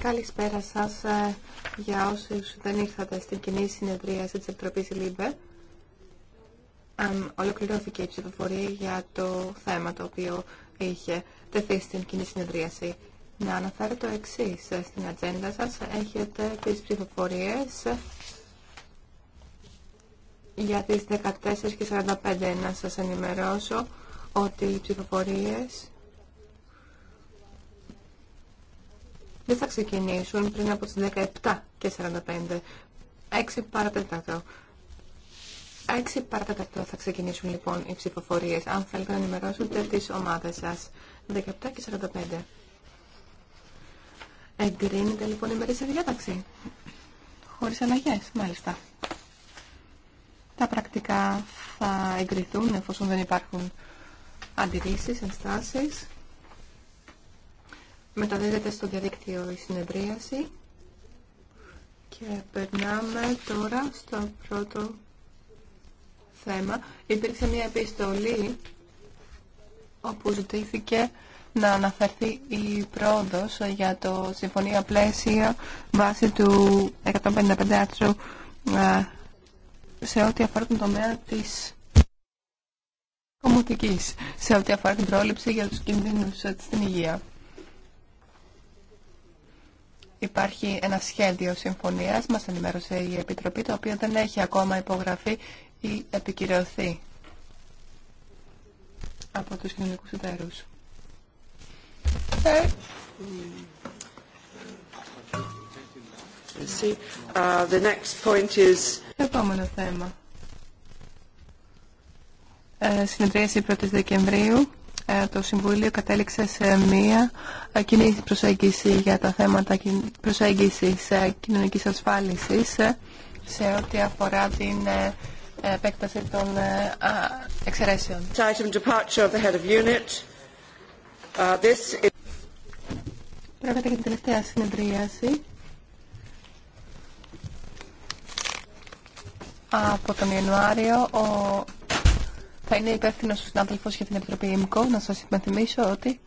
Καλησπέρα σας ε, για όσους δεν ήρθατε στην κοινή συνεδρίαση της Επιτροπής ΛΥΜΠΕ. Ολοκληρώθηκε η ψηφοφορία για το θέμα το οποίο είχε τεθεί στην κοινή συνεδρίαση. Να αναφέρω το εξή ε, στην ατζέντα σας. Έχετε τις ψηφοφορίες για τις 14.45 να σας ενημερώσω ότι οι ψηφοφορίε. δεν θα ξεκινήσουν πριν από τις 17 και 45. 6 παρατέταρτο. 6 παρατέταρτο θα ξεκινήσουν λοιπόν οι ψηφοφορίε. αν θέλετε να ενημερώσετε τις ομάδες σας. 17 και 45. Εγκρίνεται λοιπόν η μερίσια διάταξη. Χωρίς αλλαγές, μάλιστα. Τα πρακτικά θα εγκριθούν εφόσον δεν υπάρχουν αντιρρήσεις, ενστάσεις. Μεταδίδεται στο διαδίκτυο η συνεδρίαση. Και περνάμε τώρα στο πρώτο θέμα. Υπήρξε μια επιστολή όπου ζητήθηκε να αναφερθεί η πρόοδος για το Συμφωνία Πλαίσια βάσει του 155 άρθρου ε, σε ό,τι αφορά τον τομέα της σε ό,τι αφορά την πρόληψη για τους κινδύνους ε, στην υγεία. Υπάρχει ένα σχέδιο συμφωνίας, μας ενημέρωσε η Επιτροπή, το οποίο δεν έχει ακόμα υπογραφεί ή επικυρωθεί από τους κοινωνικούς εταίρους. Ε. Uh, the next point is... Επόμενο θέμα. Ε, συνεδρίαση 1η Δεκεμβρίου ε, το Συμβούλιο κατέληξε σε μία ε, κοινή προσέγγιση για τα θέματα προσέγγισης κοινωνικής ασφάλισης σε ό,τι αφορά την επέκταση των εξαιρέσεων. Uh, Πρόκειται για την τελευταία συνεδρίαση από τον Ιανουάριο ο θα είναι υπεύθυνο ο συνάδελφο για την Επιτροπή ΕΜΚΟ. Να σα υπενθυμίσω ότι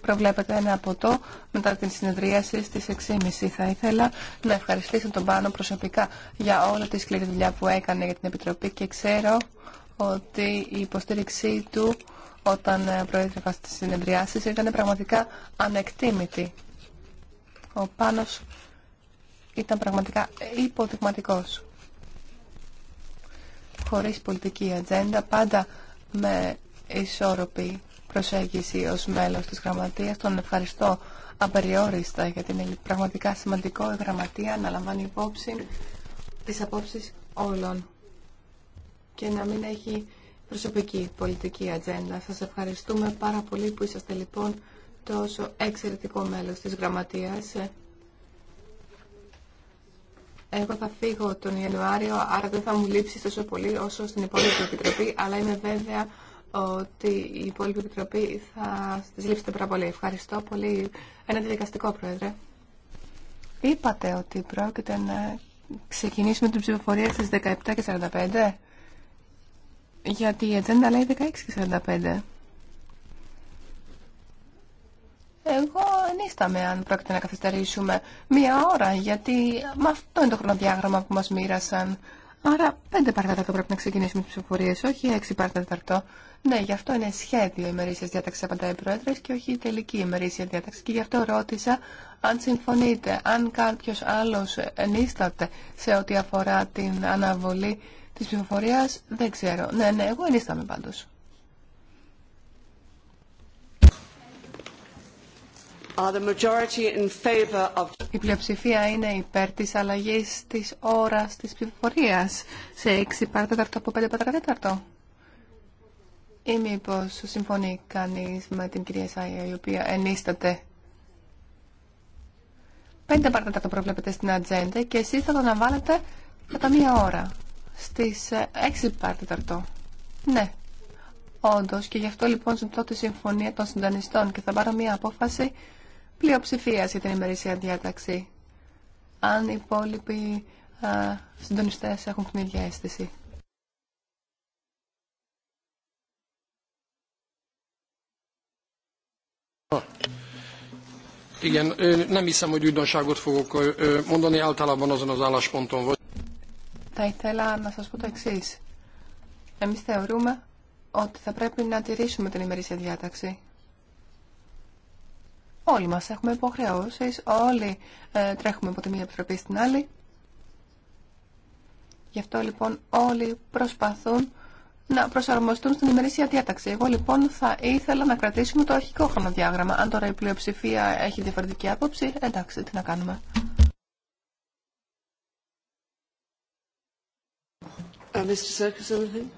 προβλέπεται ένα ποτό μετά την συνεδρίαση στι 6.30. Θα ήθελα να ευχαριστήσω τον Πάνο προσωπικά για όλη τη σκληρή δουλειά που έκανε για την Επιτροπή και ξέρω ότι η υποστήριξή του όταν προέδρευα στι συνεδριάσει ήταν πραγματικά ανεκτήμητη. Ο Πάνος ήταν πραγματικά υποδειγματικός χωρίς πολιτική ατζέντα, πάντα με ισόρροπη προσέγγιση ως μέλος της Γραμματείας. Τον ευχαριστώ απεριόριστα γιατί είναι πραγματικά σημαντικό η Γραμματεία να λαμβάνει υπόψη τις απόψεις όλων και να μην έχει προσωπική πολιτική ατζέντα. Σας ευχαριστούμε πάρα πολύ που είσαστε λοιπόν τόσο εξαιρετικό μέλος της Γραμματείας εγώ θα φύγω τον Ιανουάριο, άρα δεν θα μου λείψει τόσο πολύ όσο στην υπόλοιπη επιτροπή, αλλά είμαι βέβαια ότι η υπόλοιπη επιτροπή θα τη λείψετε πάρα πολύ. Ευχαριστώ πολύ. Ένα διδικαστικό, Πρόεδρε. Είπατε ότι πρόκειται να ξεκινήσουμε την ψηφοφορία στις 17.45, γιατί η ατζέντα λέει 16.45. Εγώ ενίσταμαι αν πρόκειται να καθυστερήσουμε μία ώρα, γιατί με αυτό είναι το χρονοδιάγραμμα που μας μοίρασαν. Άρα πέντε παρατέταρτο πρέπει να ξεκινήσουμε τις ψηφοφορίες, όχι έξι παρατέταρτο. Ναι, γι' αυτό είναι σχέδιο ημερήσια διάταξη, απαντάει η Πρόεδρος, και όχι η τελική ημερήσια διάταξη. Και γι' αυτό ρώτησα αν συμφωνείτε, αν κάποιος άλλος ενίσταται σε ό,τι αφορά την αναβολή της ψηφοφορίας, δεν ξέρω. Ναι, ναι, εγώ ενίσταμαι πάντως. Η πλειοψηφία είναι υπέρ τη αλλαγή τη ώρα τη πληροφορία σε 6 παρατέταρτο από 5 παρατέταρτο. Ή μήπω συμφωνεί κανεί με την κυρία Σάια η οποία ενίσταται. 5 παρατέταρτο προβλέπετε στην ατζέντα και εσεί θα το αναβάλλετε κατά μία ώρα. Στι 6 ε, παρατέταρτο. Ναι. Όντω, και γι' αυτό λοιπόν ζητώ τη συμφωνία των συντονιστών και θα πάρω μια απόφαση πλειοψηφία για την ημερήσια διάταξη. Αν οι υπόλοιποι συντονιστέ έχουν την ίδια αίσθηση. Θα ήθελα να σας πω το εξής. Εμείς θεωρούμε ότι θα πρέπει να τηρήσουμε την ημερήσια διάταξη. Όλοι μας έχουμε υποχρεώσεις, όλοι ε, τρέχουμε από τη μία επιτροπή στην άλλη. Γι' αυτό λοιπόν όλοι προσπαθούν να προσαρμοστούν στην ημερήσια διάταξη. Εγώ λοιπόν θα ήθελα να κρατήσουμε το αρχικό χρονοδιάγραμμα. Αν τώρα η πλειοψηφία έχει διαφορετική άποψη, εντάξει, τι να κάνουμε. Uh, Mr.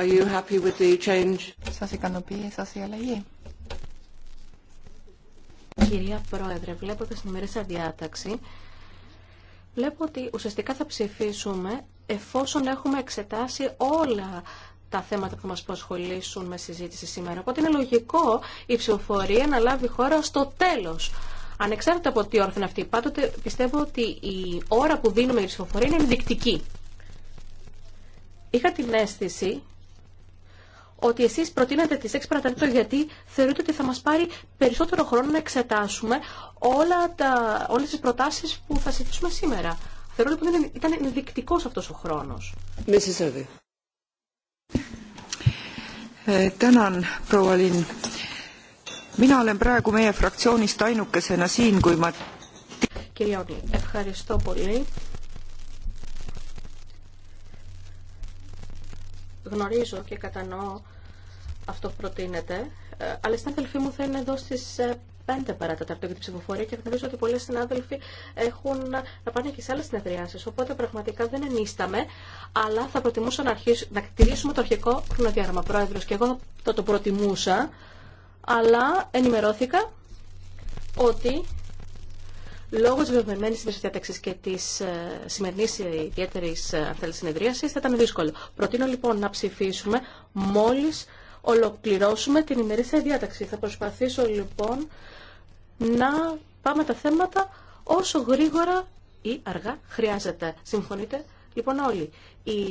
Are Σας ικανοποιεί σας η αλλαγή. Κυρία Πρόεδρε, βλέπω και στην ημερήσια διάταξη βλέπω ότι ουσιαστικά θα ψηφίσουμε εφόσον έχουμε εξετάσει όλα τα θέματα που μας προσχολήσουν με συζήτηση σήμερα. Οπότε είναι λογικό η ψηφοφορία να λάβει χώρα στο τέλος. Ανεξάρτητα από τι όρθεν αυτή, πάντοτε πιστεύω ότι η ώρα που δίνουμε η ψηφοφορία είναι ενδεικτική. Είχα την αίσθηση ότι εσεί προτείνατε τι 6 παρατέταρτο γιατί θεωρείτε ότι θα μα πάρει περισσότερο χρόνο να εξετάσουμε όλε τι προτάσει που θα συζητήσουμε σήμερα. Θεωρώ λοιπόν ότι ήταν ενδεικτικό αυτό ο χρόνος. Τέναν, ε, proua Μην Mina olen με meie fraktsioonist ainukesena siin, ένα σύγκουημα. Κυρία Ογλή, ευχαριστώ πολύ. Γνωρίζω και κατανοώ αυτό προτείνεται, ε, αλλά οι συνάδελφοί μου θα είναι εδώ στις 5 ε, παρά για την ψηφοφορία και γνωρίζω ότι πολλοί συνάδελφοι έχουν να πάνε και σε άλλε συνεδριάσει. Οπότε πραγματικά δεν ενίσταμε, αλλά θα προτιμούσα να, αρχίσω, κτηρίσουμε το αρχικό χρονοδιάγραμμα. Πρόεδρο, και εγώ θα το προτιμούσα, αλλά ενημερώθηκα ότι λόγω τη βεβαιωμένη διαταξή και τη ε, σημερινή ιδιαίτερη συνεδρίαση θα ήταν δύσκολο. Προτείνω λοιπόν να ψηφίσουμε μόλι ολοκληρώσουμε την ημερήσια διάταξη. Θα προσπαθήσω λοιπόν να πάμε τα θέματα όσο γρήγορα ή αργά χρειάζεται. Συμφωνείτε λοιπόν όλοι. Οι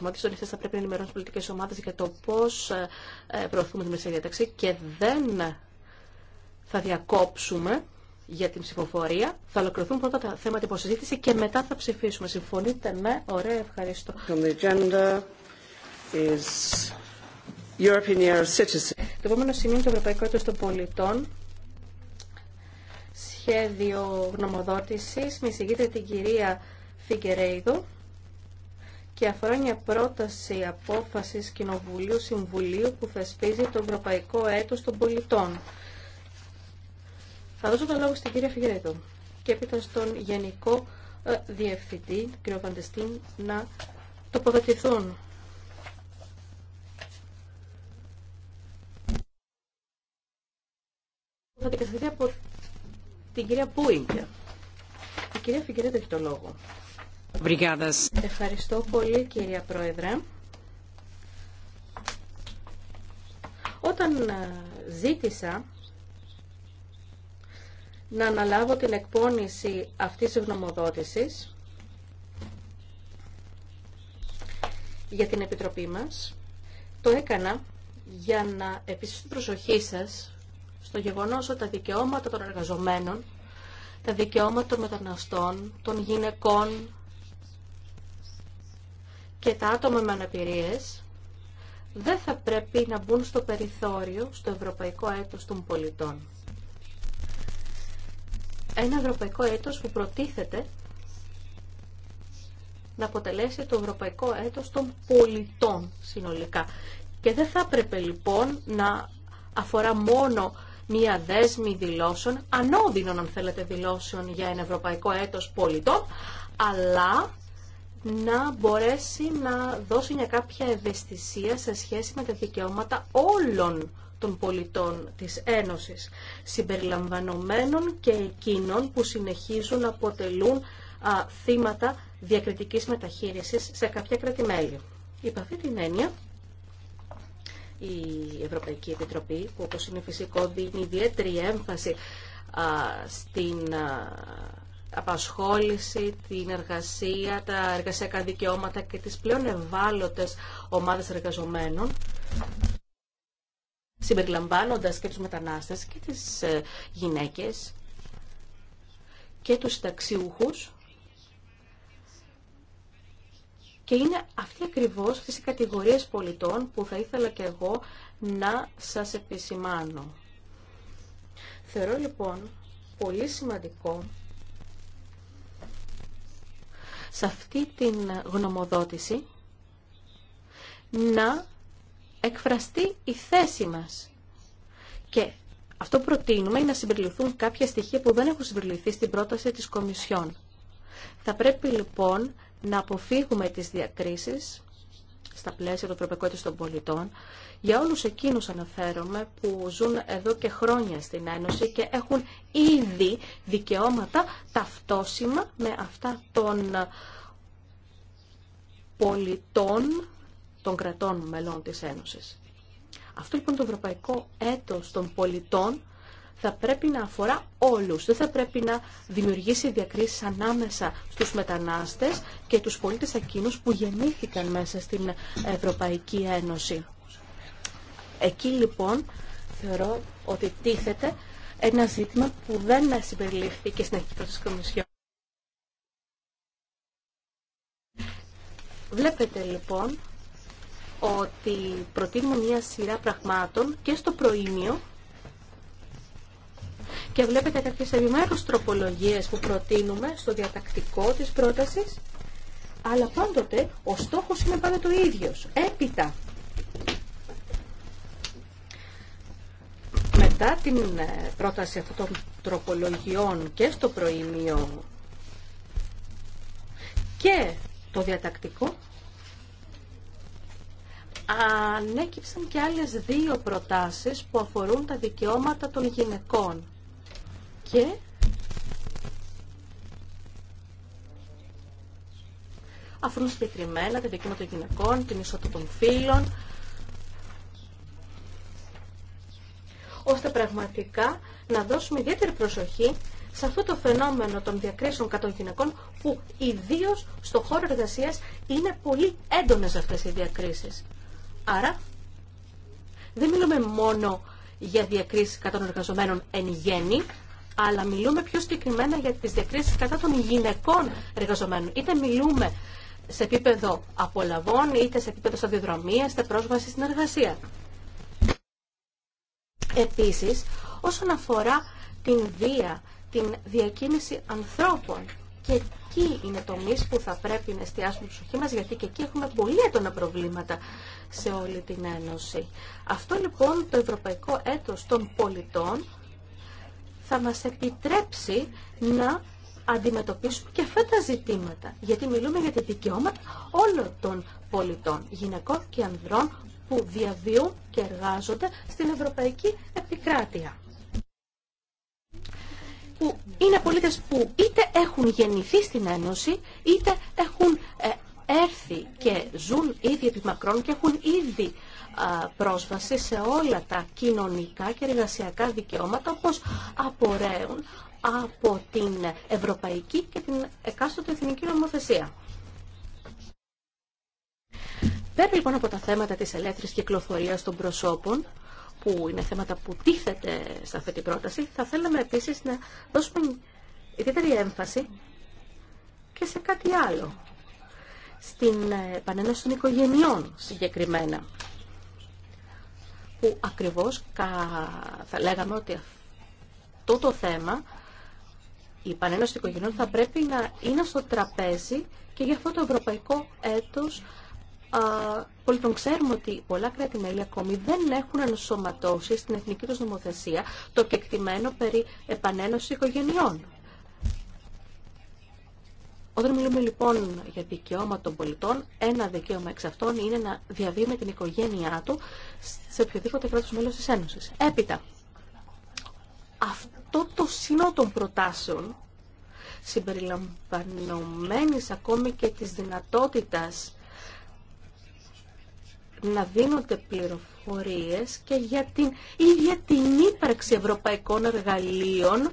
των τονιστέ θα πρέπει να ενημερώνουν τι πολιτικέ ομάδε για το πώ ε, προωθούμε την ημερήσια διάταξη και δεν θα διακόψουμε για την ψηφοφορία. Θα ολοκληρωθούν πρώτα τα θέματα υποσυζήτηση και μετά θα ψηφίσουμε. Συμφωνείτε, ναι, ωραία, ευχαριστώ. European Το επόμενο σημείο είναι το Ευρωπαϊκό Έτος των Πολιτών. Σχέδιο γνωμοδότησης με εισηγείται την κυρία Φιγκερέιδο και αφορά μια πρόταση απόφασης Κοινοβουλίου Συμβουλίου που θεσπίζει το Ευρωπαϊκό Έτος των Πολιτών. Θα δώσω το λόγο στην κυρία Φιγκερέιδο και έπειτα στον Γενικό ε, Διευθυντή, κύριο Παντεστίν, να τοποθετηθούν. θα δικαστηθεί από την κυρία Πούιγκερ. Η κυρία Φιγκερέτ έχει το λόγο. Ευχαριστώ πολύ κυρία Πρόεδρε. Όταν ε, ζήτησα να αναλάβω την εκπόνηση αυτής της γνωμοδότησης για την Επιτροπή μας, το έκανα για να επίσης την προσοχή σας στο γεγονός ότι τα δικαιώματα των εργαζομένων, τα δικαιώματα των μεταναστών, των γυναικών και τα άτομα με αναπηρίες δεν θα πρέπει να μπουν στο περιθώριο στο Ευρωπαϊκό Έτος των Πολιτών. Ένα Ευρωπαϊκό Έτος που προτίθεται να αποτελέσει το Ευρωπαϊκό Έτος των Πολιτών συνολικά. Και δεν θα έπρεπε λοιπόν να αφορά μόνο μία δέσμη δηλώσεων, ανώδυνων αν θέλετε δηλώσεων για ένα ευρωπαϊκό έτος πολιτών, αλλά να μπορέσει να δώσει μια κάποια ευαισθησία σε σχέση με τα δικαιώματα όλων των πολιτών της Ένωσης, συμπεριλαμβανομένων και εκείνων που συνεχίζουν να αποτελούν θύματα διακριτικής μεταχείρισης σε κάποια κρατημέλη. Υπ' την έννοια, η Ευρωπαϊκή Επιτροπή, που όπως είναι φυσικό δίνει ιδιαίτερη έμφαση στην απασχόληση, την εργασία, τα εργασιακά δικαιώματα και τις πλέον ευάλωτες ομάδες εργαζομένων συμπεριλαμβάνοντας και τους μετανάστες και τις ε, γυναίκες και τους ταξιούχους. Και είναι αυτή ακριβώς αυτές κατηγορίες πολιτών που θα ήθελα και εγώ να σας επισημάνω. Θεωρώ λοιπόν πολύ σημαντικό σε αυτή την γνωμοδότηση να εκφραστεί η θέση μας. Και αυτό προτείνουμε είναι να συμπεριληφθούν κάποια στοιχεία που δεν έχουν συμπεριληφθεί στην πρόταση της Κομισιόν. Θα πρέπει λοιπόν να αποφύγουμε τις διακρίσεις στα πλαίσια του Ευρωπαϊκού Έτους των Πολιτών για όλους εκείνους αναφέρομαι που ζουν εδώ και χρόνια στην Ένωση και έχουν ήδη δικαιώματα ταυτόσιμα με αυτά των πολιτών των κρατών μελών της Ένωσης. Αυτό λοιπόν το Ευρωπαϊκό Έτος των Πολιτών θα πρέπει να αφορά όλους. Δεν θα πρέπει να δημιουργήσει διακρίσεις ανάμεσα στους μετανάστες και τους πολίτες εκείνους που γεννήθηκαν μέσα στην Ευρωπαϊκή Ένωση. Εκεί λοιπόν θεωρώ ότι τίθεται ένα ζήτημα που δεν συμπεριλήφθηκε στην αρχή της Κομισιόν. Βλέπετε λοιπόν ότι προτείνουμε μια σειρά πραγμάτων και στο προήμιο και βλέπετε κάποιες επιμέρους τροπολογίες που προτείνουμε στο διατακτικό της πρότασης, αλλά πάντοτε ο στόχος είναι πάντα το ίδιος. Έπειτα, μετά την ε, πρόταση αυτών των τροπολογιών και στο προημείο και το διατακτικό, ανέκυψαν και άλλες δύο προτάσεις που αφορούν τα δικαιώματα των γυναικών και αφορούν συγκεκριμένα τα δικαιώματα των γυναικών, την ισότητα των φύλων, ώστε πραγματικά να δώσουμε ιδιαίτερη προσοχή σε αυτό το φαινόμενο των διακρίσεων κατά των γυναικών που ιδίω στο χώρο εργασία είναι πολύ έντονες αυτές οι διακρίσεις. Άρα δεν μιλούμε μόνο για διακρίσεις κατά των εργαζομένων εν γέννη, αλλά μιλούμε πιο συγκεκριμένα για τις διακρίσεις κατά των γυναικών εργαζομένων. Είτε μιλούμε σε επίπεδο απολαβών, είτε σε επίπεδο σταδιοδρομίας, είτε πρόσβαση στην εργασία. Επίσης, όσον αφορά την βία, την διακίνηση ανθρώπων, και εκεί είναι το τομείς που θα πρέπει να εστιάσουμε την προσοχή μας, γιατί και εκεί έχουμε πολύ έντονα προβλήματα σε όλη την Ένωση. Αυτό λοιπόν το Ευρωπαϊκό Έτος των Πολιτών θα μας επιτρέψει να αντιμετωπίσουμε και αυτά τα ζητήματα. Γιατί μιλούμε για τα δικαιώματα όλων των πολιτών, γυναικών και ανδρών που διαβιούν και εργάζονται στην Ευρωπαϊκή Επικράτεια. Που είναι πολίτες που είτε έχουν γεννηθεί στην Ένωση, είτε έχουν ε, έρθει και ζουν ήδη επί μακρόν και έχουν ήδη πρόσβαση σε όλα τα κοινωνικά και εργασιακά δικαιώματα όπως απορρέουν από την ευρωπαϊκή και την εκάστοτε εθνική νομοθεσία. Πέρα λοιπόν από τα θέματα της ελεύθερης κυκλοφορίας των προσώπων, που είναι θέματα που τίθεται σε αυτή την πρόταση, θα θέλαμε επίσης να δώσουμε ιδιαίτερη έμφαση και σε κάτι άλλο. Στην ε, επανένωση των οικογενειών συγκεκριμένα που ακριβώς θα λέγαμε ότι αυτό το θέμα, η επανένωση των οικογενειών θα πρέπει να είναι στο τραπέζι και για αυτό το ευρωπαϊκό έτος πολιτών ξέρουμε ότι πολλά κράτη-μέλη ακόμη δεν έχουν ενσωματώσει στην εθνική τους νομοθεσία το κεκτημένο περί επανένωση οικογενειών. Όταν μιλούμε λοιπόν για δικαιώματα των πολιτών, ένα δικαίωμα εξ αυτών είναι να διαβεί την οικογένειά του σε οποιοδήποτε κράτος μέλος της Ένωσης. Έπειτα, αυτό το σύνολο των προτάσεων συμπεριλαμβανομένης ακόμη και της δυνατότητας να δίνονται πληροφορίες και για την ίδια την ύπαρξη ευρωπαϊκών εργαλείων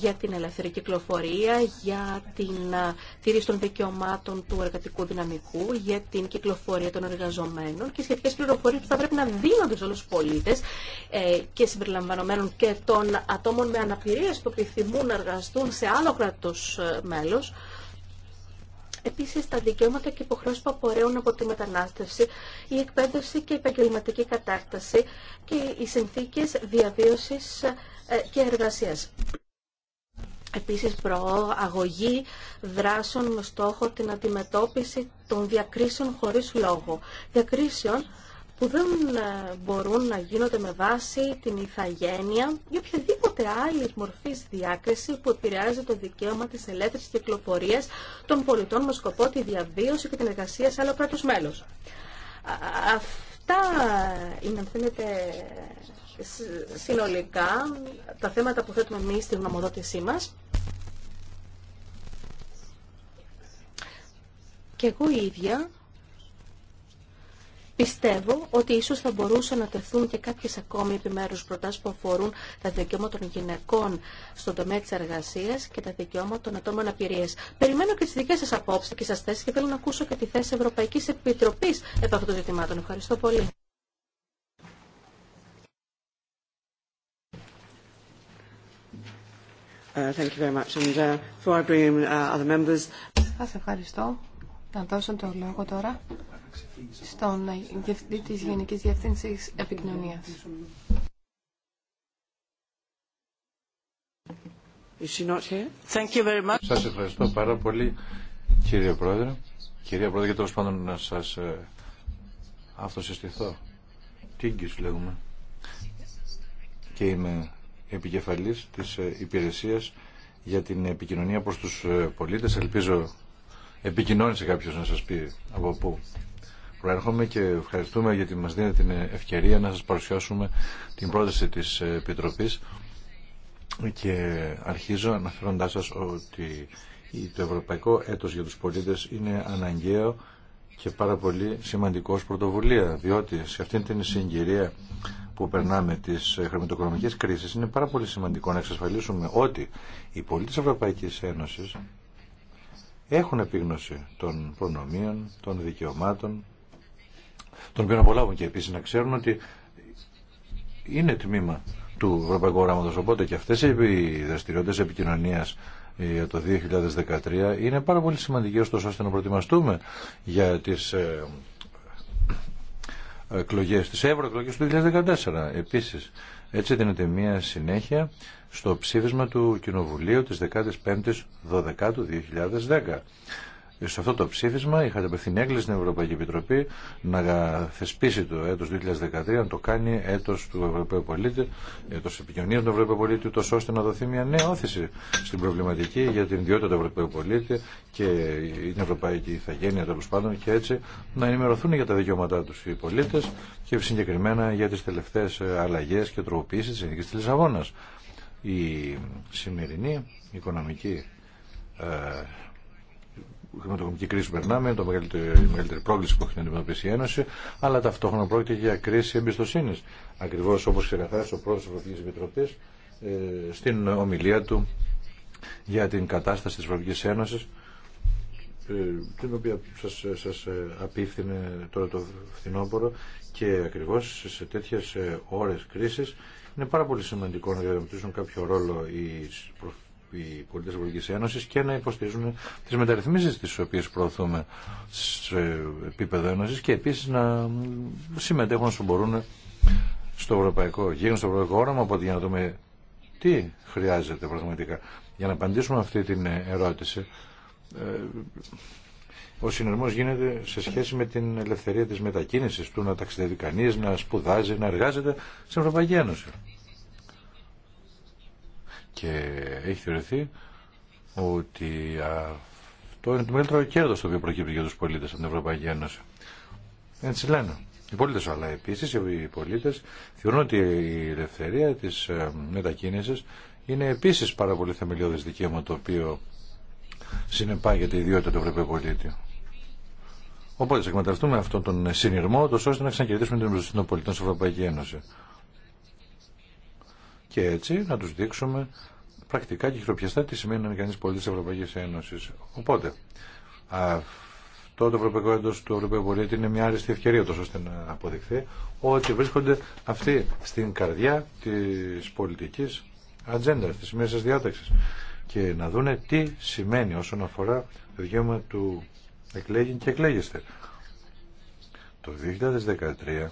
για την ελεύθερη κυκλοφορία, για την τήρηση των δικαιωμάτων του εργατικού δυναμικού, για την κυκλοφορία των εργαζομένων και σχετικές πληροφορίες που θα πρέπει να δίνονται σε όλους τους πολίτες ε, και συμπεριλαμβανομένων και των ατόμων με αναπηρία που επιθυμούν να εργαστούν σε άλλο κράτος ε, μέλος Επίσης, τα δικαιώματα και υποχρεώσεις που απορρέουν από τη μετανάστευση, η εκπαίδευση και η επαγγελματική κατάρταση και οι συνθήκες διαβίωσης ε, και εργασίας. Επίσης, προαγωγή δράσεων με στόχο την αντιμετώπιση των διακρίσεων χωρίς λόγο. Διακρίσεων που δεν ε, μπορούν να γίνονται με βάση την ηθαγένεια ή οποιαδήποτε άλλη μορφή διάκριση που επηρεάζει το δικαίωμα τη ελεύθερη κυκλοφορία των πολιτών με σκοπό τη διαβίωση και την εργασία σε άλλο κράτο μέλο. Αυτά είναι, αν θέλετε, συνολικά τα θέματα που θέτουμε εμεί στη γνωμοδότησή μα. Και εγώ ίδια Πιστεύω ότι ίσως θα μπορούσαν να τεθούν και κάποιες ακόμη επιμέρους προτάσεις που αφορούν τα δικαιώματα των γυναικών στον τομέα τη εργασία και τα δικαιώματα των ατόμων απειρίες. Περιμένω και τι δικέ σα απόψει και σα θέσει και θέλω να ακούσω και τη θέση Ευρωπαϊκή Επιτροπή επ' αυτών των ζητημάτων. Ευχαριστώ πολύ. Σας ευχαριστώ. Να δώσω το λόγο τώρα στον διευθυντή της Γενικής Διευθύνσης Επικοινωνίας. Σας ευχαριστώ πάρα πολύ κύριε Πρόεδρε. Κυρία Πρόεδρε και τέλος πάντων να σας ε, αυτοσυστηθώ. Τίγκης λέγουμε. Και είμαι επικεφαλής της ε, υπηρεσίας για την επικοινωνία προς τους ε, πολίτες. Ελπίζω επικοινώνησε κάποιος να σας πει από πού προέρχομαι και ευχαριστούμε γιατί μας δίνετε την ευκαιρία να σας παρουσιάσουμε την πρόταση της Επιτροπής και αρχίζω αναφέροντάς σας ότι το Ευρωπαϊκό Έτος για τους Πολίτες είναι αναγκαίο και πάρα πολύ σημαντικό σημαντικός πρωτοβουλία διότι σε αυτήν την συγκυρία που περνάμε τις χρηματοοικονομικής κρίσεις είναι πάρα πολύ σημαντικό να εξασφαλίσουμε ότι οι πολίτες της Ευρωπαϊκής Ένωσης έχουν επίγνωση των προνομίων, των δικαιωμάτων τον οποίο απολάβουν και επίσης να ξέρουν ότι είναι τμήμα του Ευρωπαϊκού Οράματος. Οπότε και αυτές οι δραστηριότητε επικοινωνίας για το 2013 είναι πάρα πολύ σημαντικέ, ωστόσο ώστε να προετοιμαστούμε για τις ε, ε, εκλογέ, τι ευρωεκλογέ του 2014. Επίση, έτσι δίνεται μια συνέχεια στο ψήφισμα του Κοινοβουλίου της 15η 12 του 2010 σε αυτό το ψήφισμα είχατε απευθύνει έγκληση στην Ευρωπαϊκή Επιτροπή να θεσπίσει το έτος 2013, να το κάνει έτος του Ευρωπαίου Πολίτη, έτος επικοινωνία του Ευρωπαίου Πολίτη, τόσο ώστε να δοθεί μια νέα όθηση στην προβληματική για την ιδιότητα του Ευρωπαίου Πολίτη και την Ευρωπαϊκή Ιθαγένεια τέλο πάντων και έτσι να ενημερωθούν για τα δικαιώματά του οι πολίτες και συγκεκριμένα για τις τελευταίες ε, αλλαγές και τροποποίησεις τη Συνδικής της Λισαβόνας. Η σημερινή οικονομική ε, χρηματοοικονομική κρίση που περνάμε, το μεγαλύτερο, η μεγαλύτερη πρόκληση που έχει να αντιμετωπίσει η Ένωση, αλλά ταυτόχρονα πρόκειται για κρίση εμπιστοσύνη. Ακριβώ όπω ξεκαθάρισε ο πρόεδρο τη Ευρωπαϊκή Επιτροπή ε, στην ομιλία του για την κατάσταση τη Ευρωπαϊκή Ένωση, ε, την οποία σα σας απίφθινε τώρα το φθινόπωρο και ακριβώ σε τέτοιε ε, ώρε κρίση είναι πάρα πολύ σημαντικό να διαδραματίσουν κάποιο ρόλο οι οι πολιτέ της Ευρωπαϊκής Ένωση και να υποστηρίζουν τις μεταρρυθμίσεις τις οποίες προωθούμε σε επίπεδο Ένωσης και επίσης να συμμετέχουν όσο μπορούν στο ευρωπαϊκό γίγνωστο στο ευρωπαϊκό όραμα, οπότε για να δούμε τι χρειάζεται πραγματικά. Για να απαντήσουμε αυτή την ερώτηση, ε, ο συνειρμός γίνεται σε σχέση με την ελευθερία της μετακίνησης του να ταξιδεύει κανείς, να σπουδάζει, να εργάζεται στην Ευρωπαϊκή Ένωση και έχει θεωρηθεί ότι αυτό είναι το μεγαλύτερο κέρδο το οποίο προκύπτει για του πολίτε από την Ευρωπαϊκή Ένωση. Έτσι λένε. Οι πολίτε, αλλά επίση οι πολίτε θεωρούν ότι η ελευθερία τη ε, μετακίνηση είναι επίση πάρα πολύ θεμελιώδη δικαίωμα το οποίο συνεπάγεται η ιδιότητα του Ευρωπαϊκού πολίτη. Οπότε, εκμεταλλευτούμε αυτόν τον συνειρμό, ώστε να ξανακερδίσουμε την εμπιστοσύνη των πολιτών στην Ευρωπαϊκή Ένωση και έτσι να τους δείξουμε πρακτικά και χειροπιαστά τι σημαίνει να είναι κανείς πολίτης της Ευρωπαϊκής Ένωσης. Οπότε, αυτό το Ευρωπαϊκό Έντος του Ευρωπαϊκού Πολίτη είναι μια άριστη ευκαιρία τόσο ώστε να αποδειχθεί ότι βρίσκονται αυτοί στην καρδιά της πολιτικής ατζέντα, της μέσης διάταξης και να δούνε τι σημαίνει όσον αφορά το δικαίωμα του εκλέγει και εκλέγεστε. Το 2013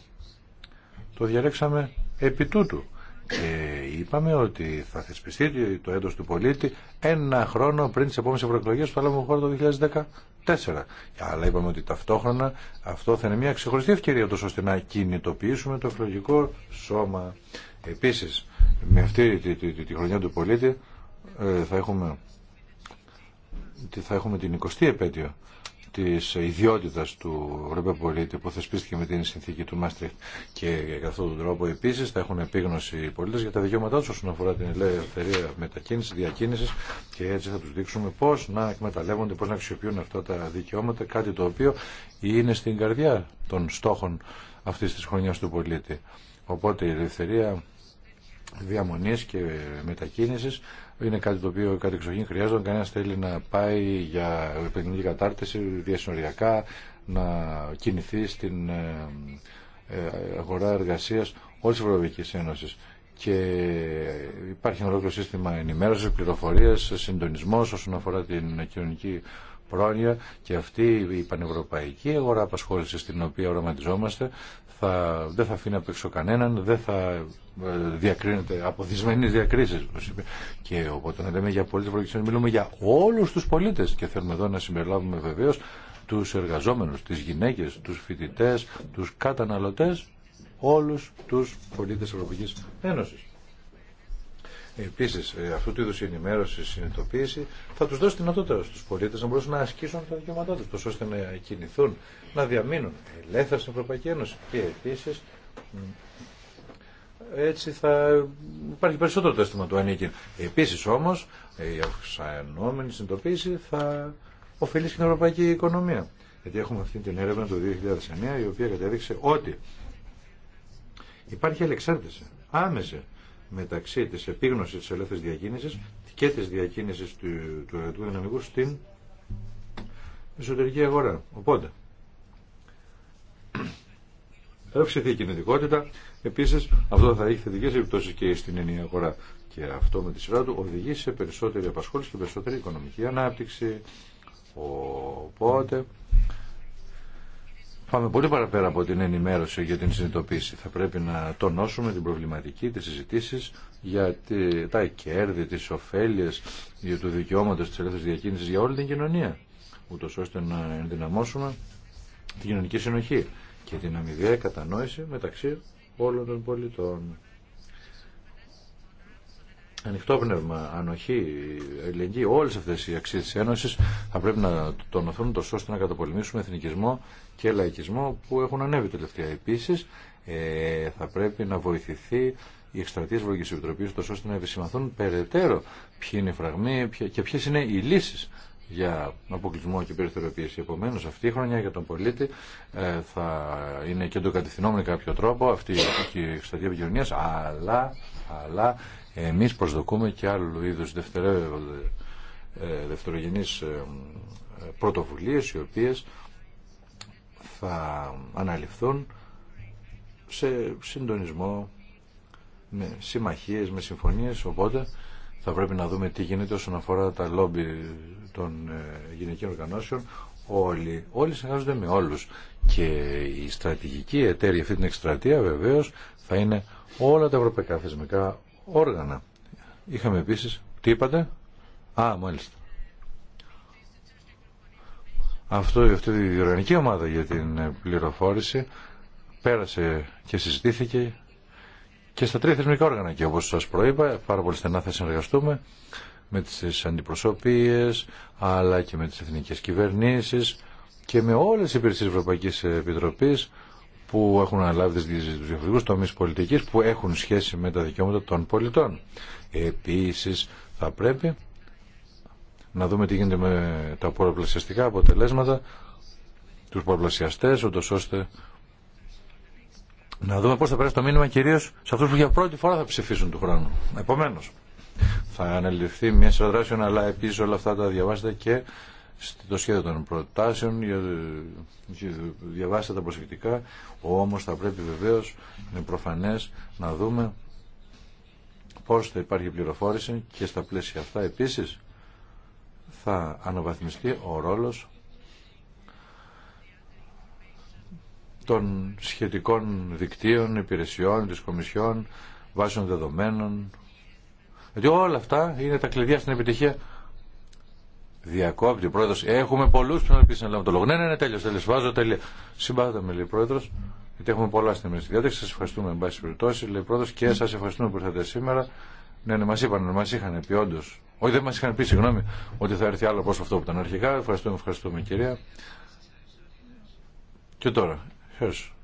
το διαλέξαμε επί τούτου και είπαμε ότι θα θεσπιστεί το έτος του πολίτη ένα χρόνο πριν τις επόμενες ευρωεκλογές που θα λάβουμε χώρα το 2014. Αλλά είπαμε ότι ταυτόχρονα αυτό θα είναι μια ξεχωριστή ευκαιρία τόσο ώστε να κινητοποιήσουμε το εκλογικό σώμα. Επίσης, με αυτή τη, τη, τη, χρονιά του πολίτη ε, θα, έχουμε, θα έχουμε την 20η επέτειο της ιδιότητας του Ευρωπαίου Πολίτη που θεσπίστηκε με την συνθήκη του Μάστριχτ και κατά αυτόν τον τρόπο επίσης θα έχουν επίγνωση οι πολίτες για τα δικαιώματά τους όσον αφορά την ελευθερία μετακίνησης, διακίνησης και έτσι θα τους δείξουμε πώς να εκμεταλλεύονται, πώς να αξιοποιούν αυτά τα δικαιώματα, κάτι το οποίο είναι στην καρδιά των στόχων αυτής της χρονιάς του πολίτη. Οπότε η ελευθερία διαμονής και μετακίνησης είναι κάτι το οποίο εξοχήν χρειάζεται. Κανένα θέλει να πάει για επενδυτική κατάρτιση διασυνοριακά, να κινηθεί στην ε, ε, αγορά εργασία όλη τη Ευρωπαϊκή Ένωση. Και υπάρχει ένα ολόκληρο σύστημα ενημέρωση, πληροφορία, συντονισμό όσον αφορά την κοινωνική πρόνοια και αυτή η πανευρωπαϊκή αγορά απασχόληση στην οποία οραματιζόμαστε δεν θα αφήνει απ' έξω κανέναν, δεν θα ε, διακρίνεται από δυσμενείς διακρίσεις. Και οπότε να λέμε για πολίτες προκειμένου, μιλούμε για όλους τους πολίτες και θέλουμε εδώ να συμπεριλάβουμε βεβαίως τους εργαζόμενους, τις γυναίκες, τους φοιτητές, τους καταναλωτές, όλους τους πολίτες Ευρωπαϊκής Ένωσης. Επίση, ε, αυτού του είδου η ενημέρωση, η συνειδητοποίηση θα του δώσει δυνατότητα στου πολίτε να μπορούν να ασκήσουν τα δικαιώματά τους, ώστε να κινηθούν, να διαμείνουν ελεύθερα στην Ευρωπαϊκή Ένωση. Και επίση έτσι θα υπάρχει περισσότερο το αίσθημα του ανήκει. Επίση όμω, η αυξανόμενη συνειδητοποίηση θα ωφελήσει την ευρωπαϊκή οικονομία. Γιατί έχουμε αυτή την έρευνα του 2009, η οποία κατέδειξε ότι υπάρχει αλεξάρτηση, άμεση μεταξύ της επίγνωσης της ελεύθερης διακίνησης και της διακίνησης του, του εργατικού δυναμικού στην εσωτερική αγορά. Οπότε, θα αυξηθεί η κινητικότητα. Επίσης, αυτό θα έχει θετικές επιπτώσεις και στην ενιαία αγορά. Και αυτό με τη σειρά του οδηγεί σε περισσότερη απασχόληση και περισσότερη οικονομική ανάπτυξη. Οπότε, Πάμε πολύ παραπέρα από την ενημέρωση για την συνειδητοποίηση. Θα πρέπει να τονώσουμε την προβληματική, τις συζητήσει για τα κέρδη, τις ωφέλειες για του δικαιώματο της ελεύθερης διακίνησης για όλη την κοινωνία. Ούτως ώστε να ενδυναμώσουμε την κοινωνική συνοχή και την αμοιβαία κατανόηση μεταξύ όλων των πολιτών ανοιχτό πνεύμα, ανοχή, ελληνική, όλε αυτέ οι αξίε τη Ένωση θα πρέπει να τονωθούν τόσο ώστε να καταπολεμήσουμε εθνικισμό και λαϊκισμό που έχουν ανέβει τελευταία. Επίση, ε, θα πρέπει να βοηθηθεί η εκστρατεία τη Επιτροπή τόσο ώστε να επισημαθούν περαιτέρω ποιοι είναι οι φραγμοί και ποιε είναι οι λύσει για αποκλεισμό και περιθωριοποίηση. Επομένω, αυτή η χρονιά για τον πολίτη ε, θα είναι και το κατευθυνόμενο κάποιο τρόπο αυτή η εκστρατεία επικοινωνία, αλλά αλλά εμείς προσδοκούμε και άλλου είδους ε, δευτερογενείς ε, πρωτοβουλίες οι οποίες θα αναλυφθούν σε συντονισμό με συμμαχίες, με συμφωνίες, οπότε θα πρέπει να δούμε τι γίνεται όσον αφορά τα λόμπι των ε, γυναικείων οργανώσεων. Όλοι, όλοι συνεργάζονται με όλους και η στρατηγική εταίρεια αυτή την εκστρατεία βεβαίως θα είναι όλα τα ευρωπαϊκά θεσμικά όργανα. Είχαμε επίσης, τι είπατε, α, μάλιστα. Αυτό, αυτή η διοργανική ομάδα για την ε, πληροφόρηση πέρασε και συζητήθηκε και στα τρία θεσμικά όργανα και όπως σας προείπα πάρα πολύ στενά θα συνεργαστούμε με τις αντιπροσωπείες αλλά και με τις εθνικές κυβερνήσεις και με όλες τις υπηρεσίες Ευρωπαϊκής Επιτροπής που έχουν αναλάβει τις διαφορετικούς τομείς πολιτικής που έχουν σχέση με τα δικαιώματα των πολιτών. Επίσης θα πρέπει να δούμε τι γίνεται με τα πολλαπλασιαστικά αποτελέσματα, τους πολλαπλασιαστές, ούτως ώστε να δούμε πώς θα περάσει το μήνυμα κυρίως σε αυτούς που για πρώτη φορά θα ψηφίσουν του χρόνου. Επομένως, θα αναλυθεί μια σειρά αλλά επίσης όλα αυτά τα διαβάσετε και στο σχέδιο των προτάσεων, διαβάστε τα προσεκτικά, όμως θα πρέπει βεβαίως, είναι προφανές, να δούμε πώς θα υπάρχει πληροφόρηση και στα πλαίσια αυτά επίσης θα αναβαθμιστεί ο ρόλος των σχετικών δικτύων, υπηρεσιών, της Κομισιόν, βάσεων δεδομένων. Γιατί όλα αυτά είναι τα κλειδιά στην επιτυχία Διακόπτει ο Έχουμε πολλού που να πει να λέμε το λόγο. Ναι, ναι, ναι, τέλειο, τέλειο. βάζω τέλειο. Συμπάθητα με λέει ο γιατί έχουμε πολλά στην εμείς διάταξη. Σα ευχαριστούμε, εν πάση περιπτώσει, λέει ο πρόεδρος, και σα ευχαριστούμε που ήρθατε σήμερα. Ναι, ναι, μα είπαν, μα είχαν πει όντω. Όχι, δεν μα είχαν πει, συγγνώμη, ότι θα έρθει άλλο πρόσωπο αυτό που ήταν αρχικά. Ευχαριστούμε, ευχαριστούμε, κυρία. Και τώρα, ποιος,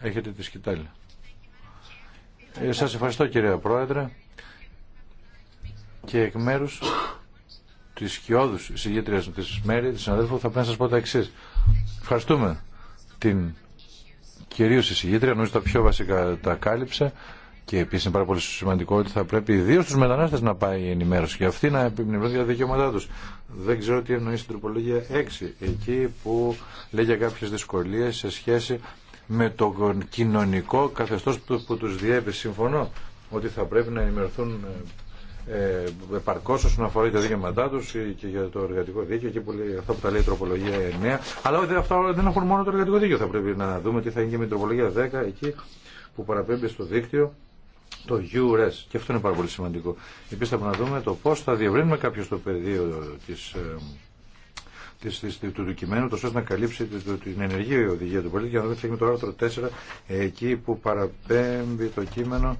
έχετε τη σκητάλη. Ε, ευχαριστώ, κυρία Πρόεδρε, και εκ μέρου τη Σκιώδου συγγήτρια τη Μέρη, τη συναδέλφου, θα πρέπει να σα πω τα εξή. Ευχαριστούμε την κυρίω η συγγήτρια, νομίζω τα πιο βασικά τα κάλυψε και επίση είναι πάρα πολύ σημαντικό ότι θα πρέπει ιδίω του μετανάστε να πάει η ενημέρωση και αυτοί να επιμνημονούν για τα δικαιώματά του. Δεν ξέρω τι εννοεί στην τροπολογία 6, εκεί που λέει για κάποιε δυσκολίε σε σχέση με το κοινωνικό καθεστώ που του διέπει. Συμφωνώ ότι θα πρέπει να ενημερωθούν ε, ε, επαρκώ όσον αφορά τα δικαιώματά του και για το εργατικό δίκαιο και που αυτά που τα λέει η τροπολογία 9. Αλλά αυτά δεν έχουν μόνο το εργατικό δίκαιο. Θα πρέπει να δούμε τι θα γίνει και με την τροπολογία 10 εκεί που παραπέμπει στο δίκτυο το URES. Και αυτό είναι πάρα πολύ σημαντικό. Επίση θα πρέπει να δούμε το πώ θα διευρύνουμε κάποιο το πεδίο τη. Ε, της, του, του κειμένου, τόσο ώστε να καλύψει την ενεργή οδηγία του πολίτη. Για να δούμε τι θα γίνει το άρθρο 4, εκεί που παραπέμπει το κείμενο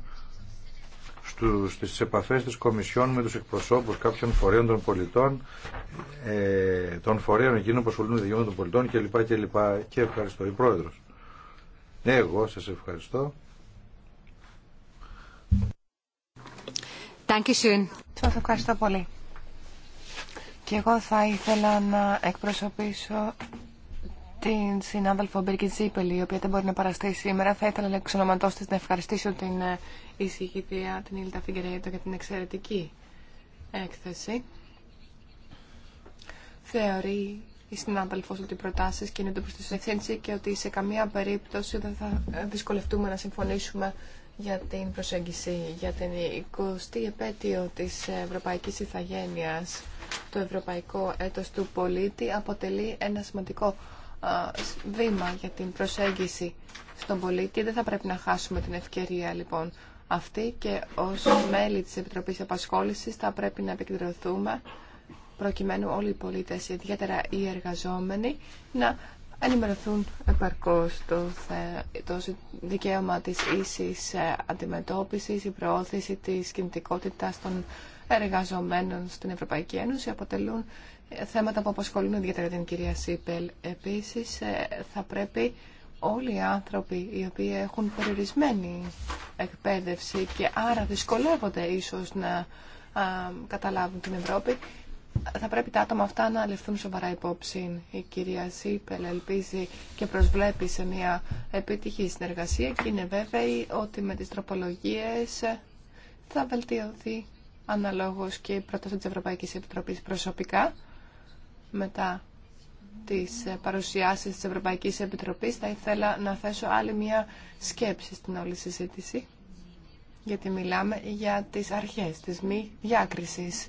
τους στις επαφές της Κομισιόν με τους εκπροσώπους κάποιων φορέων των πολιτών, ε, των φορέων εκείνων που ασχολούν με δικαιώματα των πολιτών κλπ. λοιπά Και και ευχαριστώ. Η Πρόεδρος. Ναι, εγώ σας ευχαριστώ. Σας ευχαριστώ πολύ. Και εγώ θα ήθελα να εκπροσωπήσω την συνάδελφο Μπίρκη Τζίπελη, η οποία δεν μπορεί να παραστεί σήμερα. Θα ήθελα να να ευχαριστήσω την ε, η συγκήτρια την Ιλτα Φιγκερέιτο για την εξαιρετική έκθεση. Θεωρεί η συνάδελφο ότι οι προτάσει κινούνται προ τη συνεχίση και ότι σε καμία περίπτωση δεν θα δυσκολευτούμε να συμφωνήσουμε για την προσέγγιση για την 20η επέτειο τη Ευρωπαϊκή Ιθαγένειας. Το Ευρωπαϊκό Έτο του Πολίτη αποτελεί ένα σημαντικό βήμα για την προσέγγιση στον πολίτη. Δεν θα πρέπει να χάσουμε την ευκαιρία λοιπόν αυτή και ως μέλη της Επιτροπής Απασχόλησης θα πρέπει να επικεντρωθούμε προκειμένου όλοι οι πολίτες, ιδιαίτερα οι εργαζόμενοι, να ενημερωθούν επαρκώς το, το δικαίωμα της ίσης ε, αντιμετώπισης, η προώθηση της κινητικότητας των εργαζομένων στην Ευρωπαϊκή Ένωση αποτελούν ε, θέματα που απασχολούν ιδιαίτερα την κυρία Σίπελ. Επίσης, ε, θα πρέπει όλοι οι άνθρωποι οι οποίοι έχουν περιορισμένη εκπαίδευση και άρα δυσκολεύονται ίσως να καταλάβουν την Ευρώπη, θα πρέπει τα άτομα αυτά να ληφθούν σοβαρά υπόψη. Η κυρία Σίπελ ελπίζει και προσβλέπει σε μια επιτυχή συνεργασία και είναι βέβαιη ότι με τις τροπολογίες θα βελτιωθεί αναλόγως και η πρόταση της Ευρωπαϊκής Επιτροπής προσωπικά μετά τις ε, παρουσιάσεις της Ευρωπαϊκής Επιτροπής θα ήθελα να θέσω άλλη μια σκέψη στην όλη συζήτηση γιατί μιλάμε για τις αρχές της μη διάκρισης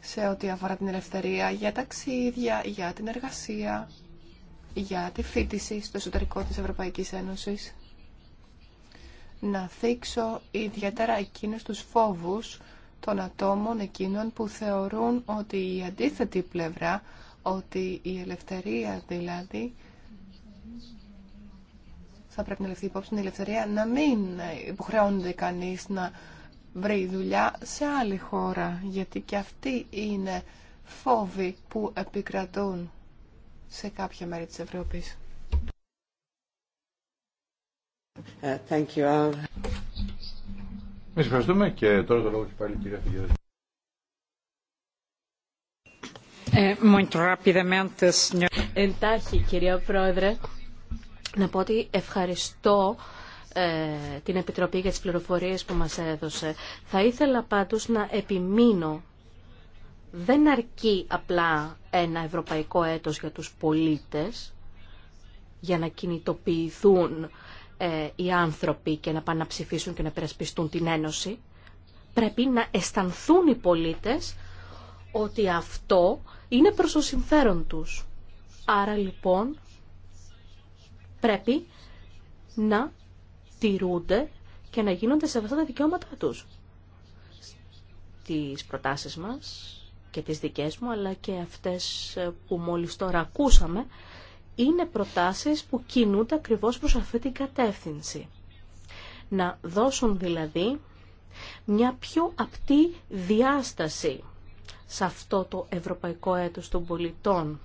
σε ό,τι αφορά την ελευθερία για ταξίδια, για την εργασία, για τη φίτηση στο εσωτερικό της Ευρωπαϊκής Ένωσης. Να θίξω ιδιαίτερα εκείνους τους φόβους των ατόμων εκείνων που θεωρούν ότι η αντίθετη πλευρά, ότι η ελευθερία δηλαδή, θα πρέπει να λεφθεί υπόψη την ελευθερία, να μην υποχρεώνεται κανείς να βρει δουλειά σε άλλη χώρα, γιατί και αυτοί είναι φόβοι που επικρατούν σε κάποια μέρη της Ευρώπης. Ε, thank εμείς ευχαριστούμε και τώρα το λόγο έχει πάλι η κυρία ε, Εντάχει, κυρία Πρόεδρε, να πω ότι ευχαριστώ ε, την Επιτροπή για τις πληροφορίες που μας έδωσε. Θα ήθελα πάντως να επιμείνω. Δεν αρκεί απλά ένα ευρωπαϊκό έτος για τους πολίτες για να κινητοποιηθούν ε, οι άνθρωποι και να πάνε να ψηφίσουν και να περασπιστούν την Ένωση. Πρέπει να αισθανθούν οι πολίτες ότι αυτό είναι προς το συμφέρον τους. Άρα λοιπόν πρέπει να τηρούνται και να γίνονται σε αυτά τα δικαιώματα τους. Τις προτάσεις μας και τις δικές μου, αλλά και αυτές που μόλις τώρα ακούσαμε, είναι προτάσεις που κινούνται ακριβώς προς αυτή την κατεύθυνση. Να δώσουν δηλαδή μια πιο απτή διάσταση σε αυτό το ευρωπαϊκό έτος των πολιτών,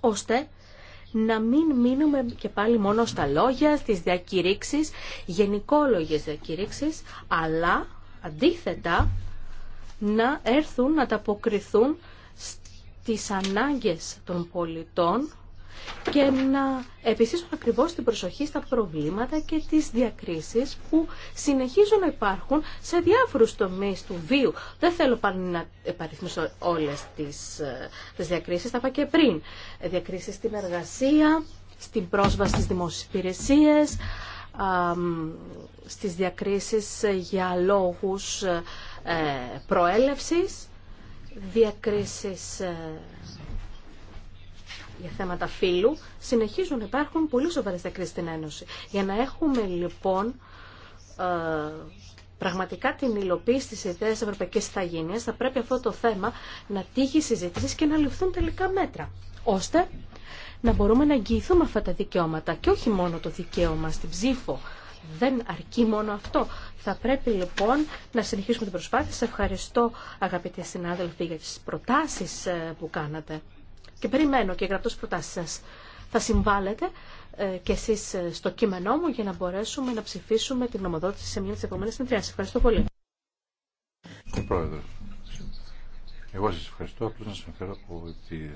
ώστε να μην μείνουμε και πάλι μόνο στα λόγια, στις διακηρύξεις, γενικόλογες διακηρύξεις, αλλά αντίθετα να έρθουν να τα αποκριθούν στις ανάγκες των πολιτών και να επιστήσουν ακριβώς την προσοχή στα προβλήματα και τις διακρίσεις που συνεχίζουν να υπάρχουν σε διάφορους τομείς του βίου. Δεν θέλω πάνω να επαριθμίσω όλες τις, ε, τις διακρίσεις, τα είπα και πριν. Διακρίσεις στην εργασία, στην πρόσβαση στις δημόσιες υπηρεσίες, στις διακρίσεις για λόγους ε, προέλευσης, διακρίσεις ε, για θέματα φύλου, συνεχίζουν να υπάρχουν πολύ σοβαρές διακρίσεις στην Ένωση. Για να έχουμε λοιπόν ε, πραγματικά την υλοποίηση της ιδέας Ευρωπαϊκή Ευρωπαϊκής θα πρέπει αυτό το θέμα να τύχει συζήτηση και να ληφθούν τελικά μέτρα, ώστε να μπορούμε να εγγυηθούμε αυτά τα δικαιώματα και όχι μόνο το δικαίωμα στην ψήφο. Δεν αρκεί μόνο αυτό. Θα πρέπει λοιπόν να συνεχίσουμε την προσπάθεια. Σε ευχαριστώ αγαπητοί συνάδελφοι για τις προτάσεις ε, που κάνατε και περιμένω και γραπτός προτάσεις σας. Θα συμβάλλετε ε, και εσείς ε, στο κείμενό μου για να μπορέσουμε να ψηφίσουμε την νομοδότηση σε μια της επόμενης συνεδριάς. Ευχαριστώ πολύ. Πρόεδρε εγώ σας ευχαριστώ. Απλώς να σας αναφέρω ότι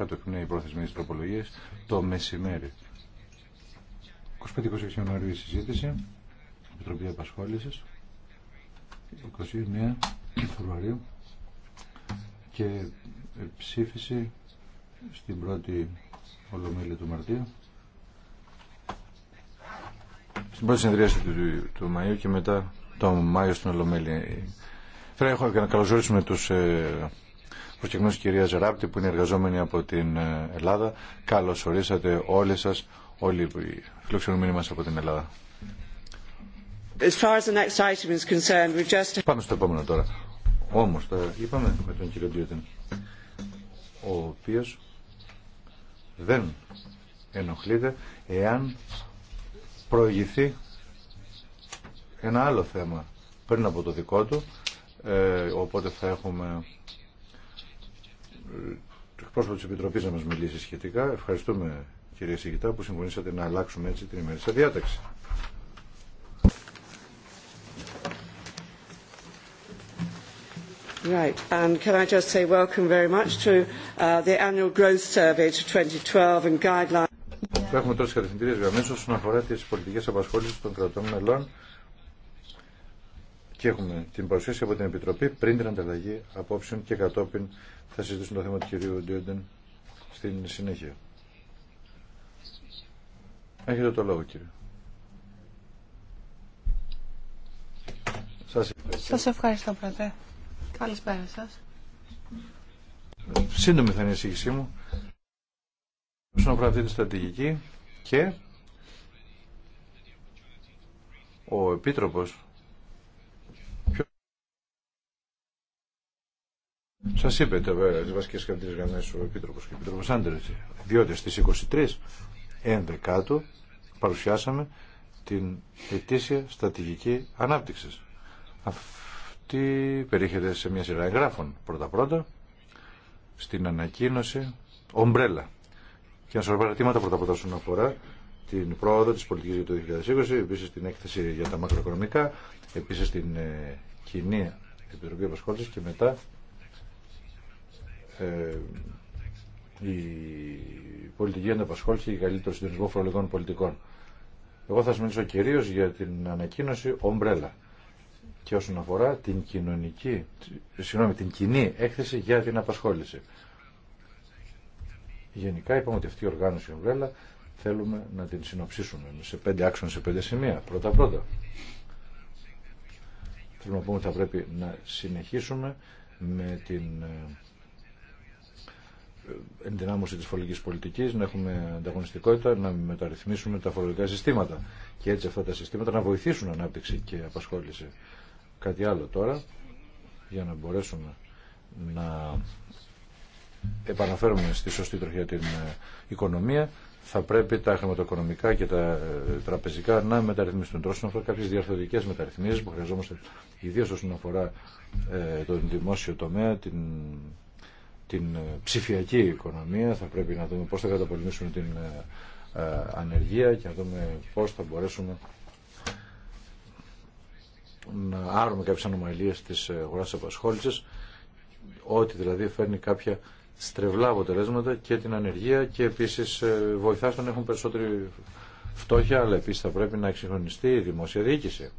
15-12 του είναι η πρόθεσμη της τροπολογίας το μεσημέρι. 25-26 Ιανουαρίου η συζήτηση, Επιτροπή Απασχόλησης, 29 Φεβρουαρίου και ψήφιση στην πρώτη ολομέλεια του Μαρτίου. Στην πρώτη συνεδρίαση του, του, Μαΐου και μετά τον Μάιο στην Ολομέλεια. Θέλω έχω, να καλωσορίσουμε τους ε, προσκεκνούς κυρία Ζεράπτη που είναι εργαζόμενοι από την ε, Ελλάδα. Καλώς ορίσατε όλες σας, όλοι οι φιλοξενούμενοι μας από την Ελλάδα. As far as the next item is concerned, just... Πάμε στο επόμενο τώρα. Όμως, τα είπαμε με τον κύριο ο οποίος δεν ενοχλείται εάν προηγηθεί ένα άλλο θέμα πριν από το δικό του ε, οπότε θα έχουμε ε, το πρόσωπο της Επιτροπής να μας μιλήσει σχετικά. Ευχαριστούμε κύριε Σιγητά που συμφωνήσατε να αλλάξουμε έτσι την σε διάταξη. Right, and can I just say welcome very much to uh, the annual growth survey to 2012 and guidelines. Έχουμε τόσες κατευθυντήριες γραμμές όσον αφορά τις πολιτικές απασχόλησεις των κρατών μελών και έχουμε την παρουσίαση από την Επιτροπή πριν την ανταλλαγή απόψεων και κατόπιν θα συζητήσουμε το θέμα του κυρίου Ντιόντεν στην συνέχεια. Έχετε το λόγο κύριε. Σας ευχαριστώ. Σας ευχαριστώ, Καλησπέρα σα. Σύντομη θα είναι η εισήγησή μου. Όσον αφορά αυτή τη στρατηγική και ο επίτροπο. Σα είπε ε, τι βασικέ κρατήρε γραμμέ ο Επίτροπο και ο Επίτροπο Άντρε, διότι στι 23 Ενδεκάτου παρουσιάσαμε την ετήσια στρατηγική ανάπτυξη ότι περιέχεται σε μια σειρά εγγράφων. Πρώτα-πρώτα, στην ανακοίνωση, ομπρέλα. Και να σα παρατήματα πρώτα-πρώτα όσον αφορά την πρόοδο πολιτική για του 2020, επίση την έκθεση για τα μακροοικονομικά, επίση την ε, κοινή Επιτροπή απασχόληση και μετά ε, η πολιτική ανταπασχόληση και καλύτερο συντονισμό φορολογικών πολιτικών. Εγώ θα σα μιλήσω κυρίω για την ανακοίνωση ομπρέλα και όσον αφορά την κοινωνική, συγγνώμη, την κοινή έκθεση για την απασχόληση. Γενικά είπαμε ότι αυτή η οργάνωση ομβέλα θέλουμε να την συνοψίσουμε σε πέντε άξονες, σε πέντε σημεία. Πρώτα-πρώτα. Θέλουμε να πούμε ότι θα πρέπει να συνεχίσουμε με την ε, ενδυνάμωση της φορολογικής πολιτικής, να έχουμε ανταγωνιστικότητα, να μεταρρυθμίσουμε τα φορολογικά συστήματα. Και έτσι αυτά τα συστήματα να βοηθήσουν ανάπτυξη και απασχόληση κάτι άλλο τώρα για να μπορέσουμε να επαναφέρουμε στη σωστή τροχιά την ε, οικονομία θα πρέπει τα χρηματοοικονομικά και τα ε, τραπεζικά να μεταρρυθμίσουν Τώρα, αυτό κάποιε διαρθωτικέ μεταρρυθμίσει που χρειαζόμαστε, ιδίω όσον αφορά ε, τον δημόσιο τομέα, την, την ψηφιακή οικονομία, θα πρέπει να δούμε πώ θα καταπολεμήσουμε την ανεργία και να δούμε πώ θα μπορέσουμε να άρουμε κάποιες ανομαλίες της αγοράς απασχόλησης, ότι δηλαδή φέρνει κάποια στρεβλά αποτελέσματα και την ανεργία και επίσης ε, βοηθά να έχουν περισσότερη φτώχεια, αλλά επίσης θα πρέπει να εξυγχρονιστεί η δημόσια διοίκηση.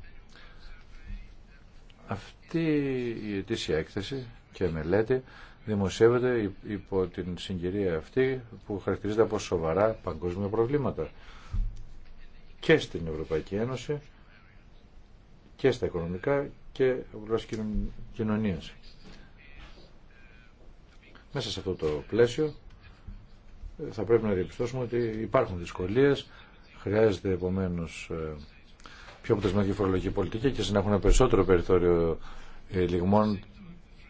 Αυτή η ετήσια έκθεση και μελέτη δημοσιεύεται υπό την συγκυρία αυτή που χαρακτηρίζεται από σοβαρά παγκόσμια προβλήματα και στην Ευρωπαϊκή Ένωση και στα οικονομικά και βλέπεις κοινωνίας. Μέσα σε αυτό το πλαίσιο ε, θα πρέπει να διαπιστώσουμε ότι υπάρχουν δυσκολίες, χρειάζεται επομένως ε, πιο αποτελεσματική φορολογική πολιτική και έχουν περισσότερο περιθώριο ε, λιγμών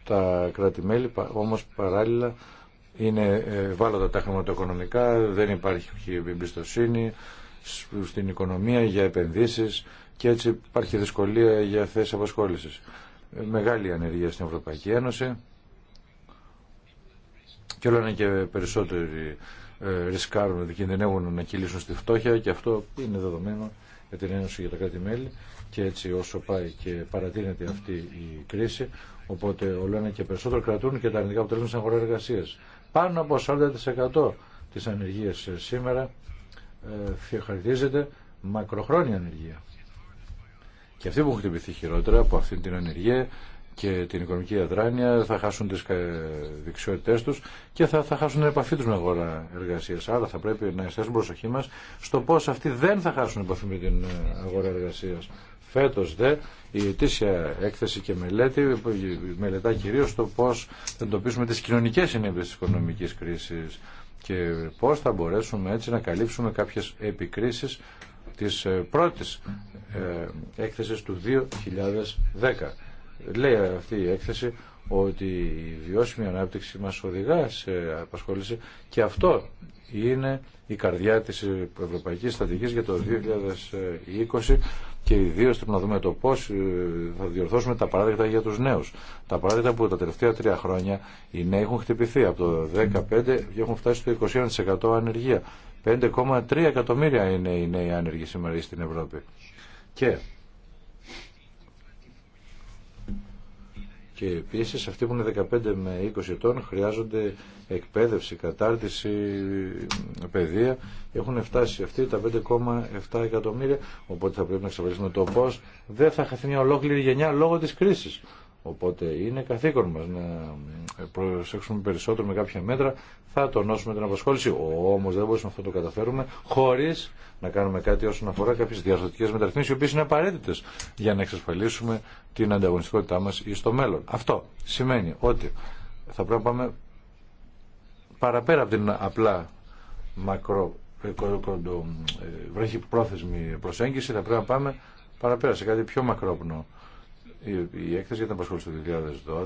τα κράτη-μέλη, όμως παράλληλα είναι βάλλοντα τα χρηματοοικονομικά, δεν υπάρχει εμπιστοσύνη στην οικονομία για επενδύσεις, και έτσι υπάρχει δυσκολία για θέσεις απασχόλησης. Μεγάλη ανεργία στην Ευρωπαϊκή Ένωση και όλα είναι και περισσότεροι ε, ρισκάρουν ότι κινδυνεύουν να κυλήσουν στη φτώχεια και αυτό είναι δεδομένο για την Ένωση για τα κράτη-μέλη και έτσι όσο πάει και παρατείνεται αυτή η κρίση οπότε ένα και περισσότερο κρατούν και τα αρνητικά αποτελέσματα στην αγορά εργασία. Πάνω από 40% της ανεργίας σήμερα ε, χαρακτηρίζεται μακροχρόνια ανεργία. Και αυτοί που έχουν χτυπηθεί χειρότερα από αυτή την ανεργία και την οικονομική αδράνεια θα χάσουν τι δεξιότητέ του και θα, θα χάσουν την επαφή του με αγορά εργασία. Άρα θα πρέπει να εστιάσουμε προσοχή μα στο πώς αυτοί δεν θα χάσουν επαφή με την ε, αγορά εργασία. Φέτο δε η ετήσια έκθεση και μελέτη μελετά κυρίως το πώς θα εντοπίσουμε τι κοινωνικέ συνέπειε τη οικονομική κρίση και πώς θα μπορέσουμε έτσι να καλύψουμε κάποιες επικρίσεις της ε, πρώτης ε, έκθεσης του 2010. Λέει αυτή η έκθεση ότι η βιώσιμη ανάπτυξη μας οδηγά σε απασχόληση και αυτό είναι η καρδιά της Ευρωπαϊκής Στατικής για το 2020 και ιδίω πρέπει να δούμε το πώς ε, θα διορθώσουμε τα παράδειγμα για τους νέους. Τα παράδειγμα που τα τελευταία τρία χρόνια οι νέοι έχουν χτυπηθεί από το 2015 και έχουν φτάσει στο 21% ανεργία. 5,3 εκατομμύρια είναι οι νέοι άνεργοι σήμερα στην Ευρώπη. Και, και επίσης αυτοί που είναι 15 με 20 ετών χρειάζονται εκπαίδευση, κατάρτιση, παιδεία. Έχουν φτάσει αυτοί τα 5,7 εκατομμύρια, οπότε θα πρέπει να εξαφανιστούμε το πώς δεν θα χαθεί μια ολόκληρη γενιά λόγω της κρίσης. Οπότε είναι καθήκον μας να προσέξουμε περισσότερο με κάποια μέτρα, θα τονώσουμε την απασχόληση. Όμως δεν μπορούμε αυτό το καταφέρουμε χωρίς να κάνουμε κάτι όσον αφορά κάποιες διαρθρωτικές μεταρρυθμίσεις, οι οποίες είναι απαραίτητες για να εξασφαλίσουμε την ανταγωνιστικότητά μας στο μέλλον. Αυτό σημαίνει ότι θα πρέπει να πάμε παραπέρα από την απλά μακρό ε, πρόθεσμη προσέγγιση, θα πρέπει να πάμε παραπέρα σε κάτι πιο μακρόπνο η έκθεση για την απασχόληση του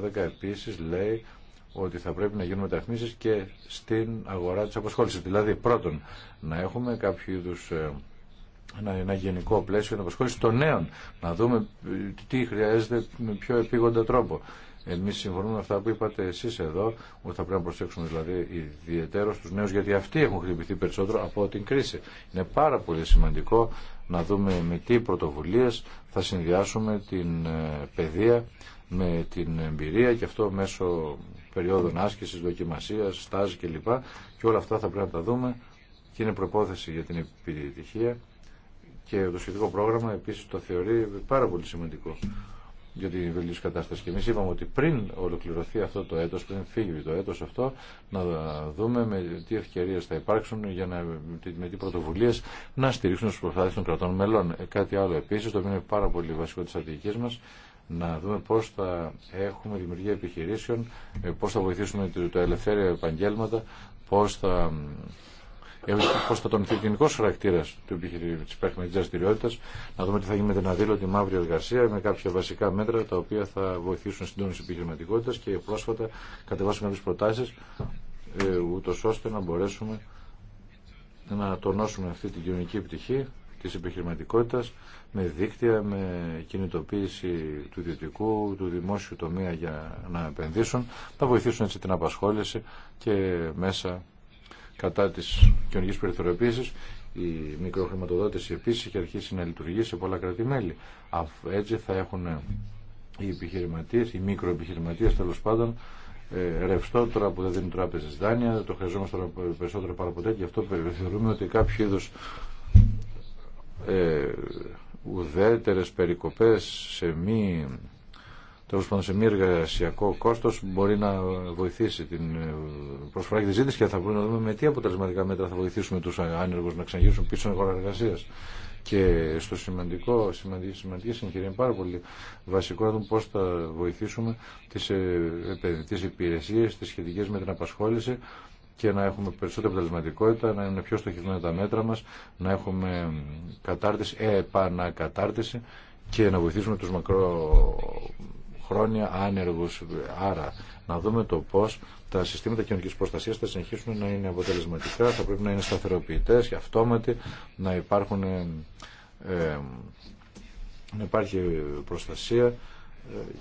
2012 επίση, λέει ότι θα πρέπει να γίνουν μεταρρυθμίσει και στην αγορά τη απασχόληση. Δηλαδή πρώτον να έχουμε κάποιο είδου ε, ένα, γενικό πλαίσιο για την απασχόληση των νέων. Να δούμε ε, τι χρειάζεται με πιο επίγοντα τρόπο. Εμεί συμφωνούμε με αυτά που είπατε εσεί εδώ, ότι θα πρέπει να προσέξουμε δηλαδή ιδιαίτερω του νέους, γιατί αυτοί έχουν χτυπηθεί περισσότερο από την κρίση. Είναι πάρα πολύ σημαντικό να δούμε με τι πρωτοβουλίες θα συνδυάσουμε την ε, παιδεία με την εμπειρία και αυτό μέσω περίοδων άσκησης, δοκιμασίας, στάζ κλπ. Και όλα αυτά θα πρέπει να τα δούμε και είναι προπόθεση για την επιτυχία και το σχετικό πρόγραμμα επίσης το θεωρεί πάρα πολύ σημαντικό για την βελτίωση κατάσταση. Και εμεί είπαμε ότι πριν ολοκληρωθεί αυτό το έτο, πριν φύγει το έτο αυτό, να δούμε με τι ευκαιρίε θα υπάρξουν, για να, με τι πρωτοβουλίε να στηρίξουν τι προσπάθειε των κρατών μελών. Ε, κάτι άλλο επίση, το οποίο είναι πάρα πολύ βασικό τη στρατηγική μα, να δούμε πώ θα έχουμε δημιουργία επιχειρήσεων, ε, πώ θα βοηθήσουμε τα ελευθέρια επαγγέλματα, πώ θα ε, πώ θα τονωθεί ο κοινικό χαρακτήρα του τη δραστηριότητα, να δούμε τι θα γίνει με την αδήλωτη μαύρη εργασία, με κάποια βασικά μέτρα τα οποία θα βοηθήσουν στην τόνιση επιχειρηματικότητα και πρόσφατα κατεβάσουμε κάποιε προτάσει, ε, ούτω ώστε να μπορέσουμε να τονώσουμε αυτή την κοινωνική επιτυχία τη επιχειρηματικότητα με δίκτυα, με κινητοποίηση του ιδιωτικού, του δημόσιου τομέα για να επενδύσουν, θα βοηθήσουν έτσι την απασχόληση και μέσα κατά της κοινωνικής περιθωριοποίησης. Η μικροχρηματοδότηση επίσης έχει αρχίσει να λειτουργεί σε πολλά κράτη-μέλη. Έτσι θα έχουν οι επιχειρηματίες, οι μικροεπιχειρηματίες τέλος πάντων, ε, ρευστό που δεν δίνουν τράπεζε δάνεια, το χρειαζόμαστε περισσότερο παραποτέ και αυτό θεωρούμε ότι κάποιο είδου ε, ουδέτερες περικοπές σε μη τέλο πάντων σε μη εργασιακό κόστο μπορεί να βοηθήσει την ε, προσφορά και τη ζήτηση και θα μπορούμε να δούμε με τι αποτελεσματικά μέτρα θα βοηθήσουμε του άνεργου να ξαναγυρίσουν πίσω στην αγορά εργασία. Και στο σημαντικό, σημαντική, σημαντική συγχειρία είναι πάρα πολύ βασικό να δούμε πώ θα βοηθήσουμε τι ε, επενδυτικέ υπηρεσίε, τι σχετικέ με την απασχόληση και να έχουμε περισσότερη αποτελεσματικότητα, να είναι πιο στοχευμένα τα μέτρα μας, να έχουμε κατάρτιση, επανακατάρτιση και να βοηθήσουμε τους μακρό χρόνια άνεργους. Άρα να δούμε το πώς τα συστήματα κοινωνικής προστασία θα συνεχίσουν να είναι αποτελεσματικά, θα πρέπει να είναι σταθεροποιητέ και αυτόματοι, να υπάρχουν ε, ε, να υπάρχει προστασία ε,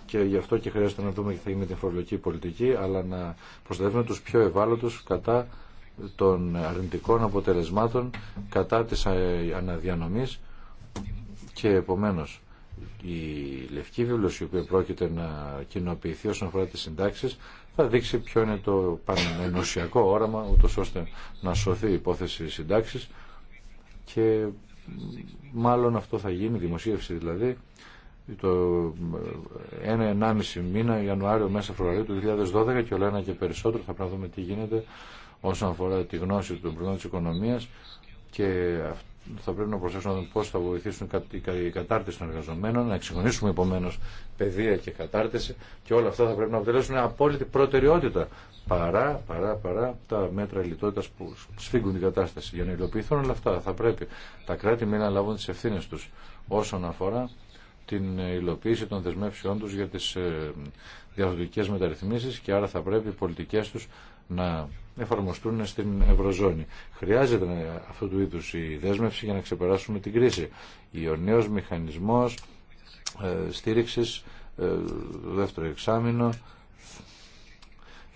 και γι' αυτό και χρειάζεται να δούμε τι θα γίνει με την φορολογική πολιτική, αλλά να προστατεύουμε τους πιο ευάλωτους κατά των αρνητικών αποτελεσμάτων, κατά της αναδιανομής και επομένως η λευκή βίβλος η οποία πρόκειται να κοινοποιηθεί όσον αφορά τις συντάξεις θα δείξει ποιο είναι το πανενωσιακό όραμα ούτως ώστε να σωθεί η υπόθεση συντάξεις και μάλλον αυτό θα γίνει, δημοσίευση δηλαδή το 1-1,5 μήνα Ιανουάριο μέσα Φεβρουαρίου του 2012 και όλα ένα και περισσότερο θα πρέπει να δούμε τι γίνεται όσον αφορά τη γνώση των προβλήματων της οικονομίας και αυτό θα πρέπει να προσέξουμε πώ θα βοηθήσουν οι κατάρτιση των εργαζομένων, να εξυγχρονίσουμε επομένω παιδεία και κατάρτιση και όλα αυτά θα πρέπει να αποτελέσουν απόλυτη προτεραιότητα παρά, παρά, παρά τα μέτρα λιτότητα που σφίγγουν την κατάσταση. Για να υλοποιηθούν όλα αυτά θα πρέπει τα κράτη να λάβουν τι ευθύνε του όσον αφορά την υλοποίηση των δεσμεύσεών του για τι ε, διαδοτικέ μεταρρυθμίσει και άρα θα πρέπει οι πολιτικέ του να εφαρμοστούν στην Ευρωζώνη. Χρειάζεται αυτού του είδους η δέσμευση για να ξεπεράσουμε την κρίση. Ο νέος μηχανισμός ε, στήριξης, ε, δεύτερο εξάμεινο,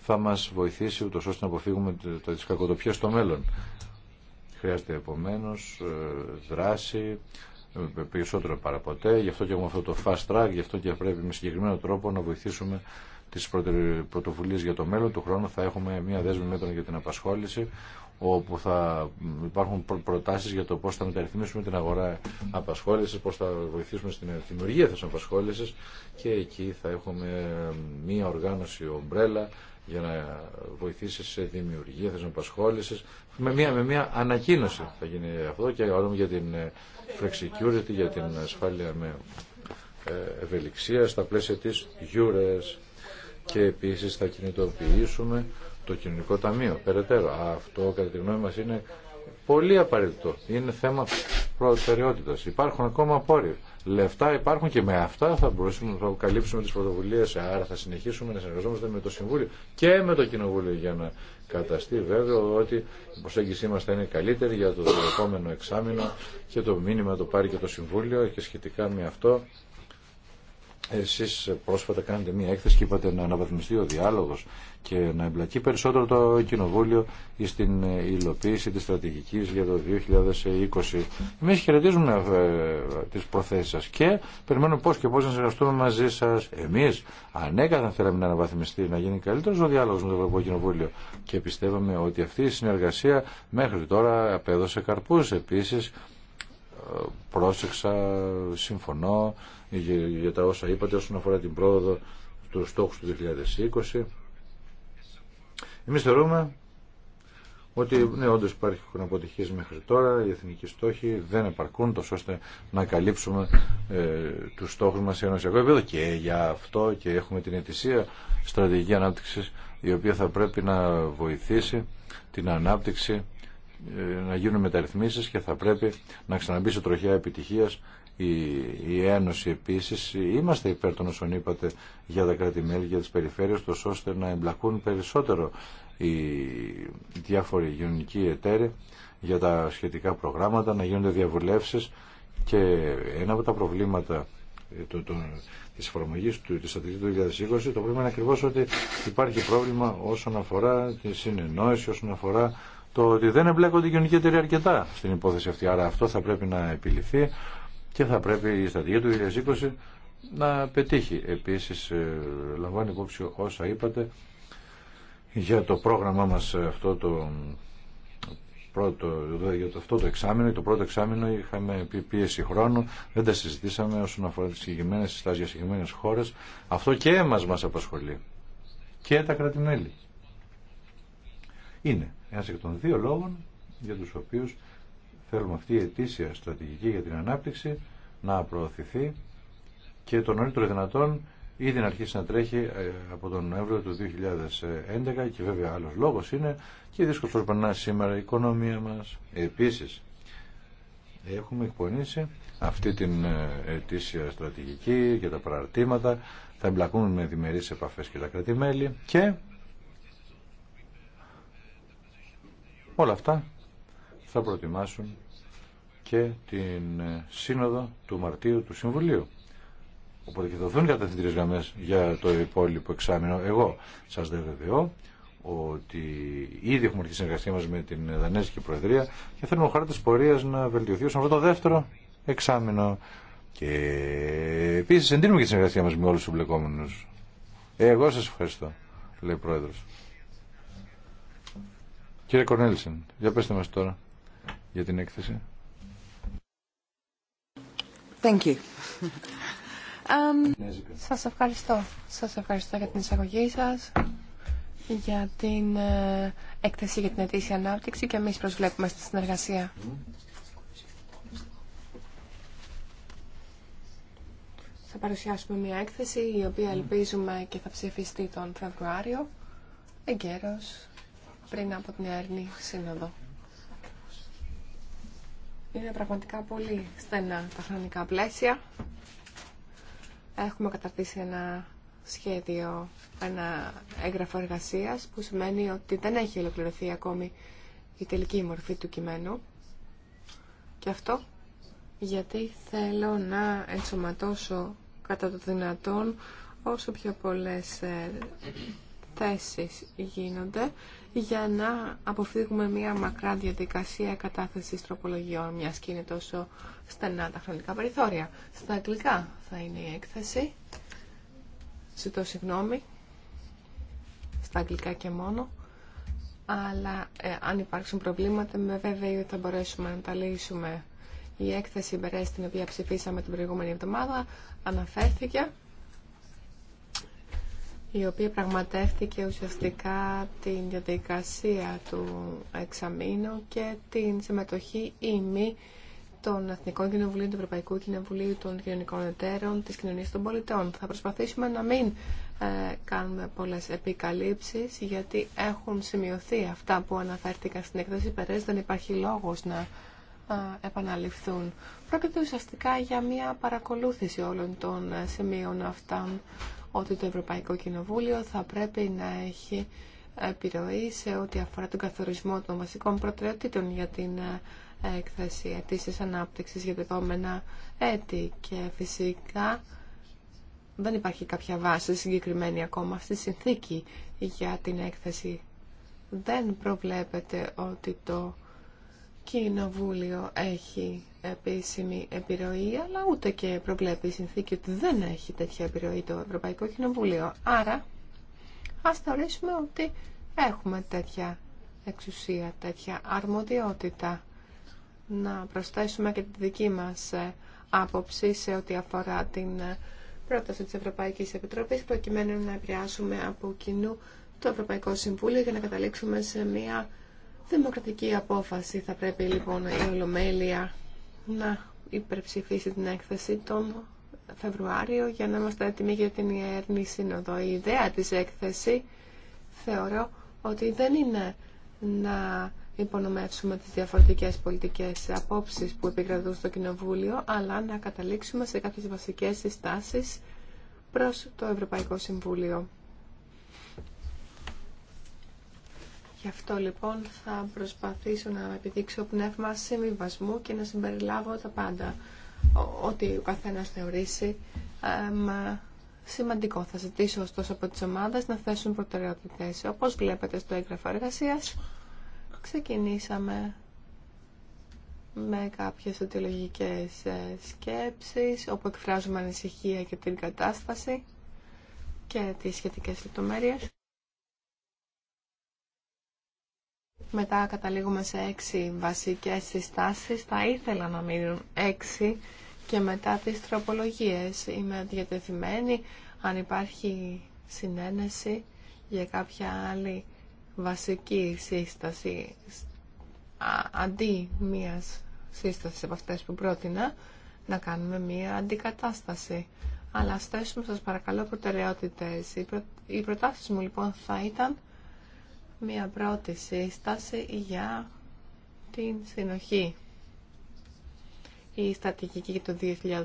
θα μας βοηθήσει ούτως ώστε να αποφύγουμε τις κακοτοπιές στο μέλλον. Χρειάζεται επομένως ε, δράση, περισσότερο παραποτέ, γι' αυτό και έχουμε αυτό το fast track, γι' αυτό και πρέπει με συγκεκριμένο τρόπο να βοηθήσουμε τις πρωτοβουλίες για το μέλλον του χρόνου θα έχουμε μια δέσμη μέτρων για την απασχόληση όπου θα υπάρχουν προτάσεις για το πώς θα μεταρρυθμίσουμε την αγορά απασχόλησης, πώς θα βοηθήσουμε στην δημιουργία θέσεων απασχόλησης και εκεί θα έχουμε μία οργάνωση ομπρέλα για να βοηθήσει σε δημιουργία θέσεων απασχόλησης. Με μία, με μία ανακοίνωση θα γίνει αυτό και όλο για την ε, flexicurity, για την ασφάλεια με ε, ευελιξία στα πλαίσια της EURES και επίσης θα κινητοποιήσουμε το κοινωνικό ταμείο περαιτέρω. Αυτό κατά τη γνώμη μας είναι πολύ απαραίτητο. Είναι θέμα προτεραιότητας. Υπάρχουν ακόμα πόροι. Λεφτά υπάρχουν και με αυτά θα μπορούσαμε να καλύψουμε τις πρωτοβουλίες. Άρα θα συνεχίσουμε να συνεργαζόμαστε με το Συμβούλιο και με το Κοινοβούλιο για να καταστεί βέβαιο ότι η προσέγγιση μας θα είναι καλύτερη για το επόμενο εξάμεινο και το μήνυμα το πάρει και το Συμβούλιο και σχετικά με αυτό Εσεί πρόσφατα κάνετε μία έκθεση και είπατε να αναβαθμιστεί ο διάλογο και να εμπλακεί περισσότερο το Κοινοβούλιο στην υλοποίηση τη στρατηγική για το 2020. Εμεί χαιρετίζουμε ε, τι προθέσει σα. και περιμένουμε πώ και πώ να συνεργαστούμε μαζί σα. Εμεί ανέκαθεν θέλαμε να αναβαθμιστεί, να γίνει καλύτερο ο διάλογος με το Ευρωπαϊκό Κοινοβούλιο και πιστεύαμε ότι αυτή η συνεργασία μέχρι τώρα απέδωσε καρπού επίση πρόσεξα, συμφωνώ για τα όσα είπατε όσον αφορά την πρόοδο του στόχου του 2020. Εμείς θεωρούμε ότι ναι, όντως υπάρχουν αποτυχίες μέχρι τώρα, οι εθνικοί στόχοι δεν επαρκούν τόσο ώστε να καλύψουμε ε, τους στόχους μας σε ενωσιακό επίπεδο και για αυτό και έχουμε την αιτησία στρατηγική ανάπτυξης η οποία θα πρέπει να βοηθήσει την ανάπτυξη ε, να γίνουν μεταρρυθμίσεις και θα πρέπει να ξαναμπεί σε τροχιά επιτυχίας η, η Ένωση επίσης. Είμαστε υπέρ των όσων είπατε για τα κράτη-μέλη, για τις περιφέρειες, ώστε να εμπλακούν περισσότερο οι διάφοροι γενικοί εταίροι για τα σχετικά προγράμματα, να γίνονται διαβουλεύσεις και ένα από τα προβλήματα ε, το, το, της εφαρμογής του, της στρατηγικής του 2020 το πρόβλημα είναι ακριβώς ότι υπάρχει πρόβλημα όσον αφορά τη συνεννόηση, όσον αφορά το ότι δεν εμπλέκονται οι κοινωνικοί αρκετά στην υπόθεση αυτή. Άρα αυτό θα πρέπει να επιληθεί και θα πρέπει η στρατηγία του 2020 να πετύχει. Επίσης, ε, λαμβάνει υπόψη όσα είπατε για το πρόγραμμά μας αυτό το πρώτο, για το, αυτό το εξάμεινο, το πρώτο εξάμεινο είχαμε πει πίεση χρόνου, δεν τα συζητήσαμε όσον αφορά τις συγκεκριμένες συστάσεις για συγκεκριμένες χώρες. Αυτό και εμάς μας απασχολεί. Και τα κρατημέλη. Είναι ένας εκ των δύο λόγων για τους οποίους θέλουμε αυτή η ετήσια στρατηγική για την ανάπτυξη να προωθηθεί και το νωρίτερο δυνατόν ήδη να αρχίσει να τρέχει ε, από τον Νοέμβριο του 2011 και βέβαια άλλος λόγος είναι και δύσκολο που περνά σήμερα η οικονομία μας. Επίσης έχουμε εκπονήσει αυτή την ε, ετήσια στρατηγική και τα παραρτήματα θα εμπλακούν με διμερείς επαφές και τα κρατημέλη και Όλα αυτά θα προετοιμάσουν και την σύνοδο του Μαρτίου του Συμβουλίου. Οπότε και δοθούν τρεις γραμμές για το υπόλοιπο εξάμεινο. Εγώ σας δε βεβαιώ ότι ήδη έχουμε αρχίσει συνεργασία μας με την Δανέζικη Προεδρία και θέλουμε ο χάρτη της πορείας να βελτιωθεί όσον αυτό το δεύτερο εξάμεινο. Και επίσης εντείνουμε και τη συνεργασία μας με όλους τους εμπλεκόμενους. Ε, εγώ σας ευχαριστώ, λέει ο Πρόεδρος. Κύριε Κορνέλσεν, για πέστε μας τώρα για την έκθεση. Thank you. Um, σας ευχαριστώ. Σας ευχαριστώ για την εισαγωγή σας, για την ε, έκθεση για την ετήσια ανάπτυξη και εμείς προσβλέπουμε στη συνεργασία. Θα παρουσιάσουμε μια έκθεση η οποία ελπίζουμε και θα ψηφιστεί τον Φεβρουάριο εγκαίρος πριν από την Ιαρνή Σύνοδο. Είναι πραγματικά πολύ στενά τα χρονικά πλαίσια. Έχουμε καταρτήσει ένα σχέδιο, ένα έγγραφο εργασίας που σημαίνει ότι δεν έχει ολοκληρωθεί ακόμη η τελική μορφή του κειμένου. Και αυτό γιατί θέλω να ενσωματώσω κατά το δυνατόν όσο πιο πολλές ε, θέσεις γίνονται για να αποφύγουμε μια μακρά διαδικασία κατάθεσης τροπολογιών, μια και είναι τόσο στενά τα χρονικά περιθώρια. Στα αγγλικά θα είναι η έκθεση. Ζητώ συγγνώμη. Στα αγγλικά και μόνο. Αλλά ε, αν υπάρξουν προβλήματα, με βέβαιη θα μπορέσουμε να τα λύσουμε. Η έκθεση Μπερέ, την οποία ψηφίσαμε την προηγούμενη εβδομάδα, αναφέρθηκε η οποία πραγματεύτηκε ουσιαστικά την διαδικασία του εξαμήνου και την συμμετοχή μη των Εθνικών Κοινοβουλίων, του Ευρωπαϊκού Κοινοβουλίου, των Κοινωνικών Εταίρων, της Κοινωνίας των Πολιτών. Θα προσπαθήσουμε να μην ε, κάνουμε πολλές επικαλύψεις, γιατί έχουν σημειωθεί αυτά που αναφέρθηκαν στην εκδόση Περές, δεν υπάρχει λόγος να ε, επαναληφθούν. Πρόκειται ουσιαστικά για μια παρακολούθηση όλων των ε, σημείων αυτών ότι το Ευρωπαϊκό Κοινοβούλιο θα πρέπει να έχει επιρροή σε ό,τι αφορά τον καθορισμό των βασικών προτεραιοτήτων για την ε, έκθεση αιτήσεις ανάπτυξης για δεδομένα έτη και φυσικά δεν υπάρχει κάποια βάση συγκεκριμένη ακόμα στη συνθήκη για την έκθεση. Δεν προβλέπεται ότι το Κοινοβούλιο έχει επίσημη επιρροή, αλλά ούτε και προβλέπει η συνθήκη ότι δεν έχει τέτοια επιρροή το Ευρωπαϊκό Κοινοβούλιο. Άρα, ας θεωρήσουμε ότι έχουμε τέτοια εξουσία, τέτοια αρμοδιότητα. Να προσθέσουμε και τη δική μας ε, άποψη σε ό,τι αφορά την ε, πρόταση της Ευρωπαϊκής Επιτροπής, προκειμένου να επηρεάσουμε από κοινού το Ευρωπαϊκό Συμβούλιο για να καταλήξουμε σε μια δημοκρατική απόφαση. Θα πρέπει λοιπόν η Ολομέλεια να υπερψηφίσει την έκθεση τον Φεβρουάριο για να είμαστε έτοιμοι για την Ιερνή Σύνοδο. Η ιδέα της έκθεση θεωρώ ότι δεν είναι να υπονομεύσουμε τις διαφορετικές πολιτικές απόψεις που επικρατούν στο Κοινοβούλιο, αλλά να καταλήξουμε σε κάποιες βασικές συστάσεις προς το Ευρωπαϊκό Συμβούλιο. Γι' αυτό λοιπόν θα προσπαθήσω να επιδείξω πνεύμα συμβιβασμού και να συμπεριλάβω τα πάντα. Ό,τι ο καθένα θεωρήσει μα σημαντικό. Θα ζητήσω ωστόσο από τι ομάδε να θέσουν προτεραιότητες. Όπω βλέπετε στο έγγραφο εργασία, ξεκινήσαμε με κάποιες ε, σκέψεις όπου εκφράζουμε ανησυχία για την κατάσταση και τι σχετικέ λεπτομέρειε. Μετά καταλήγουμε σε έξι βασικές συστάσεις. Θα ήθελα να μείνουν έξι και μετά τις τροπολογίες. Είμαι διατεθειμένη αν υπάρχει συνένεση για κάποια άλλη βασική σύσταση αντί μίας σύστασης από αυτές που πρότεινα να κάνουμε μία αντικατάσταση. Αλλά ας θέσουμε σας παρακαλώ προτεραιότητες. Οι, προτάσεις μου λοιπόν θα ήταν μία πρώτη σύσταση για την συνοχή. Η στρατηγική το 2020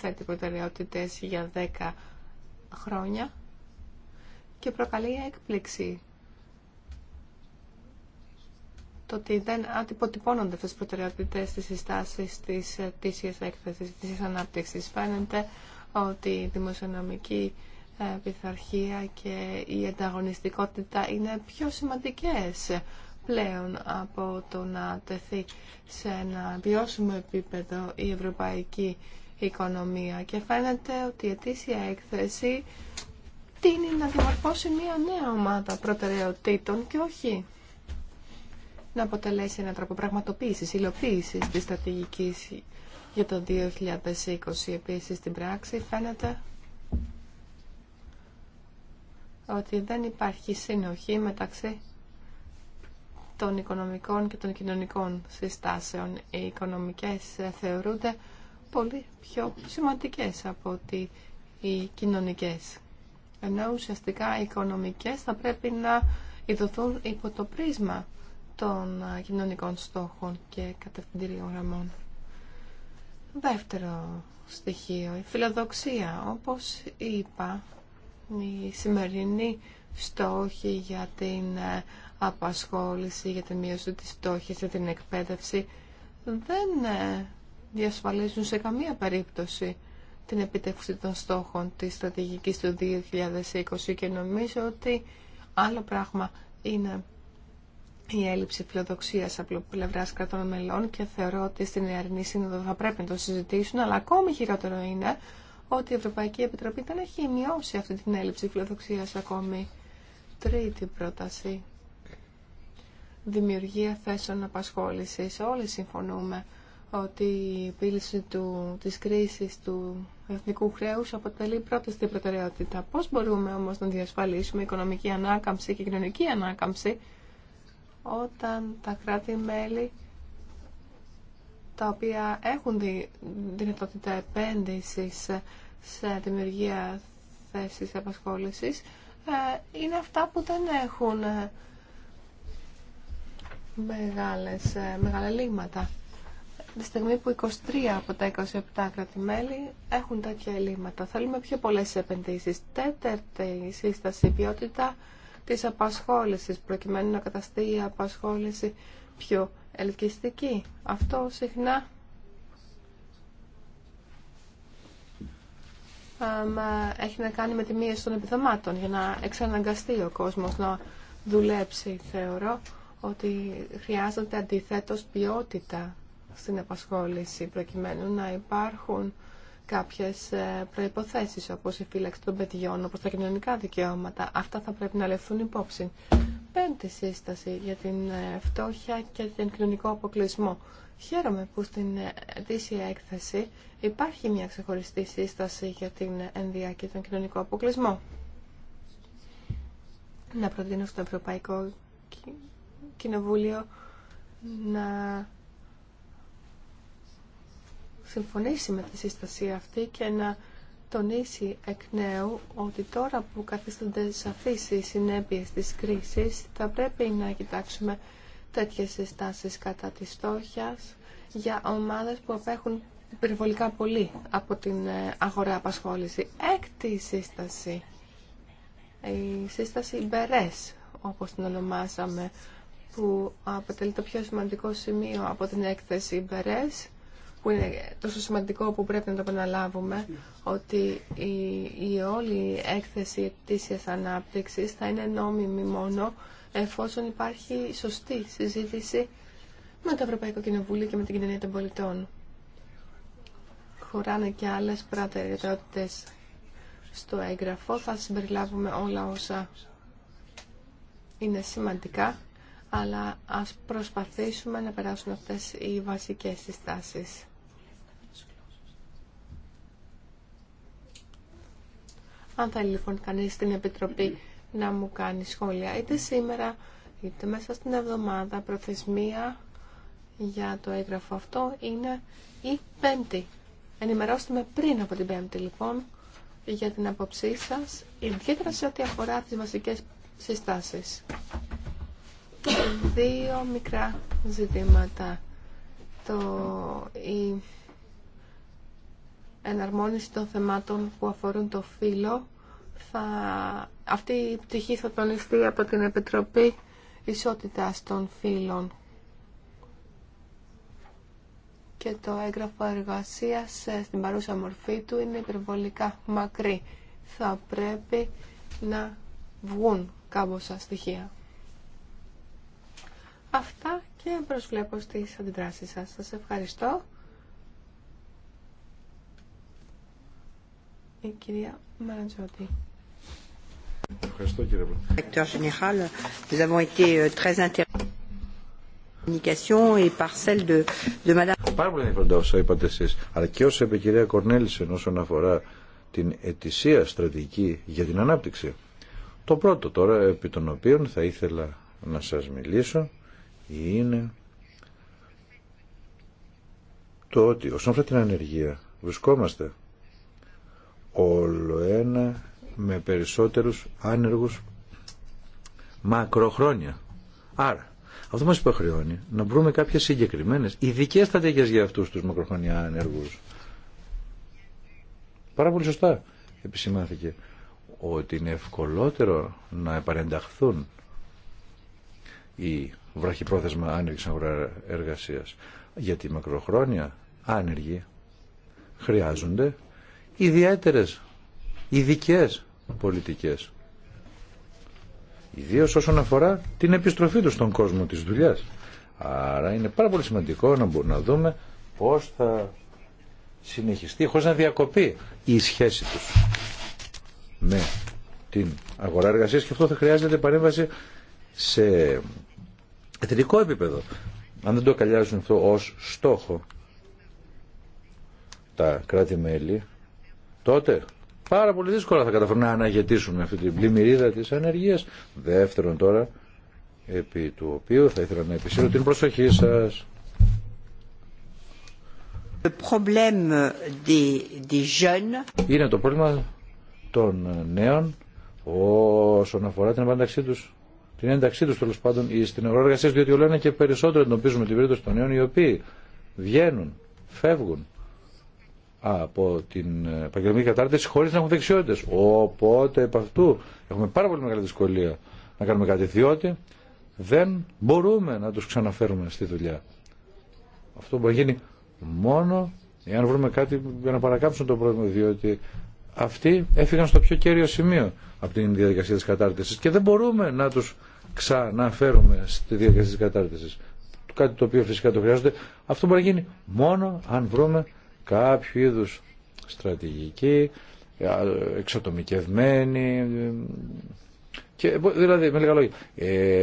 θέτει προτεραιότητες για 10 χρόνια και προκαλεί έκπληξη το ότι δεν αντιποτυπώνονται αυτές τις προτεραιότητες στις συστάσεις της ε, τήσια έκθεσης, της ανάπτυξης. Φαίνεται ότι η δημοσιονομική ε, πειθαρχία και η ανταγωνιστικότητα είναι πιο σημαντικές πλέον από το να τεθεί σε ένα βιώσιμο επίπεδο η ευρωπαϊκή οικονομία και φαίνεται ότι η ετήσια έκθεση τίνει να διαμορφώσει μια νέα ομάδα προτεραιοτήτων και όχι να αποτελέσει ένα τρόπο πραγματοποίησης, υλοποίησης της στρατηγικής για το 2020. Επίσης, στην πράξη φαίνεται ότι δεν υπάρχει συνοχή μεταξύ των οικονομικών και των κοινωνικών συστάσεων. Οι οικονομικές ε, θεωρούνται πολύ πιο σημαντικές από ότι οι κοινωνικές. Ενώ ουσιαστικά οι οικονομικές θα πρέπει να ιδωθούν υπό το πρίσμα των ε, κοινωνικών στόχων και κατευθυντήριων γραμμών. Δεύτερο στοιχείο, η φιλοδοξία. Όπως είπα, οι σημερινοί στόχοι για την ε, απασχόληση, για τη μείωση της φτώχειας, για την εκπαίδευση δεν ε, διασφαλίζουν σε καμία περίπτωση την επιτεύξη των στόχων της στρατηγικής του 2020 και νομίζω ότι άλλο πράγμα είναι η έλλειψη φιλοδοξίας από πλευρά κρατών μελών και θεωρώ ότι στην Ιαρνή Σύνοδο θα πρέπει να το συζητήσουν αλλά ακόμη χειρότερο είναι ότι η Ευρωπαϊκή Επιτροπή δεν έχει μειώσει αυτή την έλλειψη φιλοδοξία ακόμη. Τρίτη πρόταση. Δημιουργία θέσεων απασχόλησης. Όλοι συμφωνούμε ότι η επίλυση του, της κρίσης του εθνικού χρέους αποτελεί πρώτη στην προτεραιότητα. Πώς μπορούμε όμως να διασφαλίσουμε οικονομική ανάκαμψη και κοινωνική ανάκαμψη όταν τα κράτη-μέλη τα οποία έχουν τη δυνατότητα επένδυσης σε δημιουργία θέσης απασχόλησης, ε, είναι αυτά που δεν έχουν ε, μεγάλες, ε, μεγάλα λύματα. Τη στιγμή που 23 από τα 27 κράτη-μέλη έχουν τέτοια ελλείμματα. Θέλουμε πιο πολλές επενδύσεις. Τέταρτη σύσταση, ποιότητα της απασχόλησης, προκειμένου να καταστεί η απασχόληση πιο ελκυστική. Αυτό συχνά έχει να κάνει με τη μείωση των επιδομάτων για να εξαναγκαστεί ο κόσμος να δουλέψει. Θεωρώ ότι χρειάζεται αντιθέτως ποιότητα στην απασχόληση προκειμένου να υπάρχουν κάποιες ε, προϋποθέσεις όπως η φύλαξη των παιδιών, όπως τα κοινωνικά δικαιώματα. Αυτά θα πρέπει να λεφθούν υπόψη πέμπτη σύσταση για την ε, φτώχεια και τον κοινωνικό αποκλεισμό. Χαίρομαι που στην ε, ετήσια έκθεση υπάρχει μια ξεχωριστή σύσταση για την ενδιά και τον κοινωνικό αποκλεισμό. Να προτείνω στο Ευρωπαϊκό Κοινοβούλιο να συμφωνήσει με τη σύσταση αυτή και να τονίσει εκ νέου ότι τώρα που καθίστανται σαφείς οι συνέπειες της κρίσης θα πρέπει να κοιτάξουμε τέτοιες συστάσεις κατά της στόχιας για ομάδες που απέχουν περιβολικά πολύ από την ε, αγορά απασχόληση. Έκτη σύσταση, η σύσταση Μπερές όπως την ονομάσαμε που αποτελεί το πιο σημαντικό σημείο από την έκθεση Μπερές που είναι τόσο σημαντικό που πρέπει να το επαναλάβουμε, ότι η, η όλη έκθεση ετήσιας ανάπτυξης θα είναι νόμιμη μόνο εφόσον υπάρχει σωστή συζήτηση με το Ευρωπαϊκό Κοινοβούλιο και με την κοινωνία των πολιτών. Χωράνε και άλλες πρατεραιότητες στο έγγραφο. Θα συμπεριλάβουμε όλα όσα είναι σημαντικά, αλλά ας προσπαθήσουμε να περάσουν αυτές οι βασικές συστάσεις. Αν θέλει λοιπόν κανείς στην Επιτροπή να μου κάνει σχόλια είτε σήμερα είτε μέσα στην εβδομάδα προθεσμία για το έγγραφο αυτό είναι η Πέμπτη. Ενημερώστε με πριν από την Πέμπτη λοιπόν για την απόψή σας, ιδιαίτερα σε ό,τι αφορά τις βασικές συστάσεις. Δύο μικρά ζητήματα. Το, η εναρμόνιση των θεμάτων που αφορούν το φύλλο. Θα... Αυτή η πτυχή θα τονιστεί από την Επιτροπή Ισότητας των Φύλων. Και το έγγραφο εργασίας ε, στην παρούσα μορφή του είναι υπερβολικά μακρύ. Θα πρέπει να βγουν κάμποσα στοιχεία. Αυτά και προσβλέπω στις αντιδράσεις σας. Σας ευχαριστώ. η κυρία Μαρατζότη. Ευχαριστώ euh, Πάρα πολύ ενδιαφέροντα όσα είπατε εσεί, αλλά και όσα είπε η κυρία Κορνέλησεν όσον αφορά την ετησία στρατηγική για την ανάπτυξη. Το πρώτο τώρα επί των οποίων θα ήθελα να σα μιλήσω είναι το ότι όσον αφορά την ανεργία βρισκόμαστε όλο ένα με περισσότερους άνεργους μακροχρόνια. Άρα, αυτό μας υποχρεώνει να βρούμε κάποιες συγκεκριμένες ειδικέ στρατηγικές για αυτούς τους μακροχρόνια άνεργους. Πάρα πολύ σωστά επισημάθηκε ότι είναι ευκολότερο να επανενταχθούν οι βραχυπρόθεσμα άνεργης αγορά εργασίας γιατί μακροχρόνια άνεργοι χρειάζονται ιδιαίτερες, ειδικέ πολιτικές. Ιδίως όσον αφορά την επιστροφή του στον κόσμο της δουλειάς. Άρα είναι πάρα πολύ σημαντικό να μπορούμε να δούμε πώς θα συνεχιστεί χωρίς να διακοπεί η σχέση τους με την αγορά εργασίας και αυτό θα χρειάζεται παρέμβαση σε εταιρικό επίπεδο. Αν δεν το καλιάζουν αυτό ως στόχο τα κράτη-μέλη τότε πάρα πολύ δύσκολα θα καταφέρουν να αναγετήσουν αυτή την πλημμυρίδα της ανεργίας. Δεύτερον τώρα, επί του οποίου θα ήθελα να επισύρω την προσοχή σας. Είναι το πρόβλημα των νέων όσον αφορά την επάνταξή τους την ένταξή του τέλο πάντων ή στην αγορά εργασία, διότι όλο ένα και περισσότερο εντοπίζουμε την περίπτωση των νέων οι οποίοι βγαίνουν, φεύγουν από την επαγγελματική κατάρτιση χωρί να έχουν δεξιότητε. Οπότε επ' αυτού έχουμε πάρα πολύ μεγάλη δυσκολία να κάνουμε κάτι διότι δεν μπορούμε να του ξαναφέρουμε στη δουλειά. Αυτό μπορεί να γίνει μόνο εάν βρούμε κάτι για να παρακάψουμε το πρόβλημα διότι αυτοί έφυγαν στο πιο κέριο σημείο από την διαδικασία τη κατάρτιση. και δεν μπορούμε να του ξαναφέρουμε στη διαδικασία τη κατάρτιση. Κάτι το οποίο φυσικά το χρειάζονται. Αυτό μπορεί να γίνει μόνο αν βρούμε κάποιο είδους στρατηγική, εξατομικευμένη, και, ε, δηλαδή με λίγα λόγια,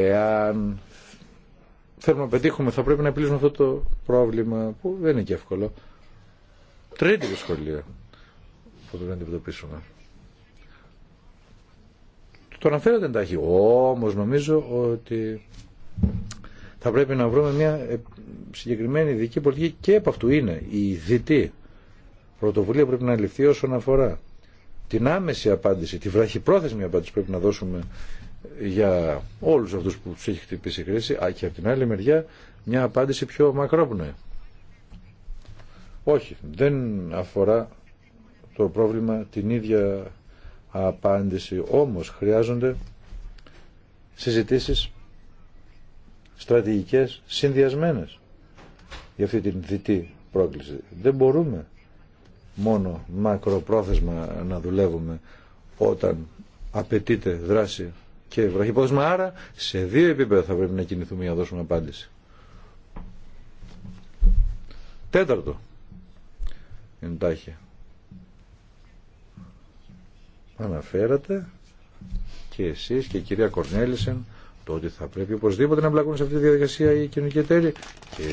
εάν θέλουμε να πετύχουμε θα πρέπει να επιλύσουμε αυτό το πρόβλημα που δεν είναι και εύκολο. Τρίτη δυσκολία που πρέπει να αντιμετωπίσουμε. Το αναφέρατε εντάχει. Όμως νομίζω ότι θα πρέπει να βρούμε μια ε, συγκεκριμένη ειδική πολιτική και από αυτού είναι η δυτή πρωτοβουλία πρέπει να ληφθεί όσον αφορά την άμεση απάντηση, τη βραχυπρόθεσμη απάντηση πρέπει να δώσουμε για όλους αυτούς που τους έχει χτυπήσει η κρίση και από την άλλη μεριά μια απάντηση πιο μακρόπνοη. Όχι, δεν αφορά το πρόβλημα την ίδια απάντηση, όμως χρειάζονται συζητήσεις στρατηγικές συνδυασμένες για αυτή την δυτή πρόκληση. Δεν μπορούμε μόνο μακροπρόθεσμα να δουλεύουμε όταν απαιτείται δράση και βραχυπρόθεσμα. Άρα σε δύο επίπεδα θα πρέπει να κινηθούμε για να δώσουμε απάντηση. Τέταρτο. Εντάχει. Αναφέρατε και εσείς και η κυρία Κορνέλησεν ότι θα πρέπει οπωσδήποτε να μπλακούν σε αυτή τη διαδικασία οι κοινωνικοί εταίροι. Και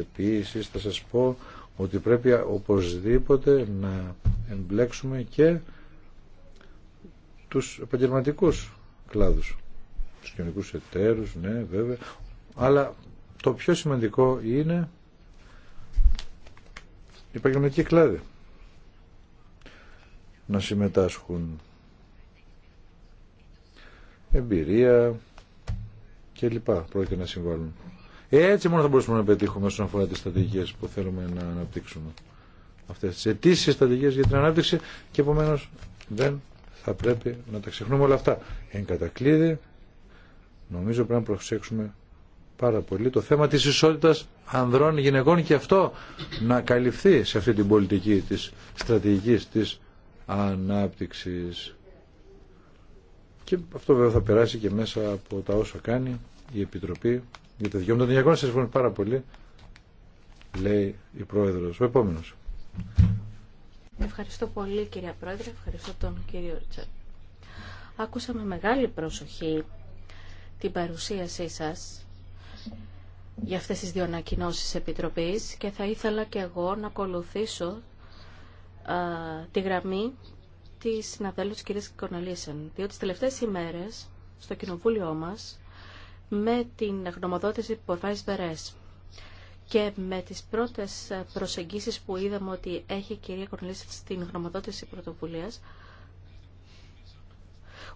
επίση θα σας πω ότι πρέπει οπωσδήποτε να εμπλέξουμε και τους επαγγελματικού κλάδους, τους κοινωνικούς εταίρους, ναι βέβαια, αλλά το πιο σημαντικό είναι οι επαγγελματικοί κλάδοι να συμμετάσχουν εμπειρία, και λοιπά πρόκειται να συμβάλλουν. Ε, έτσι μόνο θα μπορούσαμε να πετύχουμε όσον αφορά τις στρατηγικές που θέλουμε να αναπτύξουμε. Αυτές τις αιτήσεις στρατηγικές για την ανάπτυξη και επομένω δεν θα πρέπει να τα ξεχνούμε όλα αυτά. Εν κατακλείδη νομίζω πρέπει να προσέξουμε πάρα πολύ το θέμα της ισότητας ανδρών γυναικών και αυτό να καλυφθεί σε αυτή την πολιτική της στρατηγικής της ανάπτυξης. Και αυτό βέβαια θα περάσει και μέσα από τα όσα κάνει η Επιτροπή για τα δικαιώματα των γυναικών. Σας ευχαριστώ πάρα πολύ, λέει η Πρόεδρος. Ο επόμενος. Ευχαριστώ πολύ κυρία Πρόεδρε, ευχαριστώ τον κύριο Ρίτσαρτ. Άκουσα με μεγάλη προσοχή την παρουσίασή σας για αυτές τις δύο ανακοινώσει Επιτροπής και θα ήθελα και εγώ να ακολουθήσω τη γραμμή της συναδέλφου κυρίας Κοναλίσεν. διότι τις τελευταίες ημέρες στο κοινοβούλιο μας με την γνωμοδότηση που το και με τις πρώτες προσεγγίσεις που είδαμε ότι έχει η κυρία Κορνίση στην γνωμοδότηση πρωτοβουλίας,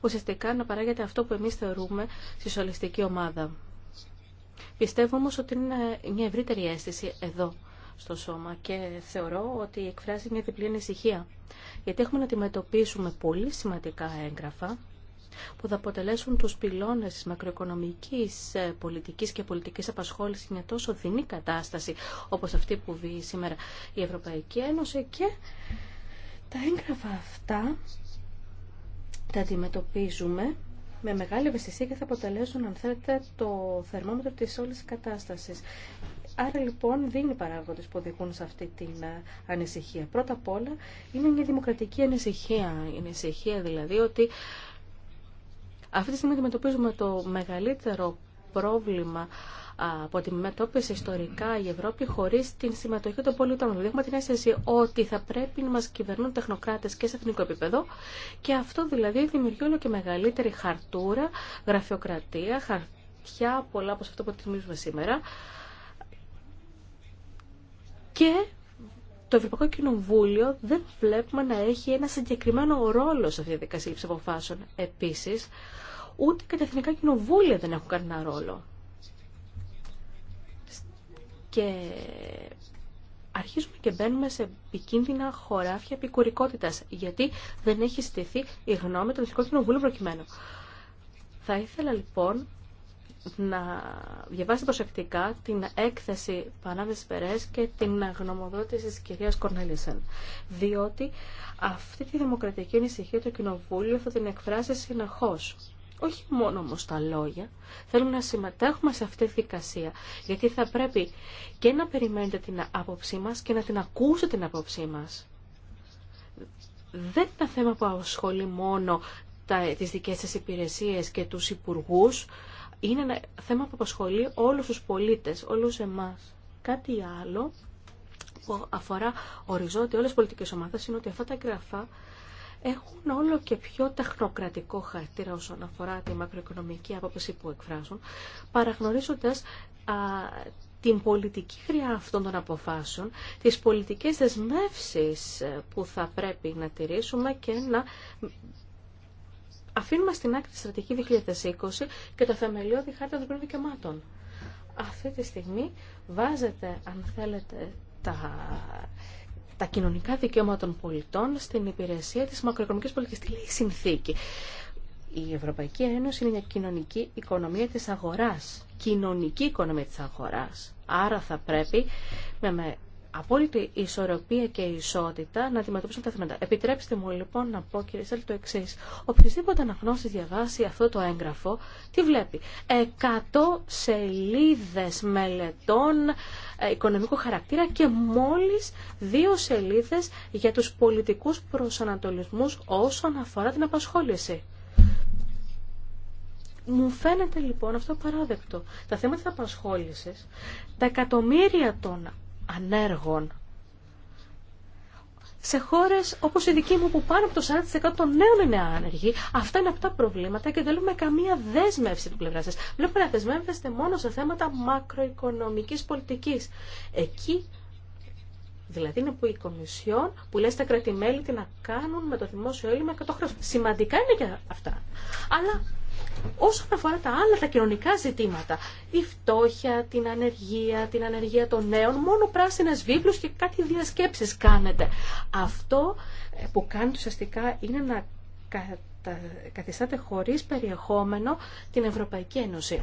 ουσιαστικά να παράγεται αυτό που εμείς θεωρούμε συσσωλιστική ομάδα. Πιστεύω όμως ότι είναι μια ευρύτερη αίσθηση εδώ στο σώμα και θεωρώ ότι εκφράζει μια διπλή ανησυχία. Γιατί έχουμε να αντιμετωπίσουμε πολύ σημαντικά έγγραφα που θα αποτελέσουν τους πυλώνες της μακροοικονομικής ε, πολιτικής και πολιτικής απασχόλησης μια τόσο δεινή κατάσταση όπως αυτή που βγει σήμερα η Ευρωπαϊκή Ένωση και τα έγγραφα αυτά τα αντιμετωπίζουμε με μεγάλη ευαισθησία και θα αποτελέσουν, αν θέλετε, το θερμόμετρο της όλης κατάστασης. Άρα λοιπόν δίνει παράγοντες που οδηγούν σε αυτή την ε, ανησυχία. Πρώτα απ' όλα είναι μια δημοκρατική ανησυχία. Η ανησυχία δηλαδή ότι αυτή τη στιγμή αντιμετωπίζουμε το μεγαλύτερο πρόβλημα από τη μετώπιση ιστορικά η Ευρώπη χωρί την συμμετοχή των πολιτών. Δηλαδή, έχουμε την αίσθηση ότι θα πρέπει να μα κυβερνούν τεχνοκράτε και σε εθνικό επίπεδο και αυτό δηλαδή δημιουργεί όλο και μεγαλύτερη χαρτούρα, γραφειοκρατία, χαρτιά, πολλά από αυτό που θυμίζουμε σήμερα. Και το Ευρωπαϊκό Κοινοβούλιο δεν βλέπουμε να έχει ένα συγκεκριμένο ρόλο σε αυτή τη διαδικασία αποφάσεων. Επίση, ούτε και τα εθνικά κοινοβούλια δεν έχουν κανένα ρόλο. Και αρχίζουμε και μπαίνουμε σε επικίνδυνα χωράφια επικουρικότητα, γιατί δεν έχει στηθεί η γνώμη των Εθνικών Κοινοβούλων προκειμένου. Θα ήθελα λοιπόν να διαβάσετε προσεκτικά την έκθεση Πανάδες Περές και την γνωμοδότηση της κυρίας Κορνέλισεν. Διότι αυτή τη δημοκρατική ανησυχία του Κοινοβούλιο θα την εκφράσει συνεχώς όχι μόνο όμως τα λόγια, Θέλουμε να συμμετέχουμε σε αυτή τη δικασία, γιατί θα πρέπει και να περιμένετε την άποψή μας και να την ακούσετε την άποψή μας. Δεν είναι θέμα που ασχολεί μόνο τα, τις δικές σας υπηρεσίες και τους υπουργούς, είναι ένα θέμα που απασχολεί όλους τους πολίτες, όλους εμάς. Κάτι άλλο που αφορά οριζόντια όλες τις πολιτικές ομάδες είναι ότι αυτά τα εγγραφά έχουν όλο και πιο τεχνοκρατικό χαρακτήρα όσον αφορά τη μακροοικονομική άποψη που εκφράζουν, παραγνωρίζοντας την πολιτική χρειά αυτών των αποφάσεων, τις πολιτικές δεσμεύσεις ε, που θα πρέπει να τηρήσουμε και να αφήνουμε στην άκρη τη στρατηγική 2020 και το θεμελιώδη χάρτα των δικαιωμάτων. Αυτή τη στιγμή βάζετε, αν θέλετε, τα τα κοινωνικά δικαιώματα των πολιτών στην υπηρεσία της μακροοικονομικής πολιτικής. Τι λέει η συνθήκη. Η Ευρωπαϊκή Ένωση είναι μια κοινωνική οικονομία της αγοράς. Κοινωνική οικονομία της αγοράς. Άρα θα πρέπει με απόλυτη ισορροπία και ισότητα να αντιμετωπίσουν τα θέματα. Επιτρέψτε μου λοιπόν να πω, κύριε Σέλ, το εξή. Οποιοδήποτε αναγνώστη διαβάσει αυτό το έγγραφο, τι βλέπει. 100 σελίδε μελετών ε, οικονομικού χαρακτήρα και μόλι δύο σελίδε για του πολιτικού προσανατολισμού όσον αφορά την απασχόληση. Μου φαίνεται λοιπόν αυτό παράδεκτο. Τα θέματα της απασχόλησης, τα εκατομμύρια των ανέργων. Σε χώρε όπω η δική μου που πάνω από το 40% των νέων είναι άνεργοι, αυτά είναι αυτά προβλήματα και δεν λέμε καμία δέσμευση του πλευρά σα. Βλέπουμε να δεσμεύεστε μόνο σε θέματα μακροοικονομική πολιτική. Εκεί Δηλαδή είναι που η Κομισιόν που λέει στα μέλη τι να κάνουν με το δημόσιο έλλειμμα το χρέο. Σημαντικά είναι και αυτά. Αλλά Όσον αφορά τα άλλα τα κοινωνικά ζητήματα, η φτώχεια, την ανεργία, την ανεργία των νέων, μόνο πράσινες βίβλους και κάτι διασκέψεις κάνετε. Αυτό ε, που κάνετε ουσιαστικά είναι να καθιστάτε χωρίς περιεχόμενο την Ευρωπαϊκή Ένωση.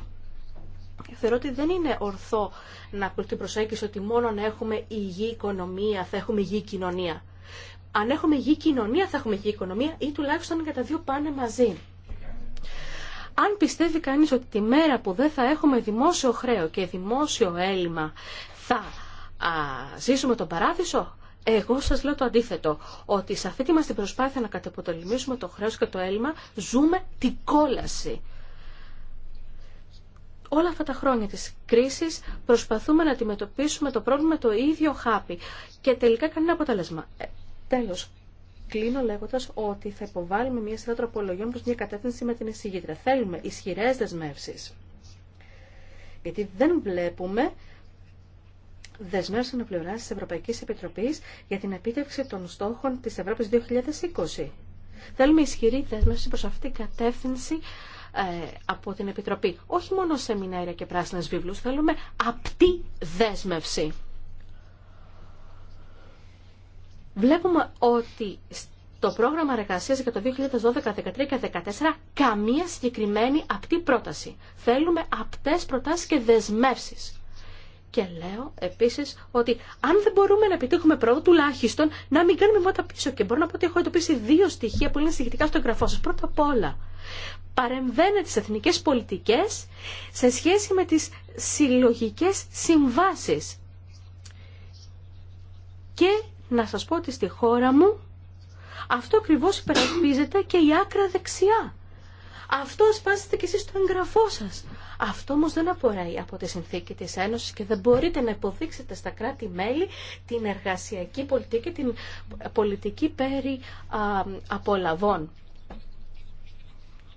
Θεωρώ ότι δεν είναι ορθό να την προσέγγιση ότι μόνο να έχουμε υγιή οικονομία θα έχουμε υγιή κοινωνία. Αν έχουμε υγιή κοινωνία θα έχουμε υγιή οικονομία ή τουλάχιστον κατά τα δύο πάνε μαζί. Αν πιστεύει κανείς ότι τη μέρα που δεν θα έχουμε δημόσιο χρέο και δημόσιο έλλειμμα θα ζήσουμε τον παράδεισο, εγώ σας λέω το αντίθετο, ότι σε αυτή τη μας την προσπάθεια να κατεποτολμήσουμε το χρέος και το έλλειμμα ζούμε την κόλαση. Όλα αυτά τα χρόνια της κρίσης προσπαθούμε να αντιμετωπίσουμε το πρόβλημα το ίδιο χάπι και τελικά κανένα αποτέλεσμα. Ε, τέλος, κλείνω λέγοντα ότι θα υποβάλουμε μια σειρά τροπολογιών προ μια κατεύθυνση με την εισηγήτρια. Θέλουμε ισχυρέ δεσμεύσει. Γιατί δεν βλέπουμε δεσμεύσει αναπληρωμένε τη Ευρωπαϊκή Επιτροπή για την επίτευξη των στόχων τη Ευρώπη 2020. Θέλουμε ισχυρή δέσμευση προ αυτή την κατεύθυνση ε, από την Επιτροπή. Όχι μόνο σεμινάρια και πράσινε βιβλού, θέλουμε απτή δέσμευση. Βλέπουμε ότι το πρόγραμμα εργασίας για το 2012, 2013 και 2014 καμία συγκεκριμένη απτή πρόταση. Θέλουμε απτές προτάσεις και δεσμεύσεις. Και λέω επίσης ότι αν δεν μπορούμε να επιτύχουμε πρώτο τουλάχιστον να μην κάνουμε βότα πίσω. Και μπορώ να πω ότι έχω εντοπίσει δύο στοιχεία που είναι συγκεκριτικά στο εγγραφό σας. Πρώτα απ' όλα, παρεμβαίνετε τις εθνικές πολιτικές σε σχέση με τις συλλογικές συμβάσεις και να σας πω ότι στη χώρα μου αυτό ακριβώ υπερασπίζεται και η άκρα δεξιά. Αυτό ασπάζεται κι εσείς στο εγγραφό σας. Αυτό όμω δεν απορρέει από τη συνθήκη της Ένωσης και δεν μπορείτε να υποδείξετε στα κράτη-μέλη την εργασιακή πολιτική και την πολιτική περί απολαβών.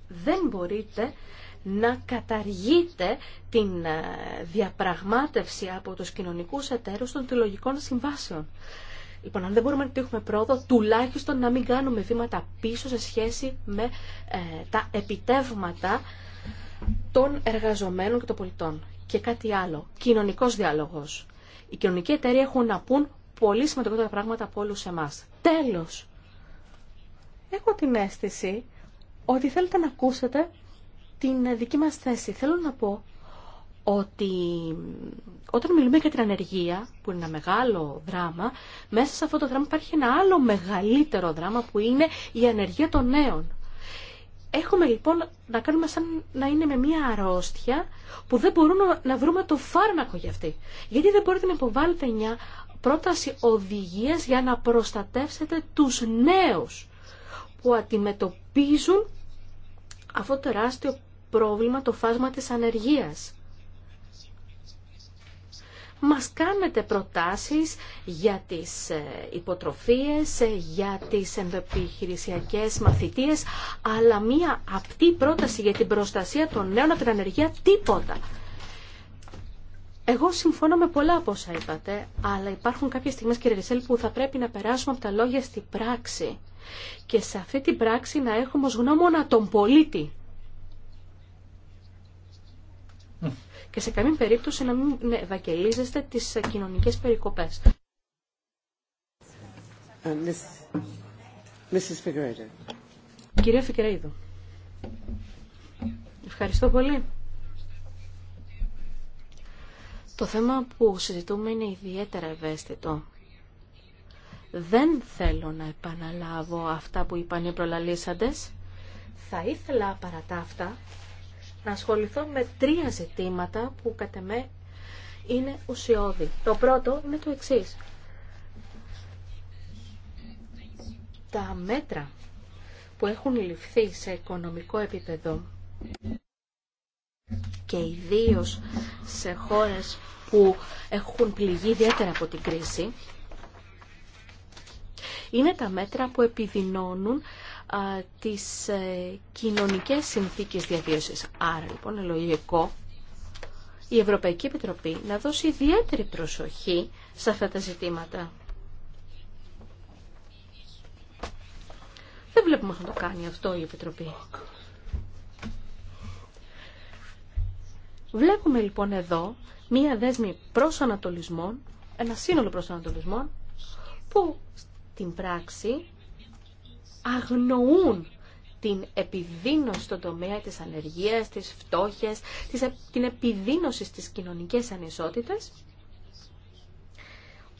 Δεν μπορείτε να καταργείτε την ε, διαπραγμάτευση από τους κοινωνικούς εταίρους των τηλογικών συμβάσεων. Λοιπόν, αν δεν μπορούμε να έχουμε πρόοδο, τουλάχιστον να μην κάνουμε βήματα πίσω σε σχέση με ε, τα επιτεύγματα των εργαζομένων και των πολιτών. Και κάτι άλλο, κοινωνικός διάλογος. Οι κοινωνικοί εταίροι έχουν να πούν πολύ σημαντικότερα πράγματα από όλους εμάς. Τέλος, έχω την αίσθηση ότι θέλετε να ακούσετε την δική μας θέση. Θέλω να πω ότι όταν μιλούμε για την ανεργία, που είναι ένα μεγάλο δράμα, μέσα σε αυτό το δράμα υπάρχει ένα άλλο μεγαλύτερο δράμα που είναι η ανεργία των νέων. Έχουμε λοιπόν να κάνουμε σαν να είναι με μια αρρώστια που δεν μπορούμε να βρούμε το φάρμακο για αυτή. Γιατί δεν μπορείτε να υποβάλλετε μια πρόταση οδηγίας για να προστατεύσετε τους νέους που αντιμετωπίζουν αυτό το τεράστιο πρόβλημα, το φάσμα της ανεργίας μας κάνετε προτάσεις για τις ε, υποτροφίες, ε, για τις ενδοεπιχειρησιακές μαθητείες, αλλά μία απτή πρόταση για την προστασία των νέων από την ανεργία τίποτα. Εγώ συμφωνώ με πολλά από όσα είπατε, αλλά υπάρχουν κάποιες στιγμές, κύριε Ρισελ, που θα πρέπει να περάσουμε από τα λόγια στην πράξη. Και σε αυτή την πράξη να έχουμε ως γνώμονα τον πολίτη. και σε καμία περίπτωση να μην ναι, βακελίζεστε τις κοινωνικές περικοπές. Ε, Κυρία Φικρέιδο, ευχαριστώ πολύ. Το θέμα που συζητούμε είναι ιδιαίτερα ευαίσθητο. Δεν θέλω να επαναλάβω αυτά που είπαν οι προλαλήσαντες. Θα ήθελα παρά τα αυτά να ασχοληθώ με τρία ζητήματα που κατά με είναι ουσιώδη. Το πρώτο είναι το εξής. Τα μέτρα που έχουν ληφθεί σε οικονομικό επίπεδο και ιδίω σε χώρες που έχουν πληγεί ιδιαίτερα από την κρίση, είναι τα μέτρα που επιδεινώνουν τις ε, κοινωνικές συνθήκες διαβίωσης. Άρα λοιπόν είναι η Ευρωπαϊκή Επιτροπή να δώσει ιδιαίτερη προσοχή σε αυτά τα ζητήματα. Δεν βλέπουμε να το κάνει αυτό η Επιτροπή. Βλέπουμε λοιπόν εδώ μία δέσμη προσανατολισμών, ένα σύνολο προσανατολισμών, που στην πράξη αγνοούν την επιδείνωση στον τομέα της ανεργίας, της φτώχειας, την επιδείνωση στις κοινωνικές ανισότητες,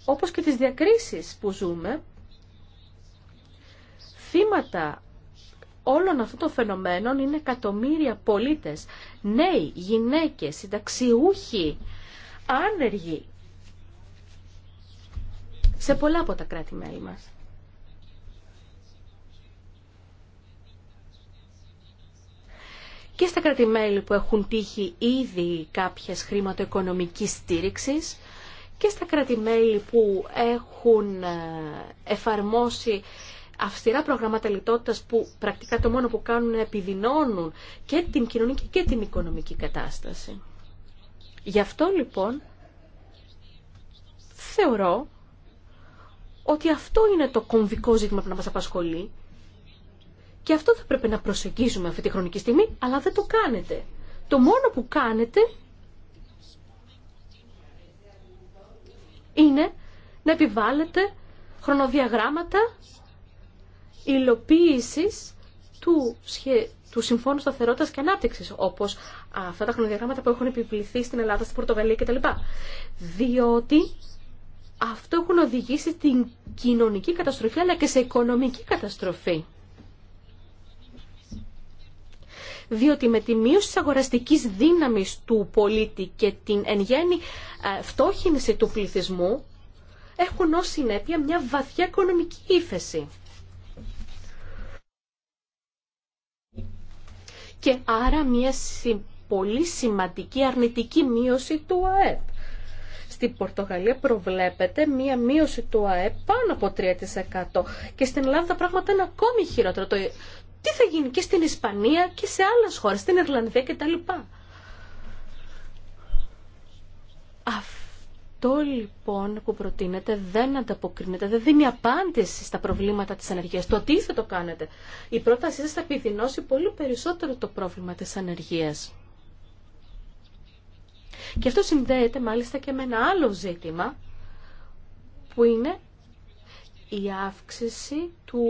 όπως και τις διακρίσεις που ζούμε, θύματα όλων αυτών των φαινομένων είναι εκατομμύρια πολίτες, νέοι, γυναίκες, συνταξιούχοι, άνεργοι, σε πολλά από τα κράτη-μέλη μας. και στα κρατημέλη που έχουν τύχει ήδη κάποιες χρηματοοικονομικής στήριξης και στα κρατημέλη που έχουν ε, εφαρμόσει αυστηρά προγράμματα λιτότητας που πρακτικά το μόνο που κάνουν είναι επιδεινώνουν και την κοινωνική και την οικονομική κατάσταση. Γι' αυτό λοιπόν θεωρώ ότι αυτό είναι το κομβικό ζήτημα που να μας απασχολεί και αυτό θα πρέπει να προσεγγίζουμε αυτή τη χρονική στιγμή, αλλά δεν το κάνετε. Το μόνο που κάνετε είναι να επιβάλλετε χρονοδιαγράμματα υλοποίηση του, του Συμφώνου Σταθερότητας και Ανάπτυξης, όπως αυτά τα χρονοδιαγράμματα που έχουν επιβληθεί στην Ελλάδα, στην Πορτογαλία κτλ. Διότι αυτό έχουν οδηγήσει στην κοινωνική καταστροφή αλλά και σε οικονομική καταστροφή. διότι με τη μείωση της αγοραστικής δύναμης του πολίτη και την εν γέννη ε, φτώχυνση του πληθυσμού έχουν ως συνέπεια μια βαθιά οικονομική ύφεση. Και άρα μια πολύ σημαντική αρνητική μείωση του ΑΕΠ. Στην Πορτογαλία προβλέπεται μία μείωση του ΑΕΠ πάνω από 3% και στην Ελλάδα τα πράγματα είναι ακόμη χειρότερα. Το, τι θα γίνει και στην Ισπανία και σε άλλες χώρες, στην Ιρλανδία λοιπά. Αυτό λοιπόν που προτείνετε δεν ανταποκρίνεται, δεν δίνει απάντηση στα προβλήματα της ανεργίας. Το τι θα το κάνετε. Η πρότασή σας θα επιδεινώσει πολύ περισσότερο το πρόβλημα της ανεργίας. Και αυτό συνδέεται μάλιστα και με ένα άλλο ζήτημα που είναι η αύξηση του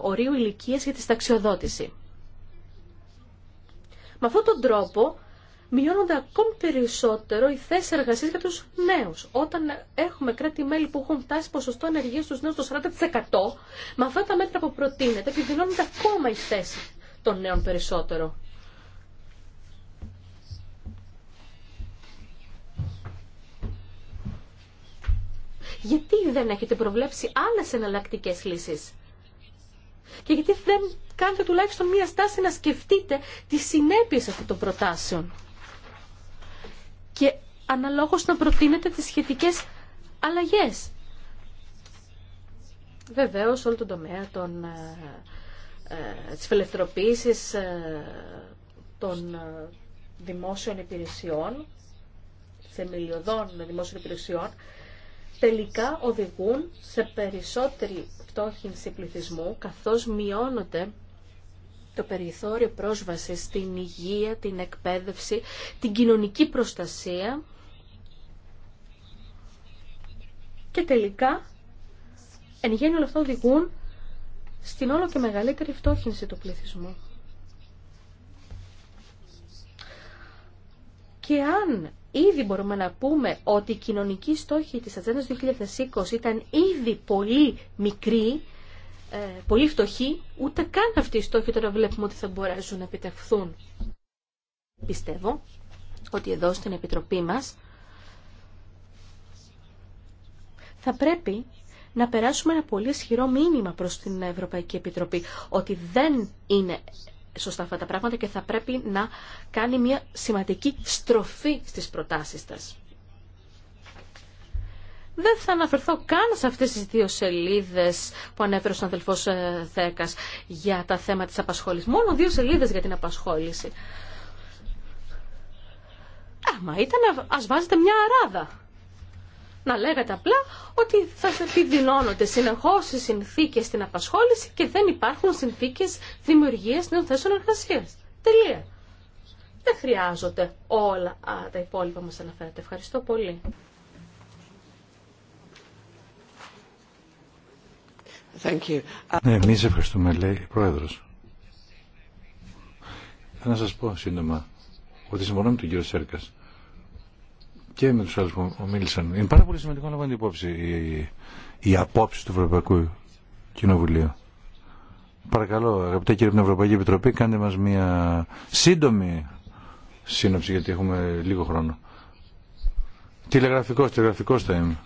ορίου ηλικία για τη σταξιοδότηση. Με αυτόν τον τρόπο μειώνονται ακόμη περισσότερο οι θέσει εργασία για του νέου. Όταν έχουμε κράτη-μέλη που έχουν φτάσει ποσοστό ενεργεία στου νέου το 40%, με αυτά τα μέτρα που προτείνεται, επιδεινώνονται ακόμα η θέση των νέων περισσότερο. Γιατί δεν έχετε προβλέψει άλλες εναλλακτικές λύσεις και γιατί δεν κάνετε τουλάχιστον μία στάση να σκεφτείτε τι συνέπειες αυτών των προτάσεων. Και αναλόγως να προτείνετε τις σχετικές αλλαγές. Βεβαίως, όλο τον τομέα των, ε, ε της ε, των ε, δημόσιων υπηρεσιών, θεμελιωδών δημόσιων υπηρεσιών, τελικά οδηγούν σε περισσότερη φτώχυνση πληθυσμού, καθώς μειώνονται το περιθώριο πρόσβασης στην υγεία, την εκπαίδευση, την κοινωνική προστασία και τελικά εν γέννη όλα αυτά οδηγούν στην όλο και μεγαλύτερη φτώχυνση του πληθυσμού. Και αν Ήδη μπορούμε να πούμε ότι οι κοινωνικοί στόχοι της Ατζέντας 2020 ήταν ήδη πολύ μικροί, ε, πολύ φτωχοί, ούτε καν αυτή οι στόχοι τώρα βλέπουμε ότι θα μπορέσουν να επιτευχθούν. Πιστεύω ότι εδώ στην Επιτροπή μας θα πρέπει να περάσουμε ένα πολύ ισχυρό μήνυμα προς την Ευρωπαϊκή Επιτροπή ότι δεν είναι σωστά αυτά τα πράγματα και θα πρέπει να κάνει μια σημαντική στροφή στις προτάσεις σας. Δεν θα αναφερθώ καν σε αυτές τις δύο σελίδες που ανέφερε ο αδελφός ε, Θέκας για τα θέματα της απασχόλησης. Μόνο δύο σελίδες για την απασχόληση. Άμα ήταν, ας βάζετε μια αράδα να λέγατε απλά ότι θα επιδεινώνονται συνεχώς οι συνθήκες στην απασχόληση και δεν υπάρχουν συνθήκες δημιουργίας νέων θέσεων εργασία. Τελεία. Δεν χρειάζονται όλα Α, τα υπόλοιπα μας αναφέρατε. Ευχαριστώ πολύ. Thank ναι, ευχαριστούμε, λέει η Πρόεδρος. Θα να σας πω σύντομα ότι συμφωνώ με τον κύριο Σέρκας και με του άλλου που μίλησαν. Είναι πάρα πολύ σημαντικό να βάλετε υπόψη η, απόψη του Ευρωπαϊκού Κοινοβουλίου. Παρακαλώ, αγαπητέ κύριε την Ευρωπαϊκή Επιτροπή, κάντε μα μια σύντομη σύνοψη, γιατί έχουμε λίγο χρόνο. Τηλεγραφικός, τηλεγραφικό θα είμαι.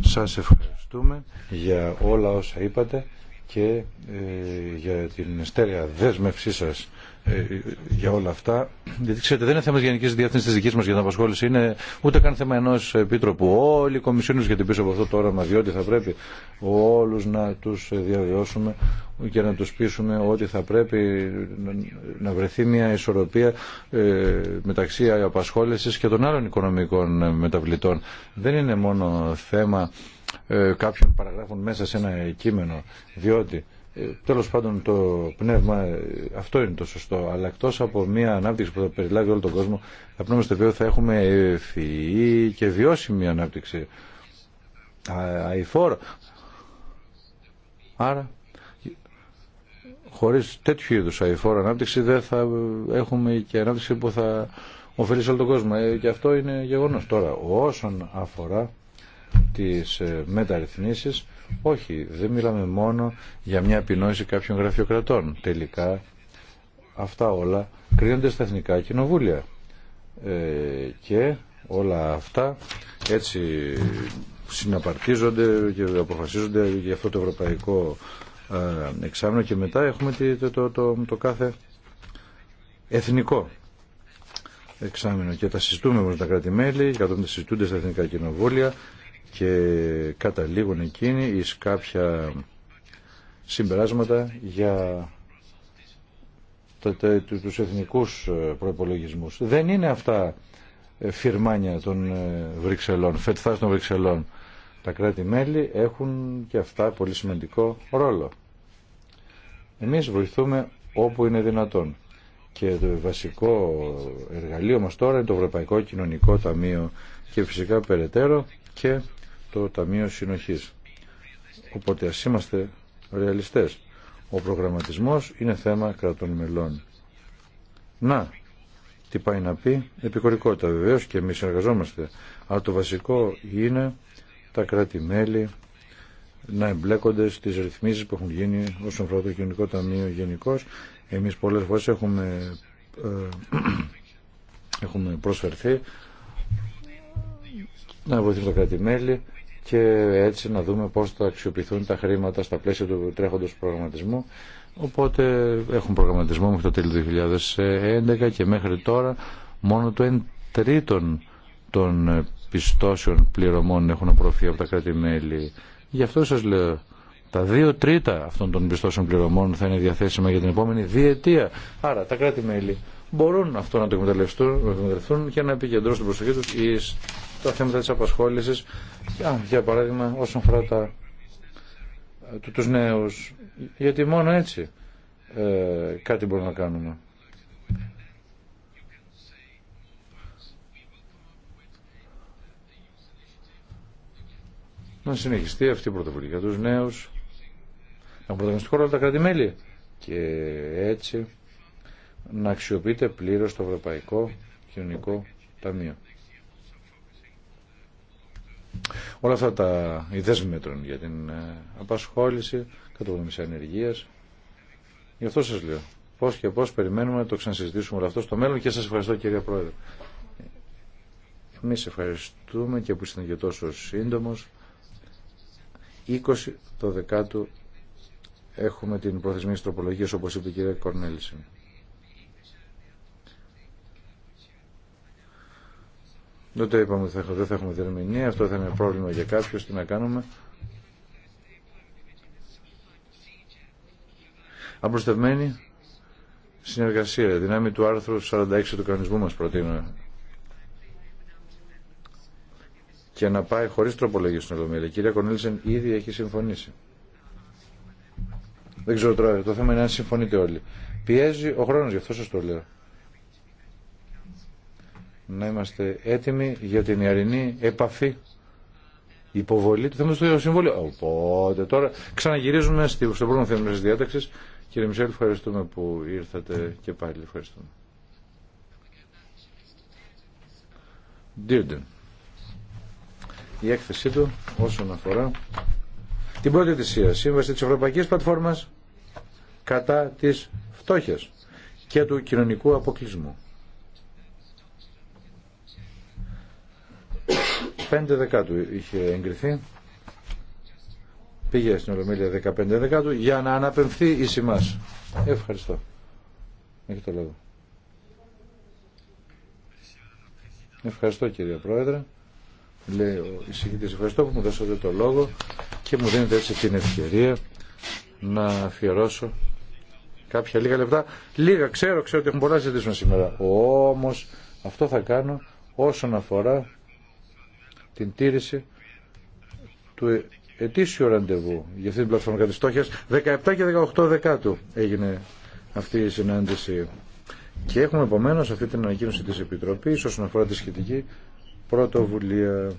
Σα ευχαριστούμε για όλα όσα είπατε και ε, για την στέρεα δέσμευσή σας ε, για όλα αυτά. Γιατί ξέρετε, δεν είναι θέμα γενική διεύθυνση τη δική μα για την απασχόληση, είναι ούτε καν θέμα ενό επίτροπου. Όλοι οι κομισιόνε γιατί πίσω από αυτό το όραμα, διότι θα πρέπει όλου να του διαβιώσουμε και να του πείσουμε ότι θα πρέπει να βρεθεί μια ισορροπία ε, μεταξύ απασχόληση και των άλλων οικονομικών μεταβλητών. Δεν είναι μόνο θέμα ε, κάποιων παραγράφων μέσα σε ένα κείμενο, διότι ε, τέλος πάντων το πνεύμα ε, αυτό είναι το σωστό αλλά εκτός από μια ανάπτυξη που θα περιλάβει όλο τον κόσμο θα πνεύμα στο οποίο θα έχουμε ευφυή και βιώσιμη ανάπτυξη αηφόρο άρα χωρίς τέτοιου είδους αηφόρο ανάπτυξη δεν θα έχουμε και ανάπτυξη που θα ωφελήσει όλο τον κόσμο ε, και αυτό είναι γεγονός τώρα όσον αφορά τις μεταρρυθμίσεις όχι, δεν μιλάμε μόνο για μια επινόηση κάποιων γραφειοκρατών. Τελικά αυτά όλα κρίνονται στα εθνικά κοινοβούλια. Ε, και όλα αυτά έτσι συναπαρτίζονται και αποφασίζονται για αυτό το ευρωπαϊκό ε, εξάμεινο και μετά έχουμε το, το, το, το κάθε εθνικό εξάμεινο και τα συζητούμε με τα κράτη-μέλη, τα συζητούνται στα εθνικά κοινοβούλια και καταλήγουν εκείνοι εις κάποια συμπεράσματα για τους εθνικούς ε, προϋπολογισμούς. Δεν είναι αυτά ε, φυρμάνια των ε, Βρυξελών, φετθάς των Βρυξελών. Τα κράτη-μέλη έχουν και αυτά πολύ σημαντικό ρόλο. Εμείς βοηθούμε όπου είναι δυνατόν. Και το βασικό εργαλείο μας τώρα είναι το Ευρωπαϊκό Κοινωνικό Ταμείο και φυσικά περαιτέρω και το Ταμείο Συνοχής. Οπότε ας είμαστε ρεαλιστές. Ο προγραμματισμός είναι θέμα κρατών μελών. Να, τι πάει να πει, επικορικότητα βεβαίως και εμείς εργαζόμαστε. Αλλά το βασικό είναι τα κράτη-μέλη να εμπλέκονται στις ρυθμίσεις που έχουν γίνει όσον αφορά το κοινωνικό ταμείο γενικώ. Εμείς πολλές φορές έχουμε, ε, προσφερθεί να βοηθήσουμε τα κράτη-μέλη και έτσι να δούμε πώς θα αξιοποιηθούν τα χρήματα στα πλαίσια του τρέχοντος προγραμματισμού. Οπότε έχουν προγραμματισμό μέχρι το τέλειο 2011 και μέχρι τώρα μόνο το 1 τρίτο των πιστώσεων πληρωμών έχουν απορροφεί από τα κράτη-μέλη. Γι' αυτό σας λέω, τα 2 τρίτα αυτών των πιστώσεων πληρωμών θα είναι διαθέσιμα για την επόμενη διετία. Άρα τα κράτη-μέλη μπορούν αυτό να το εκμεταλλευτούν, και να επικεντρώσουν την προσοχή τους τα θέματα της απασχόλησης, για παράδειγμα όσον αφορά τα, τους νέους, γιατί μόνο έτσι ε, κάτι μπορούμε να κάνουμε. Να συνεχιστεί αυτή η πρωτοβουλία για τους νέους, να πρωταγωνιστικό ρόλο τα κρατη και έτσι να αξιοποιείται πλήρως το Ευρωπαϊκό Κοινωνικό Ταμείο όλα αυτά τα ιδέες μέτρων για την ε, απασχόληση, καταπολέμηση ανεργίας. Γι' αυτό σας λέω. Πώς και πώς περιμένουμε να το ξανασυζητήσουμε όλο αυτό στο μέλλον και σας ευχαριστώ κυρία Πρόεδρε. Εμείς ευχαριστούμε και που ήσασταν και τόσο σύντομο, 20 το δεκάτου έχουμε την προθεσμία της τροπολογία όπως είπε η κυρία Κορνέλη. Δεν είπαμε ότι δεν θα έχουμε διερμηνία, αυτό θα είναι πρόβλημα για κάποιους, τι να κάνουμε. Αμπροστευμένη συνεργασία, δύναμη του άρθρου 46 του κανονισμού μας προτείνω. Και να πάει χωρίς τροπολογία στην Ολομέλεια. Η κυρία Κονέλσεν ήδη έχει συμφωνήσει. Δεν ξέρω τώρα, το θέμα είναι αν συμφωνείτε όλοι. Πιέζει ο χρόνος, γι' αυτό σας το λέω να είμαστε έτοιμοι για την ιαρινή επαφή υποβολή του θέματος του Συμβουλίου. Οπότε τώρα ξαναγυρίζουμε στο πρώτο θέμα της διάταξης. Κύριε Μισελ, ευχαριστούμε που ήρθατε και πάλι. Ευχαριστούμε. Η έκθεσή του όσον αφορά την πρώτη θυσία σύμβαση της Ευρωπαϊκής Πλατφόρμας κατά της φτώχειας και του κοινωνικού αποκλεισμού. 15 Δεκάτου είχε εγκριθεί. Πήγε στην Ολομέλεια 15 Δεκάτου για να αναπαιμφθεί η σημάς. Ευχαριστώ. Έχει το λόγο. Ευχαριστώ κύριε Πρόεδρε. Λέει ο εισηγητής ευχαριστώ που μου δώσατε το λόγο και μου δίνετε έτσι την ευκαιρία να αφιερώσω κάποια λίγα λεπτά. Λίγα ξέρω, ξέρω ότι έχουν πολλά ζητήσουμε σήμερα. Όμως αυτό θα κάνω όσον αφορά την τήρηση του ετήσιου ραντεβού για αυτή την πλατφόρμα κατά 17 και 18 Δεκάτου έγινε αυτή η συνάντηση. Και έχουμε επομένω αυτή την ανακοίνωση της Επιτροπής όσον αφορά τη σχετική πρωτοβουλία.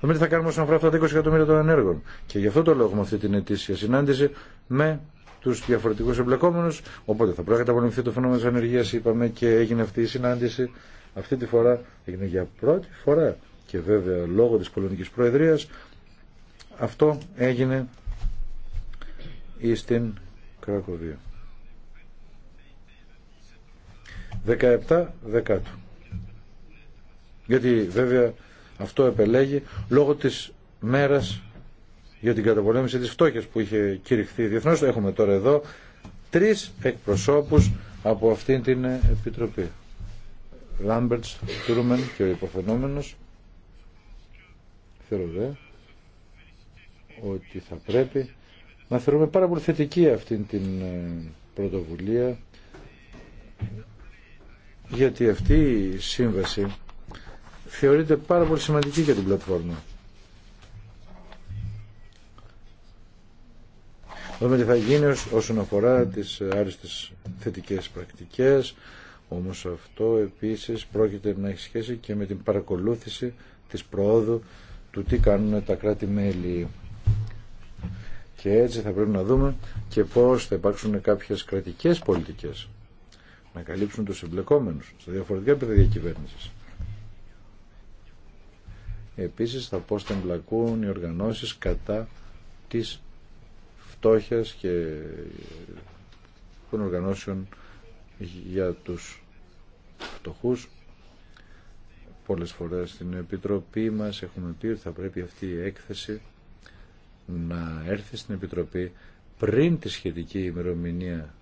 Δούμε τι θα κάνουμε όσον αφορά αυτά τα 20 εκατομμύρια των ενέργων. Και γι' αυτό το λόγο έχουμε αυτή την ετήσια συνάντηση με του διαφορετικού εμπλεκόμενου. Οπότε θα πρέπει να καταπολεμηθεί το φαινόμενο τη ανεργία, είπαμε, και έγινε αυτή η συνάντηση. Αυτή τη φορά έγινε για πρώτη φορά και βέβαια λόγω της Πολωνικής Προεδρίας αυτό έγινε στην Κρακοβία. 17 δεκάτου. Γιατί βέβαια αυτό επελέγει λόγω της μέρας για την καταπολέμηση της φτώχειας που είχε κηρυχθεί διεθνώς. Έχουμε τώρα εδώ τρεις εκπροσώπους από αυτήν την Επιτροπή. Λάμπερτς, Τούρμεν και ο υποφαινόμενος Θέλω δε, ότι θα πρέπει να θεωρούμε πάρα πολύ θετική αυτή την ε, πρωτοβουλία γιατί αυτή η σύμβαση θεωρείται πάρα πολύ σημαντική για την πλατφόρμα. Δούμε τι θα γίνει όσον αφορά τις άριστες θετικές πρακτικές, όμως αυτό επίσης πρόκειται να έχει σχέση και με την παρακολούθηση της προόδου του τι κάνουν τα κράτη-μέλη. Και έτσι θα πρέπει να δούμε και πώς θα υπάρξουν κάποιες κρατικές πολιτικές να καλύψουν τους εμπλεκόμενους στα διαφορετικά παιδιά κυβέρνησης. Επίσης θα πώς θα εμπλακούν οι οργανώσεις κατά της φτώχειας και των οργανώσεων για τους φτωχούς. Πολλές φορές στην Επιτροπή μας έχουμε πει ότι θα πρέπει αυτή η έκθεση να έρθει στην Επιτροπή πριν τη σχετική ημερομηνία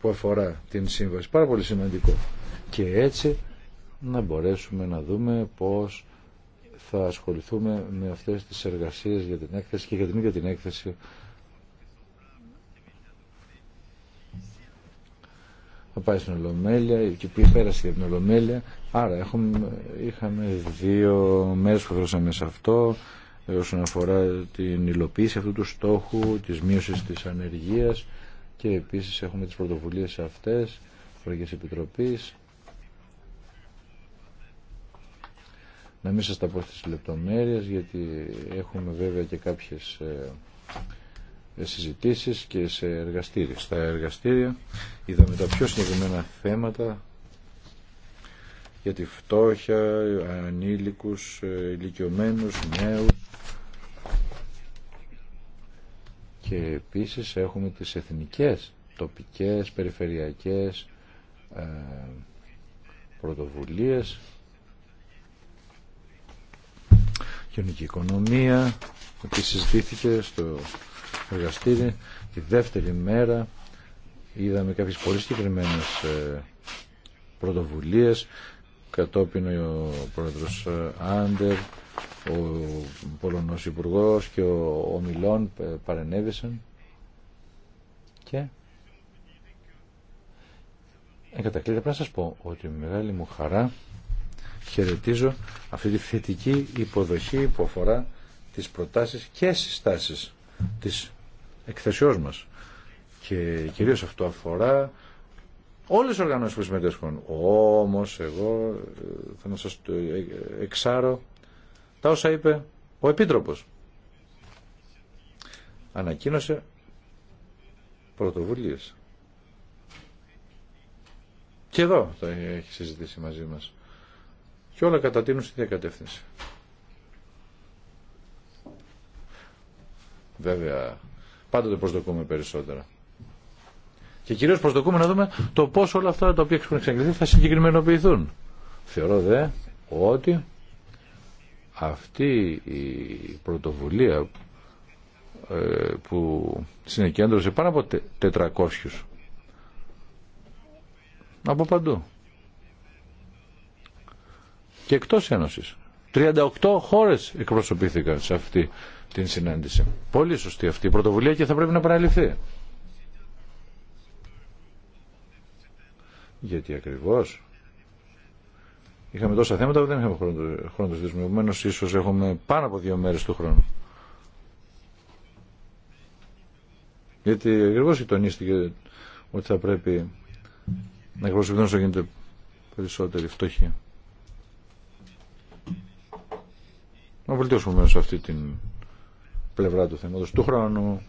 που αφορά την σύμβαση. Πάρα πολύ σημαντικό. Και έτσι να μπορέσουμε να δούμε πώς θα ασχοληθούμε με αυτές τις εργασίες για την έκθεση και για την ίδια την έκθεση θα πάει στην Ολομέλεια και πήγε πέρασε Ολομέλεια. Άρα έχουμε, είχαμε δύο μέρες που δώσαμε σε αυτό ε, όσον αφορά την υλοποίηση αυτού του στόχου, της μείωσης της ανεργίας και επίσης έχουμε τις πρωτοβουλίες αυτές, Ευρωπαϊκής Επιτροπής. Να μην σας τα πω στις λεπτομέρειες γιατί έχουμε βέβαια και κάποιες ε, συζητήσεις και σε εργαστήρια. Στα εργαστήρια είδαμε τα πιο συγκεκριμένα θέματα για τη φτώχεια, ανήλικους, ηλικιωμένους, νέους και επίσης έχουμε τις εθνικές, τοπικές, περιφερειακές ε, πρωτοβουλίες κοινωνική οικονομία που συζητήθηκε στο εργαστήρι. Τη δεύτερη μέρα είδαμε κάποιες πολύ συγκεκριμένε ε, πρωτοβουλίες κατόπιν ο πρόεδρος ε, Άντερ, ο Πολωνός Υπουργός και ο, ο Μιλών ε, παρενέβησαν και εγκατακλείδα πρέπει να σας πω ότι μεγάλη μου χαρά χαιρετίζω αυτή τη θετική υποδοχή που αφορά τις προτάσεις και συστάσεις της εκθεσιός μας. Και κυρίως αυτό αφορά όλες οι οργανώσεις που συμμετέσχουν. Όμως εγώ ε, θα να σας ε, εξάρω τα όσα είπε ο Επίτροπος. Ανακοίνωσε πρωτοβουλίες. Και εδώ το έχει συζητήσει μαζί μας. Και όλα κατατείνουν στη διακατεύθυνση. Βέβαια, πάντοτε προσδοκούμε περισσότερα. Και κυρίως προσδοκούμε να δούμε το πώς όλα αυτά τα οποία έχουν εξαγγελθεί θα συγκεκριμενοποιηθούν. Θεωρώ δε ότι αυτή η πρωτοβουλία ε, που συνεκέντρωσε πάνω από 400 από παντού και εκτός Ένωσης 38 χώρες εκπροσωπήθηκαν σε αυτή την συνάντηση. Πολύ σωστή αυτή η πρωτοβουλία και θα πρέπει να παραλυθεί. Γιατί ακριβώς είχαμε τόσα θέματα που δεν είχαμε χρόνο να συζητήσουμε. Επομένως ίσως έχουμε πάνω από δύο μέρες του χρόνου. Γιατί ακριβώ τονίστηκε ότι θα πρέπει να εκπροσωπηθούν γίνεται περισσότερη φτωχοί. Να βελτιώσουμε μέσα αυτή την πλευρά του θέματος του χρόνου.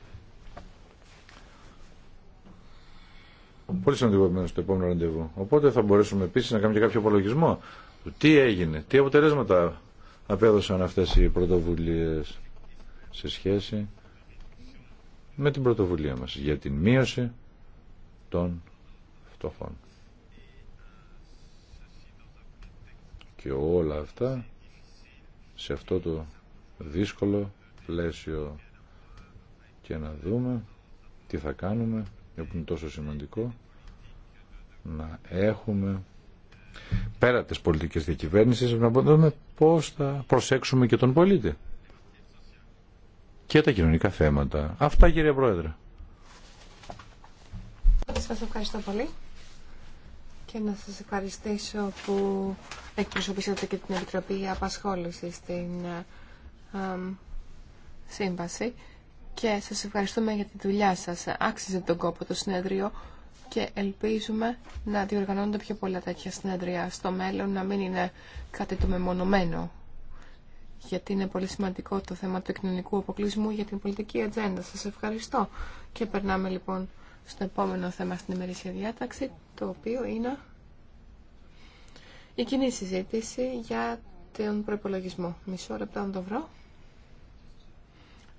Πολύ σημαντικό επομένως στο επόμενο ραντεβού. Οπότε θα μπορέσουμε επίσης να κάνουμε και κάποιο απολογισμό του τι έγινε, τι αποτελέσματα απέδωσαν αυτές οι πρωτοβουλίες σε σχέση με την πρωτοβουλία μας για την μείωση των φτωχών. Και όλα αυτά σε αυτό το δύσκολο πλαίσιο και να δούμε τι θα κάνουμε, που είναι τόσο σημαντικό, να έχουμε πέρα από τις πολιτικές διακυβέρνησης να δούμε πώς θα προσέξουμε και τον πολίτη και τα κοινωνικά θέματα. Αυτά κύριε Πρόεδρε. Σας ευχαριστώ πολύ και να σας ευχαριστήσω που εκπροσωπήσατε και την Επιτροπή Απασχόλησης στην ε, σύμβαση και σας ευχαριστούμε για τη δουλειά σας. Άξιζε τον κόπο το συνέδριο και ελπίζουμε να διοργανώνονται πιο πολλά τέτοια συνέδρια στο μέλλον, να μην είναι κάτι το μεμονωμένο. Γιατί είναι πολύ σημαντικό το θέμα του κοινωνικού αποκλεισμού για την πολιτική ατζέντα. Σας ευχαριστώ. Και περνάμε λοιπόν στο επόμενο θέμα στην ημερήσια διάταξη, το οποίο είναι η κοινή συζήτηση για τον προπολογισμό. Μισό λεπτό να το βρω.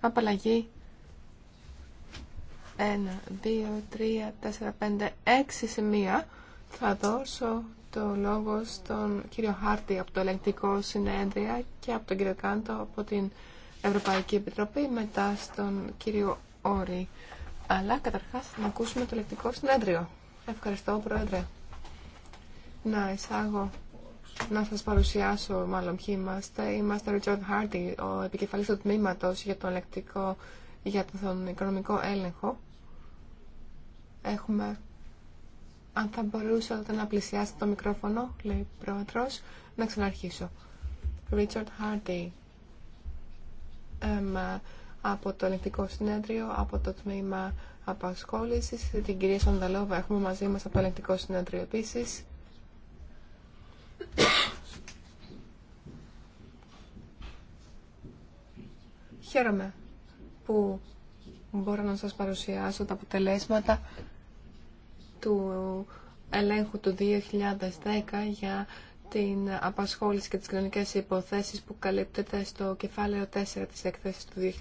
Απαλλαγή 1, 2, 3, 4, 5, 6 σημεία. Θα δώσω το λόγο στον κύριο Χάρτη από το Ελεγκτικό Συνέδριο και από τον κύριο Κάντο από την Ευρωπαϊκή Επιτροπή, μετά στον κύριο Όρη. Αλλά καταρχάς να ακούσουμε το Ελεγκτικό Συνέδριο. Ευχαριστώ, Πρόεδρε. Να εισάγω να σας παρουσιάσω μάλλον ποιοι είμαστε. Είμαστε ο Richard Hardy, ο επικεφαλής του τμήματος για τον, για τον οικονομικό έλεγχο. Έχουμε, αν θα μπορούσατε να πλησιάσετε το μικρόφωνο, λέει ο πρόεδρος, να ξαναρχίσω. Richard Χάρτι, από το ελεκτικό συνέδριο, από το τμήμα απασχόλησης, την κυρία Σονταλόβα έχουμε μαζί μας από το ελεκτικό συνέδριο επίσης Χαίρομαι που μπορώ να σας παρουσιάσω τα αποτελέσματα του ελέγχου του 2010 για την απασχόληση και τις κοινωνικές υποθέσεις που καλύπτεται στο κεφάλαιο 4 της έκθεσης του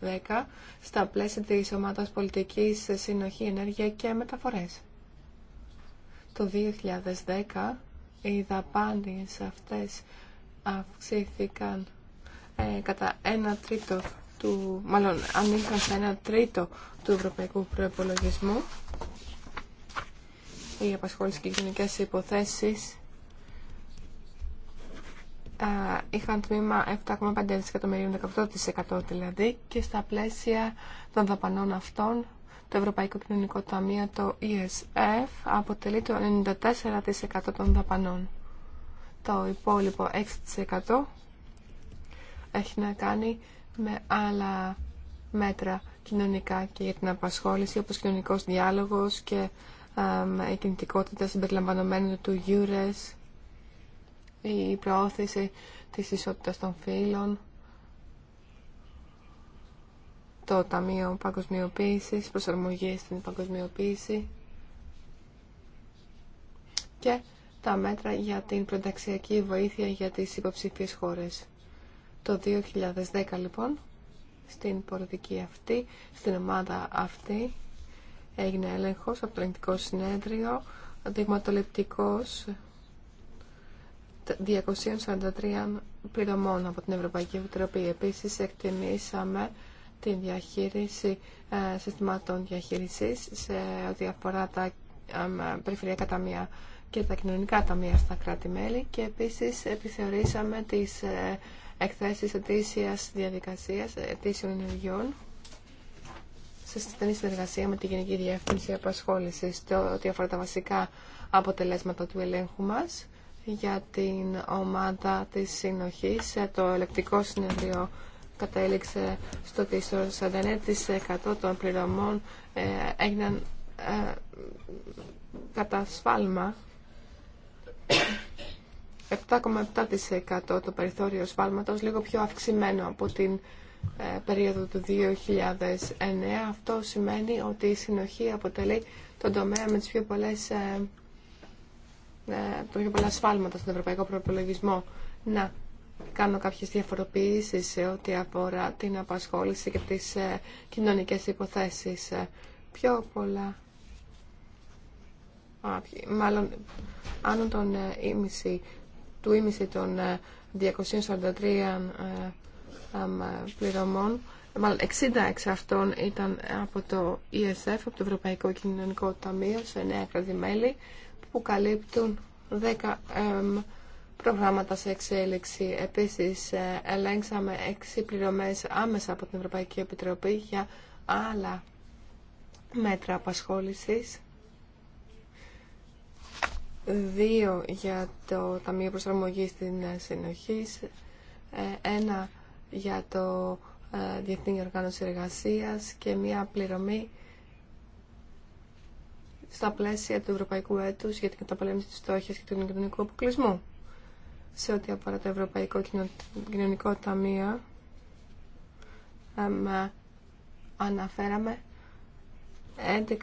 2010 στα πλαίσια της ομάδας πολιτικής συνοχή ενέργεια και μεταφορές. Το 2010 οι δαπάνες αυτές αυξήθηκαν ε, κατά ένα τρίτο του, μάλλον ανήκαν σε ένα τρίτο του ευρωπαϊκού προϋπολογισμού. Οι απασχόληση και οι γενικές υποθέσεις είχαν τμήμα 7,5 δισεκατομμυρίων, 18% δηλαδή, και στα πλαίσια των δαπανών αυτών το Ευρωπαϊκό Κοινωνικό Ταμείο, το ESF, αποτελεί το 94% των δαπανών. Το υπόλοιπο 6% έχει να κάνει με άλλα μέτρα κοινωνικά και για την απασχόληση, όπως κοινωνικός διάλογος και η κινητικότητα συμπεριλαμβανομένου του EURES, η προώθηση της ισότητας των φύλων, το Ταμείο Παγκοσμιοποίησης, προσαρμογή στην παγκοσμιοποίηση και τα μέτρα για την πρωταξιακή βοήθεια για τις υποψηφίες χώρες. Το 2010 λοιπόν, στην πολιτική αυτή, στην ομάδα αυτή, έγινε έλεγχος από το ελληνικό συνέδριο, δειγματοληπτικός 243 πληρωμών από την Ευρωπαϊκή Επιτροπή. Επίσης εκτιμήσαμε τη διαχείριση ε, συστημάτων διαχείρισης σε ό,τι αφορά τα περιφερειακά ταμεία και τα κοινωνικά ταμεία στα κράτη-μέλη και επίσης επιθεωρήσαμε τις ε, εκθέσεις ετήσιας διαδικασίας ετήσιων ενεργειών σε στενή συνεργασία με τη Γενική Διεύθυνση Απασχόλησης ό,τι αφορά τα βασικά αποτελέσματα του ελέγχου μας για την ομάδα της συνοχής το ελεκτικό συνεδρίο κατέληξε στο ότι στο 49% των πληρωμών ε, έγιναν ε, κατά σφάλμα 7,7% το περιθώριο σφάλματος, λίγο πιο αυξημένο από την ε, περίοδο του 2009. Αυτό σημαίνει ότι η συνοχή αποτελεί τον τομέα με τις πιο πολλές, το πιο πολλά σφάλματα στον ευρωπαϊκό προπολογισμό. Να κάνω κάποιες διαφοροποίησεις σε ό,τι αφορά την απασχόληση και τις ε, κοινωνικές υποθέσεις. Ε, πιο πολλά. Α, μάλλον, άνω των ήμιση, ε, του ίμιση των 243 πληρωμών, μάλλον 60 εξ αυτών ήταν από το ESF, από το Ευρωπαϊκό Κοινωνικό Ταμείο, σε νέα μελη που καλύπτουν 10 προγράμματα σε εξέλιξη. Επίσης, ε, ελέγξαμε έξι πληρωμές άμεσα από την Ευρωπαϊκή Επιτροπή για άλλα μέτρα απασχόλησης. Δύο για το Ταμείο Προσαρμογής στην ε, Συνοχή, ε, ένα για το Διεθνή Οργάνωση εργασία και μία πληρωμή στα πλαίσια του Ευρωπαϊκού Έτους για την καταπολέμηση της στόχης και του κοινωνικού αποκλεισμού σε ό,τι αφορά το Ευρωπαϊκό Κοινωνικό Ταμείο αναφέραμε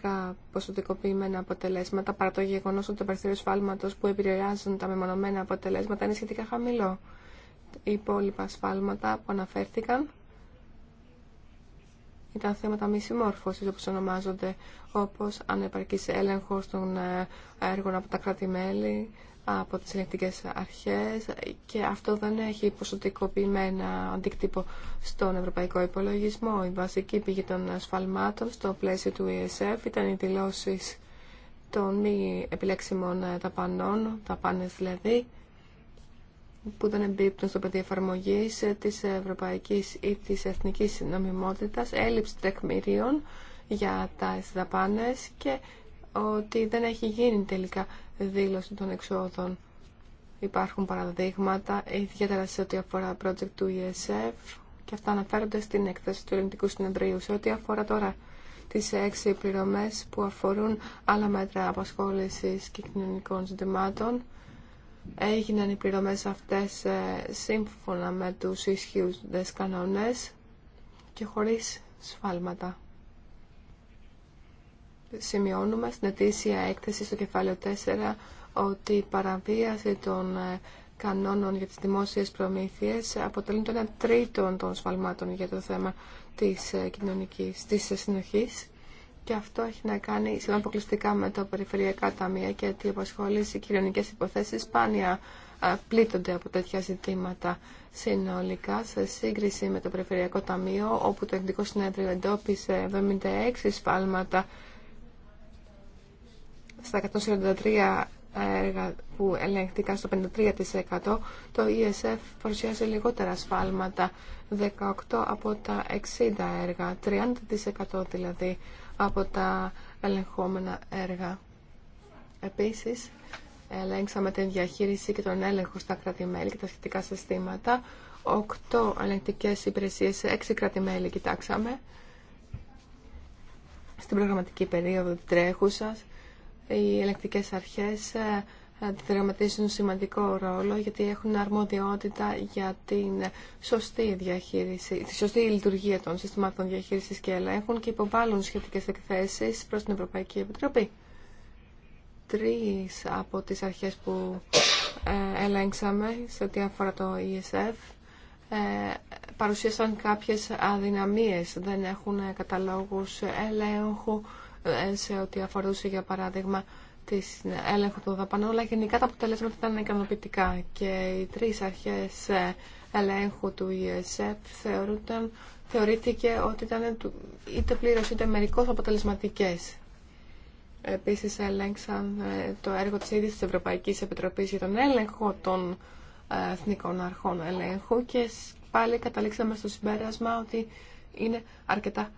11 ποσοτικοποιημένα αποτελέσματα παρά το γεγονός ότι το περιθώριο σφάλματος που επηρεάζουν τα μεμονωμένα αποτελέσματα είναι σχετικά χαμηλό. Οι υπόλοιπα σφάλματα που αναφέρθηκαν ήταν θέματα μη συμμόρφωσης όπως ονομάζονται όπως ανεπαρκής έλεγχος των ε, έργων από τα κράτη-μέλη από τις συνεκτικές αρχές και αυτό δεν έχει ποσοτικοποιημένα αντίκτυπο στον ευρωπαϊκό υπολογισμό. Η βασική πηγή των ασφαλμάτων στο πλαίσιο του ESF ήταν οι δηλώσει των μη επιλέξιμων ταπανών, ταπάνες δηλαδή, που δεν εμπίπτουν στο πεδίο εφαρμογή της ευρωπαϊκής ή της εθνικής νομιμότητας, έλλειψη τεκμηρίων για τα δαπάνες και ότι δεν έχει γίνει τελικά δήλωση των εξόδων. Υπάρχουν παραδείγματα, ιδιαίτερα σε ό,τι αφορά project του ESF και αυτά αναφέρονται στην έκθεση του Ελληνικού Συνεδρίου. Σε ό,τι αφορά τώρα τις έξι πληρωμές που αφορούν άλλα μέτρα απασχόλησης και κοινωνικών ζητημάτων, έγιναν οι πληρωμές αυτές ε, σύμφωνα με τους ισχύου κανόνες και χωρίς σφάλματα σημειώνουμε στην ετήσια έκθεση στο κεφάλαιο 4 ότι η παραβίαση των ε, κανόνων για τις δημόσιες προμήθειες αποτελεί το 1 τρίτο των σφαλμάτων για το θέμα της ε, κοινωνικής, της ε, συνοχής και αυτό έχει να κάνει σχεδόν αποκλειστικά με τα περιφερειακά ταμεία και ότι η οι κοινωνικές υποθέσεις σπάνια πλήττονται από τέτοια ζητήματα συνολικά σε σύγκριση με το Περιφερειακό Ταμείο όπου το Εθνικό Συνέδριο εντόπισε 76 σφάλματα στα 143 ε, έργα που ελέγχθηκαν στο 53% το ESF παρουσιάζει λιγότερα σφάλματα 18 από τα 60 έργα 30% δηλαδή από τα ελεγχόμενα έργα Επίσης ελέγξαμε την διαχείριση και τον έλεγχο στα κρατημέλη και τα σχετικά συστήματα 8 ελεγκτικές υπηρεσίες σε 6 κρατημέλη κοιτάξαμε στην προγραμματική περίοδο τρέχουσας οι ελεκτικές αρχές ε, αντιδραματίζουν σημαντικό ρόλο γιατί έχουν αρμοδιότητα για την σωστή διαχείριση, τη σωστή λειτουργία των συστημάτων διαχείρισης και ελέγχων και υποβάλλουν σχετικές εκθέσεις προς την Ευρωπαϊκή Επιτροπή. Τρεις από τις αρχές που ε, ελέγξαμε σε ό,τι αφορά το ESF ε, παρουσίασαν κάποιες αδυναμίες, δεν έχουν καταλόγους ελέγχου σε ό,τι αφορούσε για παράδειγμα τη έλεγχο των δαπανών, αλλά γενικά τα αποτελέσματα ήταν ικανοποιητικά και οι τρει αρχέ ελέγχου του ESF θεωρούνταν, θεωρήθηκε ότι ήταν είτε πλήρως είτε μερικώς αποτελεσματικές. Επίσης ελέγξαν ε, το έργο της ίδιας της Ευρωπαϊκής Επιτροπής για τον έλεγχο των ε, εθνικών αρχών ελέγχου και πάλι καταλήξαμε στο συμπέρασμα ότι είναι αρκετά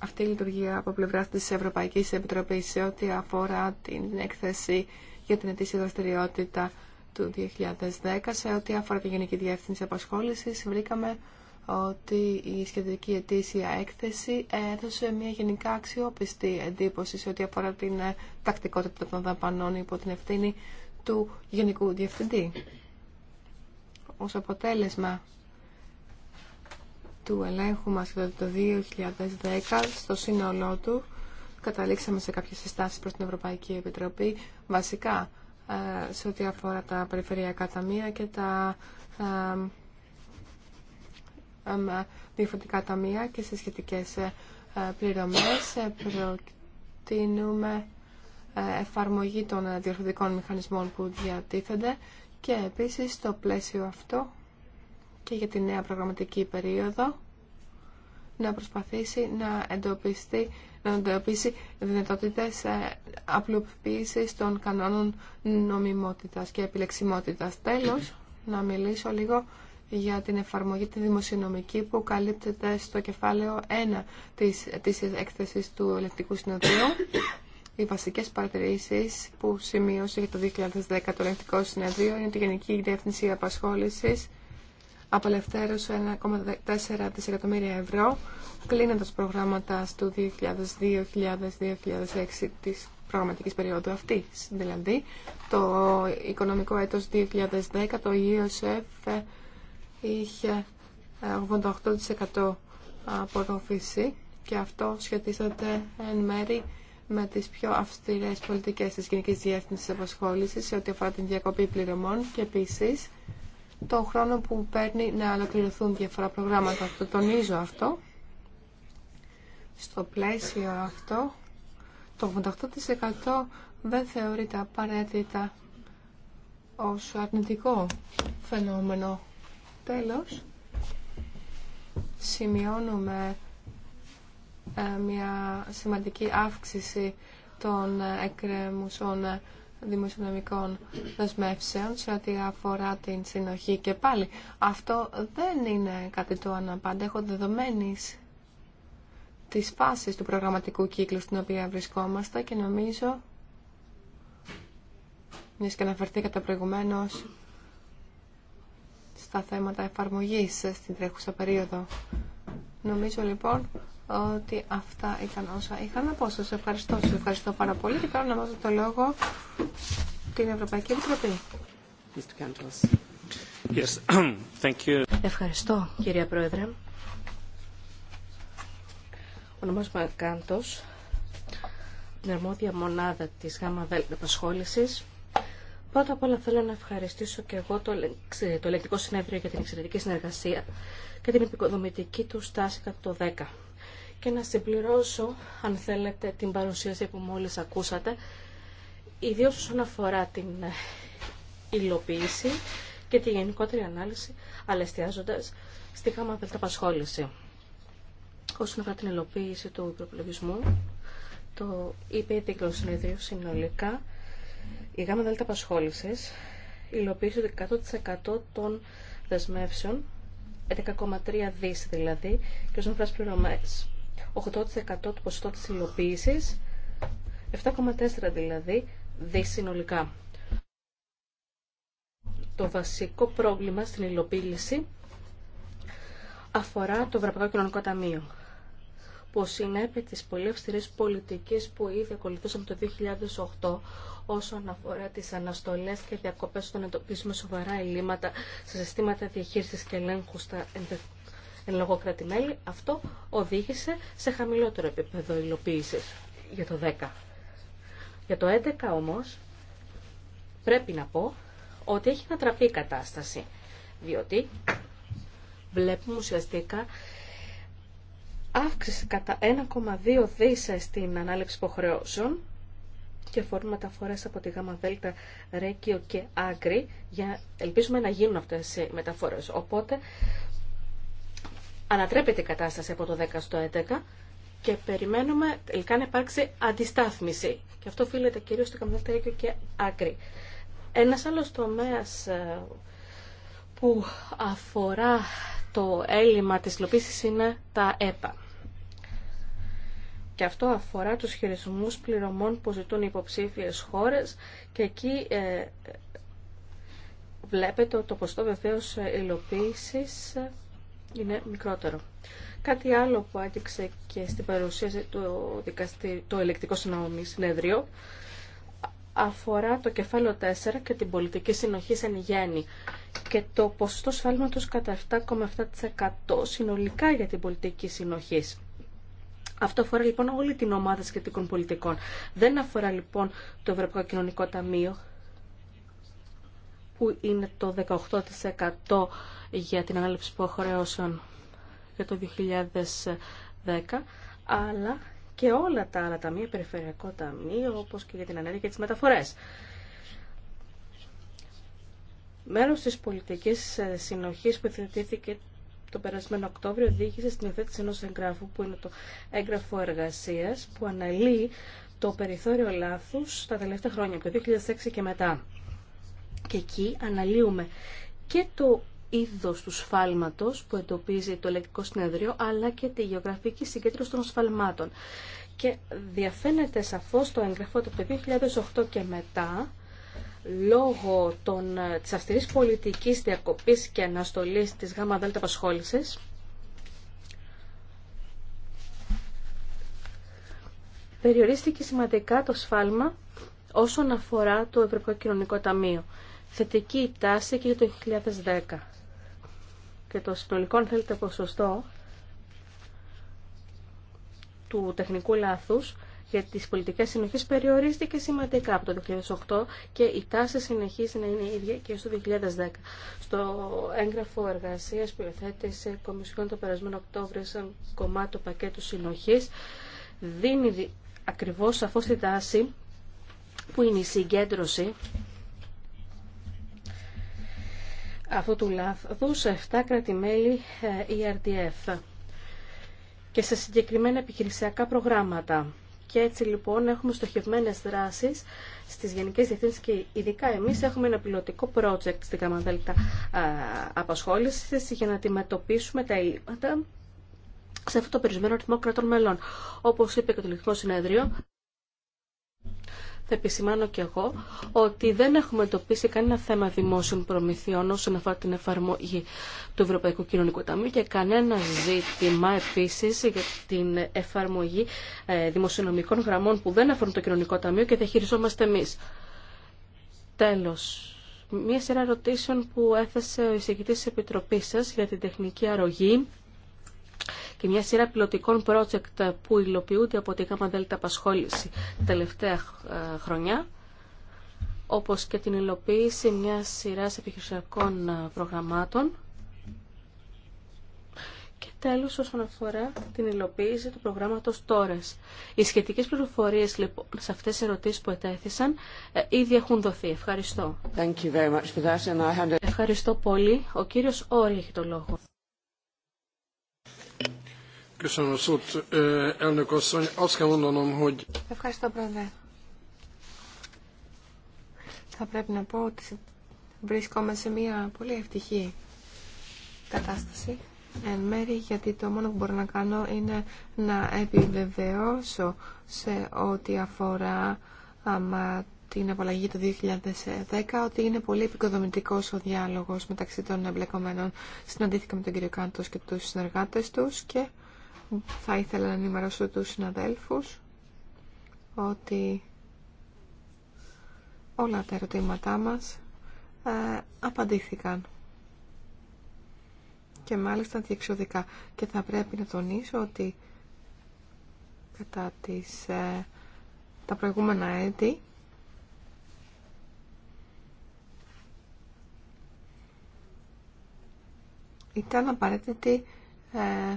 αυτή η λειτουργία από πλευρά τη Ευρωπαϊκή Επιτροπή σε ό,τι αφορά την έκθεση για την ετήσια δραστηριότητα του 2010. Σε ό,τι αφορά τη Γενική Διεύθυνση Απασχόληση, βρήκαμε ότι η σχετική ετήσια έκθεση έδωσε μια γενικά αξιόπιστη εντύπωση σε ό,τι αφορά την τακτικότητα των δαπανών υπό την ευθύνη του Γενικού Διευθυντή. Ως αποτέλεσμα του ελέγχου μας το 2010 στο σύνολό του καταλήξαμε σε κάποιες συστάσεις προς την Ευρωπαϊκή Επιτροπή βασικά ε, σε ό,τι αφορά τα περιφερειακά ταμεία και τα ε, ε, διαφορετικά ταμεία και σε σχετικές πληρωμές προτείνουμε εφαρμογή των διορθωτικών μηχανισμών που διατίθενται και επίσης στο πλαίσιο αυτό και για τη νέα προγραμματική περίοδο να προσπαθήσει να εντοπίσει, να εντοπίσει δυνατότητες ε, απλοποίησης των κανόνων νομιμότητας και επιλεξιμότητας. Τέλος, να μιλήσω λίγο για την εφαρμογή τη δημοσιονομική που καλύπτεται στο κεφάλαιο 1 της, της έκθεσης του Ελεκτικού Συνεδρίου. Οι βασικέ παρατηρήσεις που σημείωσε για το 2010 το Ελεκτικό Συνεδρίο είναι τη Γενική Διεύθυνση Απασχόλησης απελευθέρωσε 1,4 δισεκατομμύρια ευρώ, κλείνοντας προγράμματα του 2002-2006 της προγραμματικής περίοδου αυτής. Δηλαδή, το οικονομικό έτος 2010 το ΙΟΣΕΦ είχε 88% απορροφήσει και αυτό σχετίζεται εν μέρη με τις πιο αυστηρές πολιτικές της Γενικής Διεύθυνσης Απασχόλησης σε ό,τι αφορά την διακοπή πληρωμών και επίσης το χρόνο που παίρνει να ολοκληρωθούν διάφορα προγράμματα. Το τονίζω αυτό. Στο πλαίσιο αυτό, το 88% δεν θεωρείται απαραίτητα ως αρνητικό φαινόμενο. Τέλος, σημειώνουμε ε, μια σημαντική αύξηση των εκκρεμουσών δημοσιονομικών δεσμεύσεων σε ό,τι αφορά την συνοχή και πάλι. Αυτό δεν είναι κάτι το αναπάντεχο δεδομένης της φάση του προγραμματικού κύκλου στην οποία βρισκόμαστε και νομίζω, μιας και αναφερθήκατε προηγουμένως στα θέματα εφαρμογής στην τρέχουσα περίοδο. Νομίζω λοιπόν ότι αυτά ήταν όσα είχα να πω. σα ευχαριστώ. Σα ευχαριστώ πάρα πολύ και τώρα να δώσω το λόγο στην Ευρωπαϊκή Επιτροπή. Ευχαριστώ, κυρία Πρόεδρε. Ονομάζομαι Κάντος, την αρμόδια μονάδα της ΓΑΜΑ Απασχόλησης. Πρώτα απ' όλα θέλω να ευχαριστήσω και εγώ το, το Συνέδριο για την εξαιρετική συνεργασία και την επικοδομητική του στάση κατά το 10 και να συμπληρώσω, αν θέλετε, την παρουσίαση που μόλις ακούσατε, ιδίως όσον αφορά την ε, υλοποίηση και τη γενικότερη ανάλυση, αλλά εστιάζοντας στη γάμα απασχόληση. Όσον αφορά την υλοποίηση του προπολογισμού, το είπε η Συνεδρίου συνολικά, η γάμα απασχόλησης υλοποίησε 100% των δεσμεύσεων 11,3 δις δηλαδή και όσον αφορά πληρωμές 8% του ποσοστό της υλοποίησης, 7,4 δηλαδή, δι συνολικά. Το βασικό πρόβλημα στην υλοποίηση αφορά το Ευρωπαϊκό Κοινωνικό Ταμείο που συνέπει τις πολύ αυστηρής πολιτικές που ήδη ακολουθούσαν το 2008 όσον αφορά τις αναστολές και διακοπές στον εντοπίσουμε σοβαρά ελλείμματα σε συστήματα διαχείρισης και ελέγχου στα Εν λόγω κρατημέλη, αυτό οδήγησε σε χαμηλότερο επίπεδο υλοποίηση για το 10. Για το 11 όμως πρέπει να πω ότι έχει ανατραπεί η κατάσταση, διότι βλέπουμε ουσιαστικά αύξηση κατά 1,2 δις στην ανάληψη υποχρεώσεων και φόρουν μεταφορές από τη ΓΑΜΑ ΡΕΚΙΟ και Άγκρη για ελπίζουμε να γίνουν αυτές οι μεταφορές. Οπότε ανατρέπεται η κατάσταση από το 10 στο 11 και περιμένουμε τελικά να υπάρξει αντιστάθμιση. Και αυτό οφείλεται κυρίως στο Καμπινατέκιο και Άκρη. Ένας άλλος τομέας ε, που αφορά το έλλειμμα της λοπίσης είναι τα ΕΠΑ. Και αυτό αφορά τους χειρισμούς πληρωμών που ζητούν οι υποψήφιες χώρες και εκεί ε, ε, βλέπετε το ποστό βεβαίως υλοποίησης είναι μικρότερο. Κάτι άλλο που άδειξε και στην παρουσίαση του δικαστή, το ελεκτικό συνέδριο αφορά το κεφάλαιο 4 και την πολιτική συνοχή εν γέννη και το ποσοστό σφάλματος κατά 7,7% συνολικά για την πολιτική συνοχή. Αυτό αφορά λοιπόν όλη την ομάδα σχετικών πολιτικών. Δεν αφορά λοιπόν το Ευρωπαϊκό Κοινωνικό Ταμείο, που είναι το 18% για την ανάληψη υποχρεώσεων για το 2010, αλλά και όλα τα άλλα ταμεία, περιφερειακό ταμείο, όπως και για την ανέργεια και τις μεταφορές. Μέρος της πολιτικής ε, συνοχής που εθετήθηκε το περασμένο Οκτώβριο οδήγησε στην υφέτηση ενός εγγράφου που είναι το έγγραφο εργασίας που αναλύει το περιθώριο λάθους τα τελευταία χρόνια, από το 2006 και μετά. Και εκεί αναλύουμε και το είδος του σφάλματος που εντοπίζει το ελεκτικό συνέδριο, αλλά και τη γεωγραφική συγκέντρωση των σφαλμάτων. Και διαφαίνεται σαφώς το έγγραφο από το 2008 και μετά, λόγω των, της αυστηρής πολιτικής διακοπής και αναστολής της ΓΑΜΑ ΔΕΛΤΑ απασχόλησης, περιορίστηκε σημαντικά το σφάλμα όσον αφορά το Ευρωπαϊκό Κοινωνικό Ταμείο θετική τάση και για το 2010. Και το συνολικό, αν θέλετε, ποσοστό του τεχνικού λάθους για τις πολιτικές συνοχές περιορίστηκε σημαντικά από το 2008 και η τάση συνεχίζει να είναι η ίδια και στο 2010. Στο έγγραφο εργασίας που υιοθέτησε η Κομισιόν το περασμένο Οκτώβριο σαν κομμάτι του πακέτου συνοχής δίνει ακριβώς σαφώς τη τάση που είναι η συγκέντρωση αυτού του λάθους 7 κρατημέλη ε, ERDF και σε συγκεκριμένα επιχειρησιακά προγράμματα. Και έτσι λοιπόν έχουμε στοχευμένες δράσεις στις Γενικές Διευθύνσει και ειδικά εμείς έχουμε ένα πιλωτικό project στην Καμαδέλτα ε, Απασχόλησης για να αντιμετωπίσουμε τα ελλείμματα σε αυτό το περιορισμένο αριθμό κρατών μελών. όπω είπε και το Λευκό Συνέδριο, θα επισημάνω και εγώ ότι δεν έχουμε εντοπίσει κανένα θέμα δημόσιων προμηθειών όσον αφορά την εφαρμογή του Ευρωπαϊκού Κοινωνικού Ταμείου και κανένα ζήτημα επίση για την εφαρμογή ε, δημοσιονομικών γραμμών που δεν αφορούν το Κοινωνικό Ταμείο και διαχειριζόμαστε εμεί. Τέλος, μία σειρά ερωτήσεων που έθεσε ο εισηγητή τη Επιτροπή σα για την τεχνική αρρωγή και μια σειρά πιλωτικών project που υλοποιούνται από τη ΓΔ Απασχόληση τα τελευταία ε, χρονιά όπως και την υλοποίηση μια σειράς επιχειρησιακών ε, προγραμμάτων και τέλος όσον αφορά την υλοποίηση του προγράμματος τώρα. Οι σχετικές πληροφορίες λοιπόν, σε αυτές τις ερωτήσεις που ετέθησαν ε, ήδη έχουν δοθεί. Ευχαριστώ. Ευχαριστώ πολύ. Ο κύριος Όρη έχει το λόγο. Ευχαριστώ, Πρόεδρε. Θα πρέπει να πω ότι βρίσκομαι σε μια πολύ ευτυχή κατάσταση εν μέρη γιατί το μόνο που μπορώ να κάνω είναι να επιβεβαιώσω σε ό,τι αφορά άμα, την απαλλαγή του 2010 ότι είναι πολύ επικοδομητικός ο διάλογος μεταξύ των εμπλεκομένων. Συναντήθηκα με τον κύριο Κάντος και τους συνεργάτες τους και θα ήθελα να ενημερώσω τους συναδέλφους ότι όλα τα ερωτήματά μας ε, απαντήθηκαν και μάλιστα διεξοδικά. Και θα πρέπει να τονίσω ότι κατά ε, τα προηγούμενα έτη ήταν απαραίτητη ε,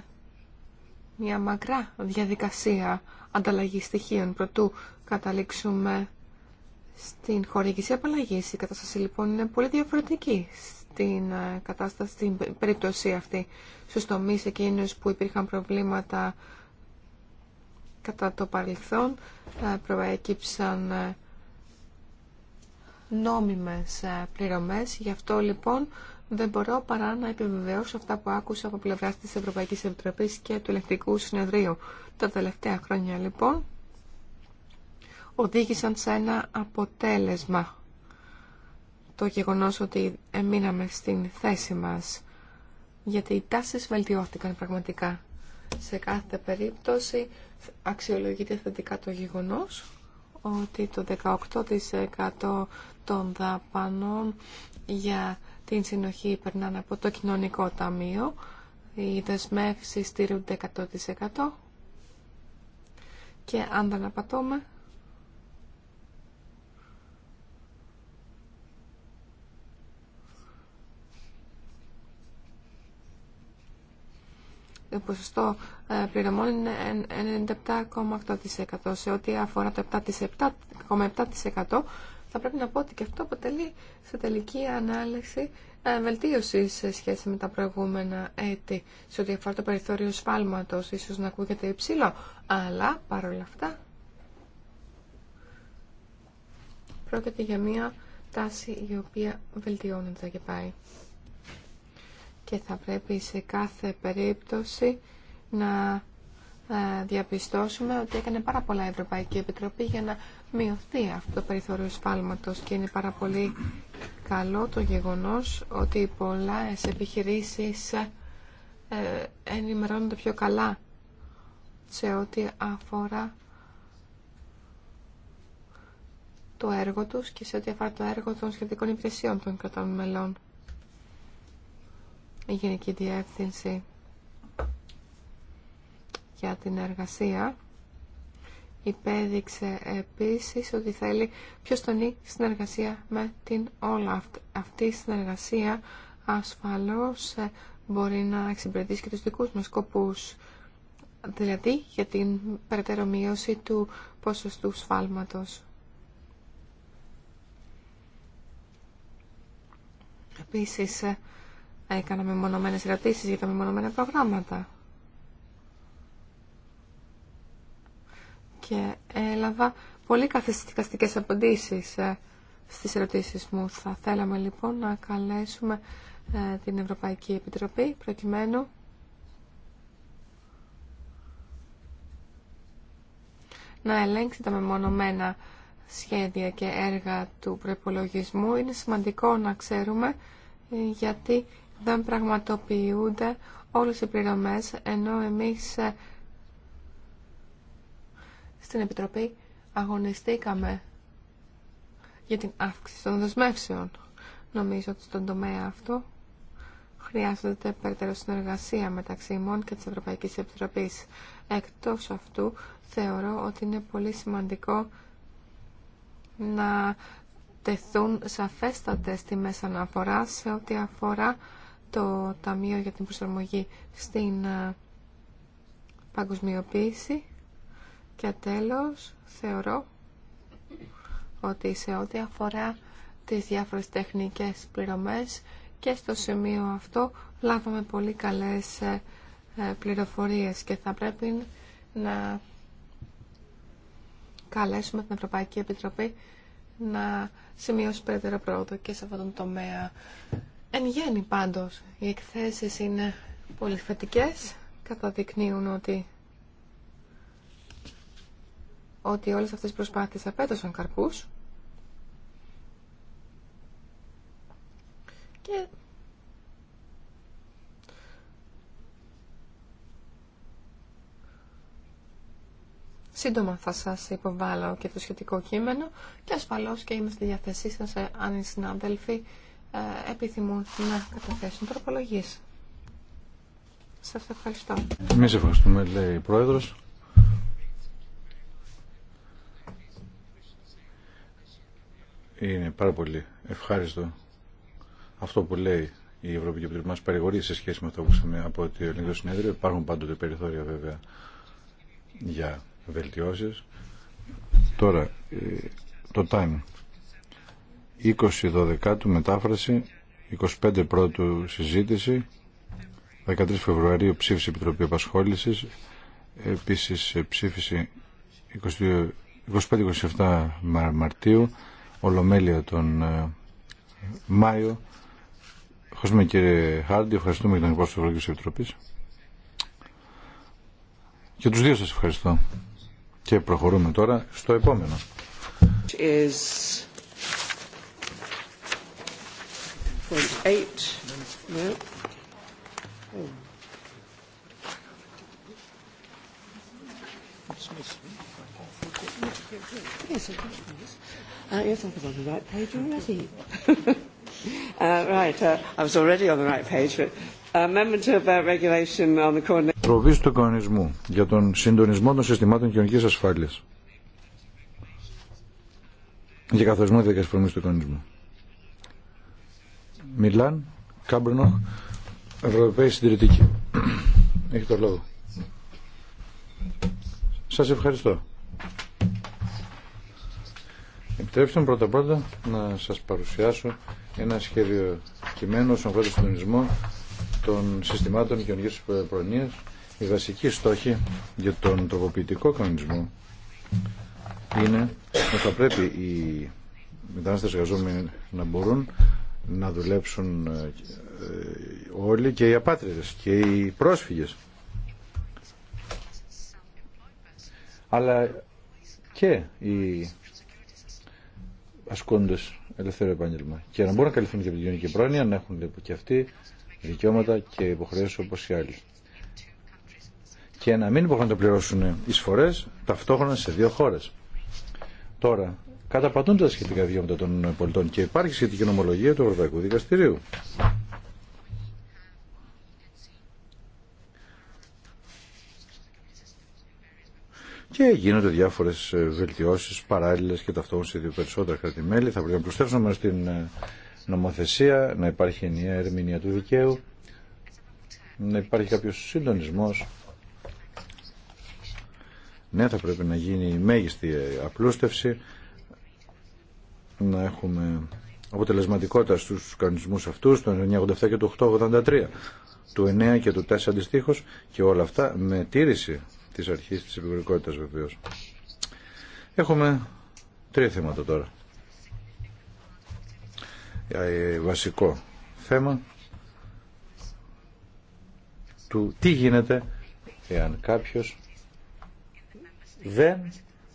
μια μακρά διαδικασία ανταλλαγής στοιχείων προτού καταλήξουμε στην χορήγηση απαλλαγή. Η κατάσταση λοιπόν είναι πολύ διαφορετική στην ε, κατάσταση, στην περίπτωση αυτή. Στους τομείς εκείνους που υπήρχαν προβλήματα κατά το παρελθόν ε, προέκυψαν ε, νόμιμες πληρωμές. Γι' αυτό λοιπόν δεν μπορώ παρά να επιβεβαιώσω αυτά που άκουσα από πλευρά της Ευρωπαϊκής Επιτροπής και του Ελεκτρικού Συνεδρίου. Τα τελευταία χρόνια λοιπόν οδήγησαν σε ένα αποτέλεσμα το γεγονός ότι εμείναμε στην θέση μας γιατί οι τάσεις βελτιώθηκαν πραγματικά. Σε κάθε περίπτωση αξιολογείται θετικά το γεγονός ότι το 18% των δαπανών για την συνοχή περνάνε από το κοινωνικό ταμείο. Οι δεσμεύσει στηρούνται 100% και αν δεν απατώμε το ποσοστό ε, πληρωμών είναι 97,8% σε ό,τι αφορά το 7,7% θα πρέπει να πω ότι και αυτό αποτελεί σε τελική ανάλυση ε, βελτίωση σε σχέση με τα προηγούμενα έτη σε ό,τι αφορά το περιθώριο σφάλματος ίσως να ακούγεται υψηλό αλλά παρόλα αυτά πρόκειται για μια τάση η οποία βελτιώνεται και πάει και θα πρέπει σε κάθε περίπτωση να ε, διαπιστώσουμε ότι έκανε πάρα πολλά η Ευρωπαϊκή Επιτροπή για να μειωθεί αυτό το περιθώριο σφάλματος και είναι πάρα πολύ καλό το γεγονός ότι πολλές επιχειρήσεις ε, ενημερώνονται πιο καλά σε ό,τι αφορά το έργο τους και σε ό,τι αφορά το έργο των σχετικών υπηρεσιών των κρατών μελών. Η Γενική Διεύθυνση για την Εργασία υπέδειξε επίσης ότι θέλει πιο στονή συνεργασία με την όλα Αυτή η συνεργασία ασφαλώς ε, μπορεί να εξυπηρετήσει και τους δικούς μας σκοπούς. Δηλαδή για την περαιτέρω μείωση του ποσοστού σφάλματος. Επίσης, ε, έκανα μεμονωμένες ερωτήσεις για τα μεμονωμένα προγράμματα. και έλαβα πολύ καθιστικαστικές απαντήσεις ε, στις ερωτήσεις μου. Θα θέλαμε λοιπόν να καλέσουμε ε, την Ευρωπαϊκή Επιτροπή προκειμένου να ελέγξει τα μεμονωμένα σχέδια και έργα του προπολογισμού. Είναι σημαντικό να ξέρουμε ε, γιατί δεν πραγματοποιούνται όλες οι πληρωμές, ενώ εμείς στην Επιτροπή αγωνιστήκαμε για την αύξηση των δεσμεύσεων. Νομίζω ότι στον τομέα αυτό χρειάζεται περαιτέρω συνεργασία μεταξύ ημών και της Ευρωπαϊκής Επιτροπής. Εκτός αυτού, θεωρώ ότι είναι πολύ σημαντικό να τεθούν σαφέστατες τιμές αναφορά σε ό,τι αφορά το Ταμείο για την Προσαρμογή στην ε, Παγκοσμιοποίηση και τέλος, θεωρώ ότι σε ό,τι αφορά τις διάφορες τεχνικές πληρωμές και στο σημείο αυτό λάβαμε πολύ καλές ε, ε, πληροφορίες και θα πρέπει να καλέσουμε την Ευρωπαϊκή Επιτροπή να σημειώσει περαιτέρω πρόοδο και σε αυτόν τον τομέα. Εν γέννη πάντως, οι εκθέσεις είναι πολύ πολυφετικές, καταδεικνύουν ότι ότι όλες αυτές οι προσπάθειες απέτωσαν καρπούς και Σύντομα θα σας υποβάλω και το σχετικό κείμενο και ασφαλώς και είμαι στη διαθέσή σας ε, αν οι συνάδελφοι ε, επιθυμούν να καταθέσουν τροπολογίες. Σας ευχαριστώ. Εμείς ευχαριστούμε, λέει η Πρόεδρος. Είναι πάρα πολύ ευχάριστο αυτό που λέει η Ευρωπαϊκή Επιτροπή μας παρηγορεί σε σχέση με αυτό που είχαμε από το Ελληνικό Συνέδριο. Υπάρχουν πάντοτε περιθώρια βέβαια για βελτιώσεις. Τώρα, ε, το time. 20 του μετάφραση, 25 Πρώτου συζήτηση, 13 Φεβρουαρίου ψήφιση Πυρωτή Απασχόλησης, επίσης ε, ψήφιση 25-27 Μαρτίου, Ολομέλεια τον ε, Μάιο. Ευχαριστούμε κύριε Χάρντι, ευχαριστούμε για τον εκπρόσωπο της Ευρωπαϊκής Επιτροπής. Και τους δύο σας ευχαριστώ. Και προχωρούμε τώρα στο επόμενο. Is... Oh. Uh, yes, uh, uh, του κανονισμού για τον συντονισμό των συστημάτων κοινωνική ασφάλειας. Για καθορισμό της του κανονισμού. Μιλάν, Κάμπρνοχ, Ευρωπαίοι Συντηρητικοί. Έχει το λόγο. Σας ευχαριστώ. Επιτρέψτε μου πρώτα πρώτα να σας παρουσιάσω ένα σχέδιο κειμένου στον αφορά συντονισμό των συστημάτων κοινωνικής προνοίας η βασική στόχη για τον τροποποιητικό κανονισμό είναι ότι θα πρέπει οι μετανάστες εργαζόμενοι να μπορούν να δουλέψουν ε, ε, όλοι και οι απάτριδες και οι πρόσφυγες. Αλλά και οι ασκώντα ελευθερό επάγγελμα. Και να μπορούν να καλυφθούν και από την κοινωνική πρόνοια, να έχουν λοιπόν, και αυτοί δικαιώματα και υποχρεώσει όπω οι άλλοι. Και να μην μπορούν να πληρώσουν εισφορέ ταυτόχρονα σε δύο χώρε. Τώρα, καταπατούν τα σχετικά δικαιώματα των πολιτών και υπάρχει σχετική νομολογία του Ευρωπαϊκού Δικαστηρίου. και γίνονται διάφορε βελτιώσει παράλληλε και ταυτόχρονα σε δύο περισσότερα κράτη-μέλη. Θα πρέπει να προσθέσουμε στην ε, νομοθεσία, να υπάρχει ενιαία ερμηνεία του δικαίου, να υπάρχει κάποιο συντονισμό. Ναι, θα πρέπει να γίνει η μέγιστη ε, απλούστευση, να έχουμε αποτελεσματικότητα στους κανονισμούς αυτούς, το 987 και το 883, του 9 και του 4 αντιστοίχως και όλα αυτά με τήρηση της αρχής της επικουρικότητας βεβαίω. Έχουμε τρία θέματα τώρα. Ε, βασικό θέμα του τι γίνεται εάν κάποιος δεν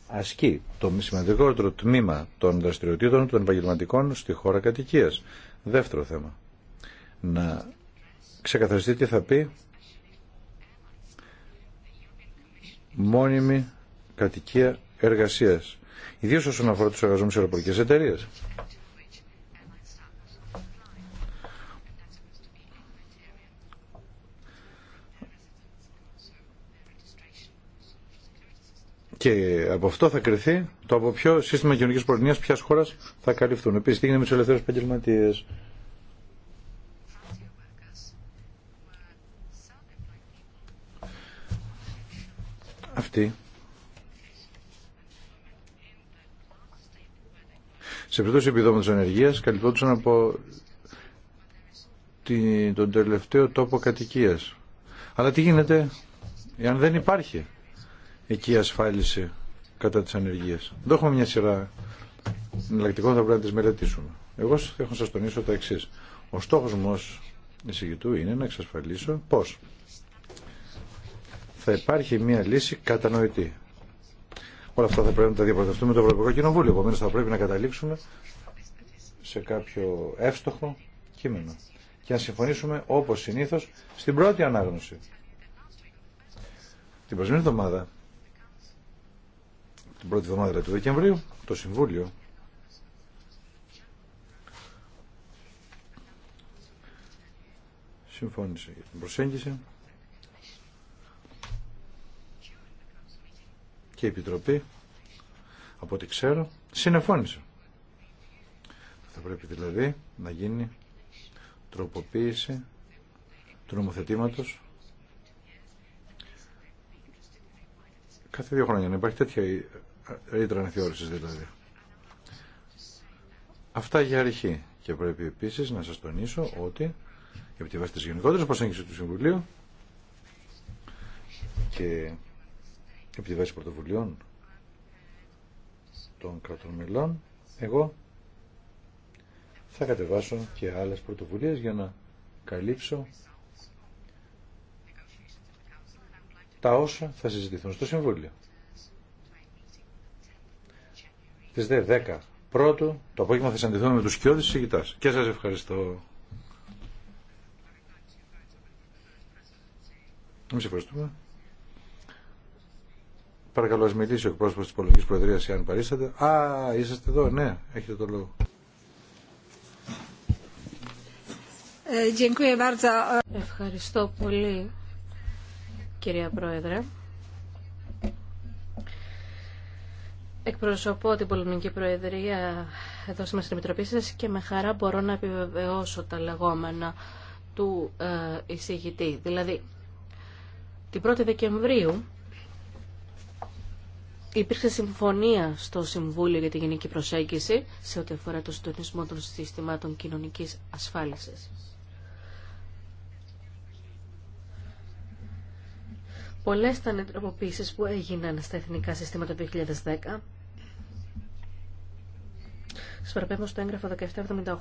ασκεί το σημαντικότερο τμήμα των δραστηριοτήτων των επαγγελματικών στη χώρα κατοικίας. Δεύτερο θέμα. Να ξεκαθαριστεί τι θα πει μόνιμη κατοικία εργασίας. Ιδίως όσον αφορά τους εργαζόμενους αεροπορικές εταιρείες. Και από αυτό θα κρυθεί το από ποιο σύστημα κοινωνική προνοιάς ποια χώρα θα καλυφθούν. Επίση, τι γίνεται με του ελευθερού επαγγελματίε. αυτή σε περίπτωση επιδόματος ενεργείας καλυπτόντουσαν από τον τελευταίο τόπο κατοικίας. Αλλά τι γίνεται εάν δεν υπάρχει εκεί ασφάλιση κατά της ανεργίας. Δεν έχουμε μια σειρά εναλλακτικών θα πρέπει να τις μελετήσουμε. Εγώ έχω να σας τονίσω τα εξή. Ο στόχος μου ως εισηγητού είναι να εξασφαλίσω πώς θα υπάρχει μια λύση κατανοητή. Όλα αυτά θα πρέπει να τα διαπραγματευτούμε με το Ευρωπαϊκό Κοινοβούλιο. Επομένω, θα πρέπει να καταλήξουμε σε κάποιο εύστοχο κείμενο και να συμφωνήσουμε όπως συνήθως στην πρώτη ανάγνωση. Την προηγούμενη εβδομάδα, την πρώτη εβδομάδα δηλαδή, του Δεκεμβρίου, το Συμβούλιο συμφώνησε για την προσέγγιση και η Επιτροπή, από ό,τι ξέρω, συνεφώνησε. Θα πρέπει δηλαδή να γίνει τροποποίηση του νομοθετήματος κάθε δύο χρόνια. Να υπάρχει τέτοια ε, ρήτρα ανεθιώρησης, δηλαδή. Αυτά για αρχή. Και πρέπει επίσης να σας τονίσω ότι επί τη βάση της γενικότερης προσέγγισης του Συμβουλίου και επί τη βάση πρωτοβουλειών των κρατών μελών, εγώ θα κατεβάσω και άλλες πρωτοβουλίες για να καλύψω τα όσα θα συζητηθούν στο Συμβούλιο. Τις 10 πρώτου το απόγευμα θα συναντηθούμε με τους κοιόδης συγκητάς. Και σας ευχαριστώ. Εμείς ευχαριστούμε. Παρακαλώ, α μιλήσει ο εκπρόσωπος τη Πολιτικής προεδρία αν παρήσατε. Α, είσαστε εδώ, ναι, έχετε το λόγο. Ε, Ευχαριστώ πολύ, κυρία Πρόεδρε. Εκπροσωπώ την Πολωνική Προεδρία εδώ στην Επιτροπή σας και με χαρά μπορώ να επιβεβαιώσω τα λεγόμενα του ε, εισηγητή. Δηλαδή, την 1η Δεκεμβρίου Υπήρξε συμφωνία στο Συμβούλιο για τη Γενική Προσέγγιση σε ό,τι αφορά το συντονισμό των συστημάτων κοινωνικής ασφάλισης. Πολλές ήταν οι τροποποίησεις που έγιναν στα εθνικά συστήματα το 2010. Σπαρπέμπω στο έγγραφο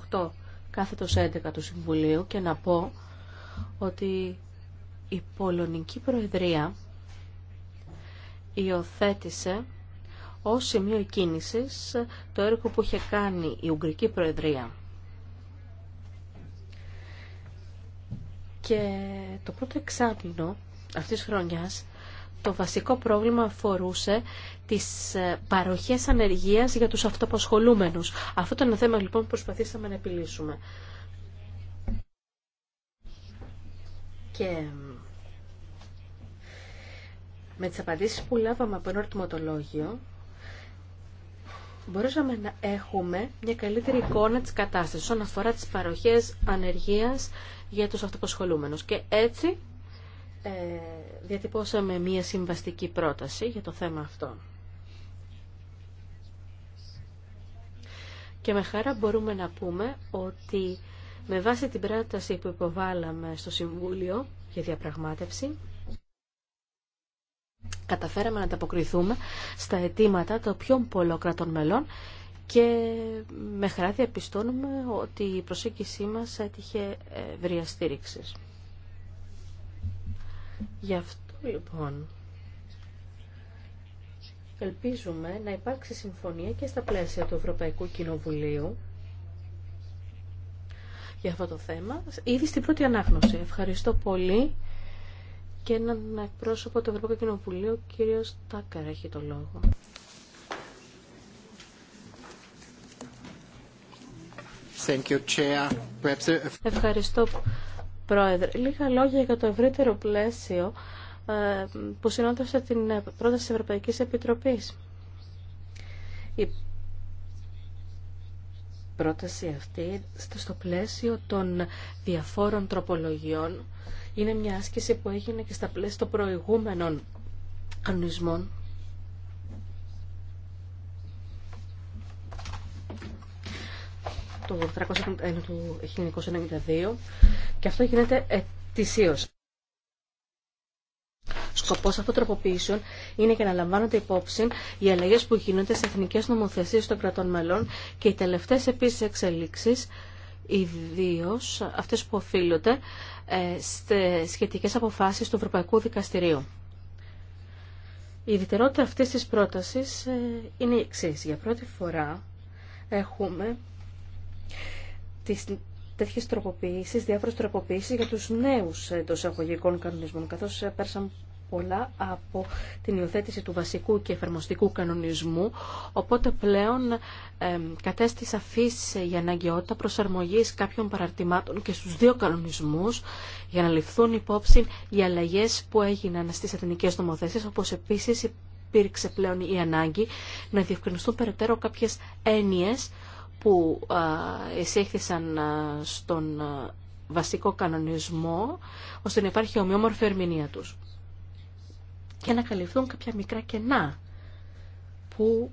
1778 κάθετος 11 του Συμβουλίου και να πω ότι η Πολωνική Προεδρία υιοθέτησε ως σημείο κίνησης το έργο που είχε κάνει η Ουγγρική Προεδρία. Και το πρώτο εξάμεινο αυτής της χρονιάς το βασικό πρόβλημα αφορούσε τις ε, παροχές ανεργίας για τους αυτοπασχολούμενους. Αυτό το θέμα λοιπόν που προσπαθήσαμε να επιλύσουμε. Και με τις απαντήσεις που λάβαμε από ένα ερωτηματολόγιο, μπορούσαμε να έχουμε μια καλύτερη εικόνα της κατάστασης όσον αφορά τις παροχές ανεργίας για τους αυτοπασχολούμενους. Και έτσι ε, διατυπώσαμε μια συμβαστική πρόταση για το θέμα αυτό. Και με χαρά μπορούμε να πούμε ότι με βάση την πρόταση που υποβάλαμε στο Συμβούλιο για διαπραγμάτευση, καταφέραμε να ανταποκριθούμε στα αιτήματα των πιο κρατών μελών και με χαρά διαπιστώνουμε ότι η προσέγγισή μας έτυχε ε, ευρία στήριξη. Γι' αυτό λοιπόν ελπίζουμε να υπάρξει συμφωνία και στα πλαίσια του Ευρωπαϊκού Κοινοβουλίου για αυτό το θέμα, ήδη στην πρώτη ανάγνωση. Ευχαριστώ πολύ και έναν εκπρόσωπο του Ευρωπαϊκού Κοινοβουλίου, κύριο κύριος Τάκαρ έχει το λόγο. Thank you, Chair. Uh, Ευχαριστώ, Πρόεδρε. Λίγα λόγια για το ευρύτερο πλαίσιο ε, που συνόδευσε την πρόταση της Ευρωπαϊκής Επιτροπής. Η πρόταση αυτή στο πλαίσιο των διαφόρων τροπολογιών είναι μια άσκηση που έγινε και στα πλαίσια των προηγούμενων κανονισμών. Το 1991 του 1992 και αυτό γίνεται ετησίω. Σκοπό αυτών τροποποιήσεων είναι και να λαμβάνονται υπόψη οι αλλαγέ που γίνονται σε εθνικέ νομοθεσίε των κρατών μελών και οι τελευταίε επίση εξελίξει ιδίω αυτές που οφείλονται ε, στις σχετικές αποφάσεις του Ευρωπαϊκού Δικαστηρίου. Η ιδιαιτερότητα αυτής της πρότασης ε, είναι η εξή. Για πρώτη φορά έχουμε τις τέτοιες τροποποιήσεις, διάφορες τροποποιήσεις για τους νέους εντό εισαγωγικών κανονισμών, καθώς πέρασαν πολλά από την υιοθέτηση του βασικού και εφαρμοστικού κανονισμού, οπότε πλέον ε, κατέστη σαφής η αναγκαιότητα προσαρμογής κάποιων παραρτημάτων και στους δύο κανονισμούς για να ληφθούν υπόψη οι αλλαγές που έγιναν στις εθνικές νομοθέσεις όπως επίσης υπήρξε πλέον η ανάγκη να διευκρινιστούν περαιτέρω κάποιες έννοιες που εισήχθησαν στον βασικό κανονισμό, ώστε να υπάρχει ομοιόμορφη ερμηνεία τους και να καλυφθούν κάποια μικρά κενά που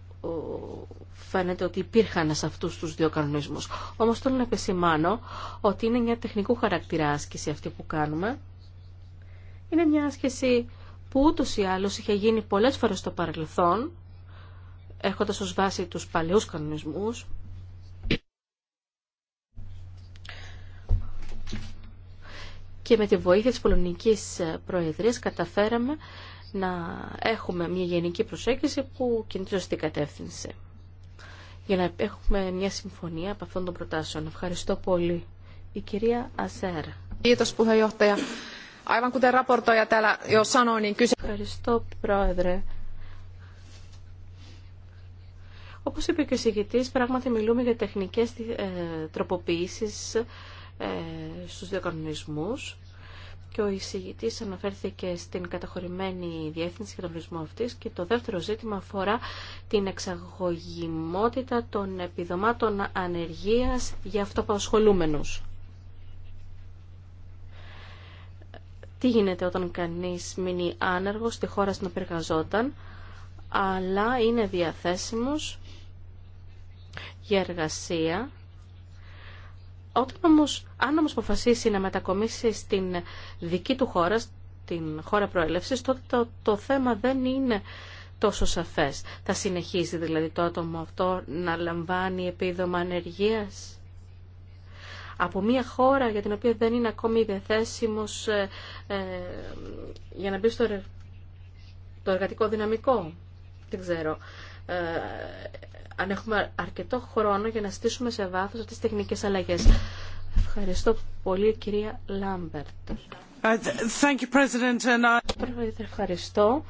φαίνεται ότι υπήρχαν σε αυτούς τους δύο κανονισμούς. Όμως θέλω να επισημάνω ότι είναι μια τεχνικού χαρακτήρα άσκηση αυτή που κάνουμε. Είναι μια άσκηση που ούτως ή άλλως είχε γίνει πολλές φορές στο παρελθόν, έχοντας ως βάση τους παλαιούς κανονισμούς, και με τη βοήθεια της Πολωνικής Προεδρίας καταφέραμε να έχουμε μια γενική προσέγγιση που κινείται στη κατεύθυνση για να έχουμε μια συμφωνία από αυτών των προτάσεων. Ευχαριστώ πολύ. Η κυρία Ασέρα. Ευχαριστώ, Πρόεδρε. Όπως είπε και ο συγκητής, πράγματι μιλούμε για τεχνικές ε, τροποποιήσεις ε, στους διακανονισμούς και ο εισηγητή αναφέρθηκε στην καταχωρημένη διεύθυνση και τον χρησμό αυτή και το δεύτερο ζήτημα αφορά την εξαγωγημότητα των επιδομάτων ανεργίας για αυτοπασχολούμενους. Τι γίνεται όταν κανείς μείνει άνεργος στη χώρα στην οποία εργαζόταν, αλλά είναι διαθέσιμος για εργασία όταν όμως, αν όμως αποφασίσει να μετακομίσει στην δική του χώρα, στην χώρα προέλευσης, τότε το, το θέμα δεν είναι τόσο σαφές. Θα συνεχίζει δηλαδή το άτομο αυτό να λαμβάνει επίδομα ανεργίας από μια χώρα για την οποία δεν είναι ακόμη διαθέσιμος ε, ε, για να μπει στο το εργατικό δυναμικό. Δεν ξέρω. Ε, αν έχουμε αρκετό χρόνο για να στήσουμε σε βάθος αυτές τις τεχνικές αλλαγές. Ευχαριστώ πολύ κυρία Λάμπερτ. Uh, thank you, President. ευχαριστώ.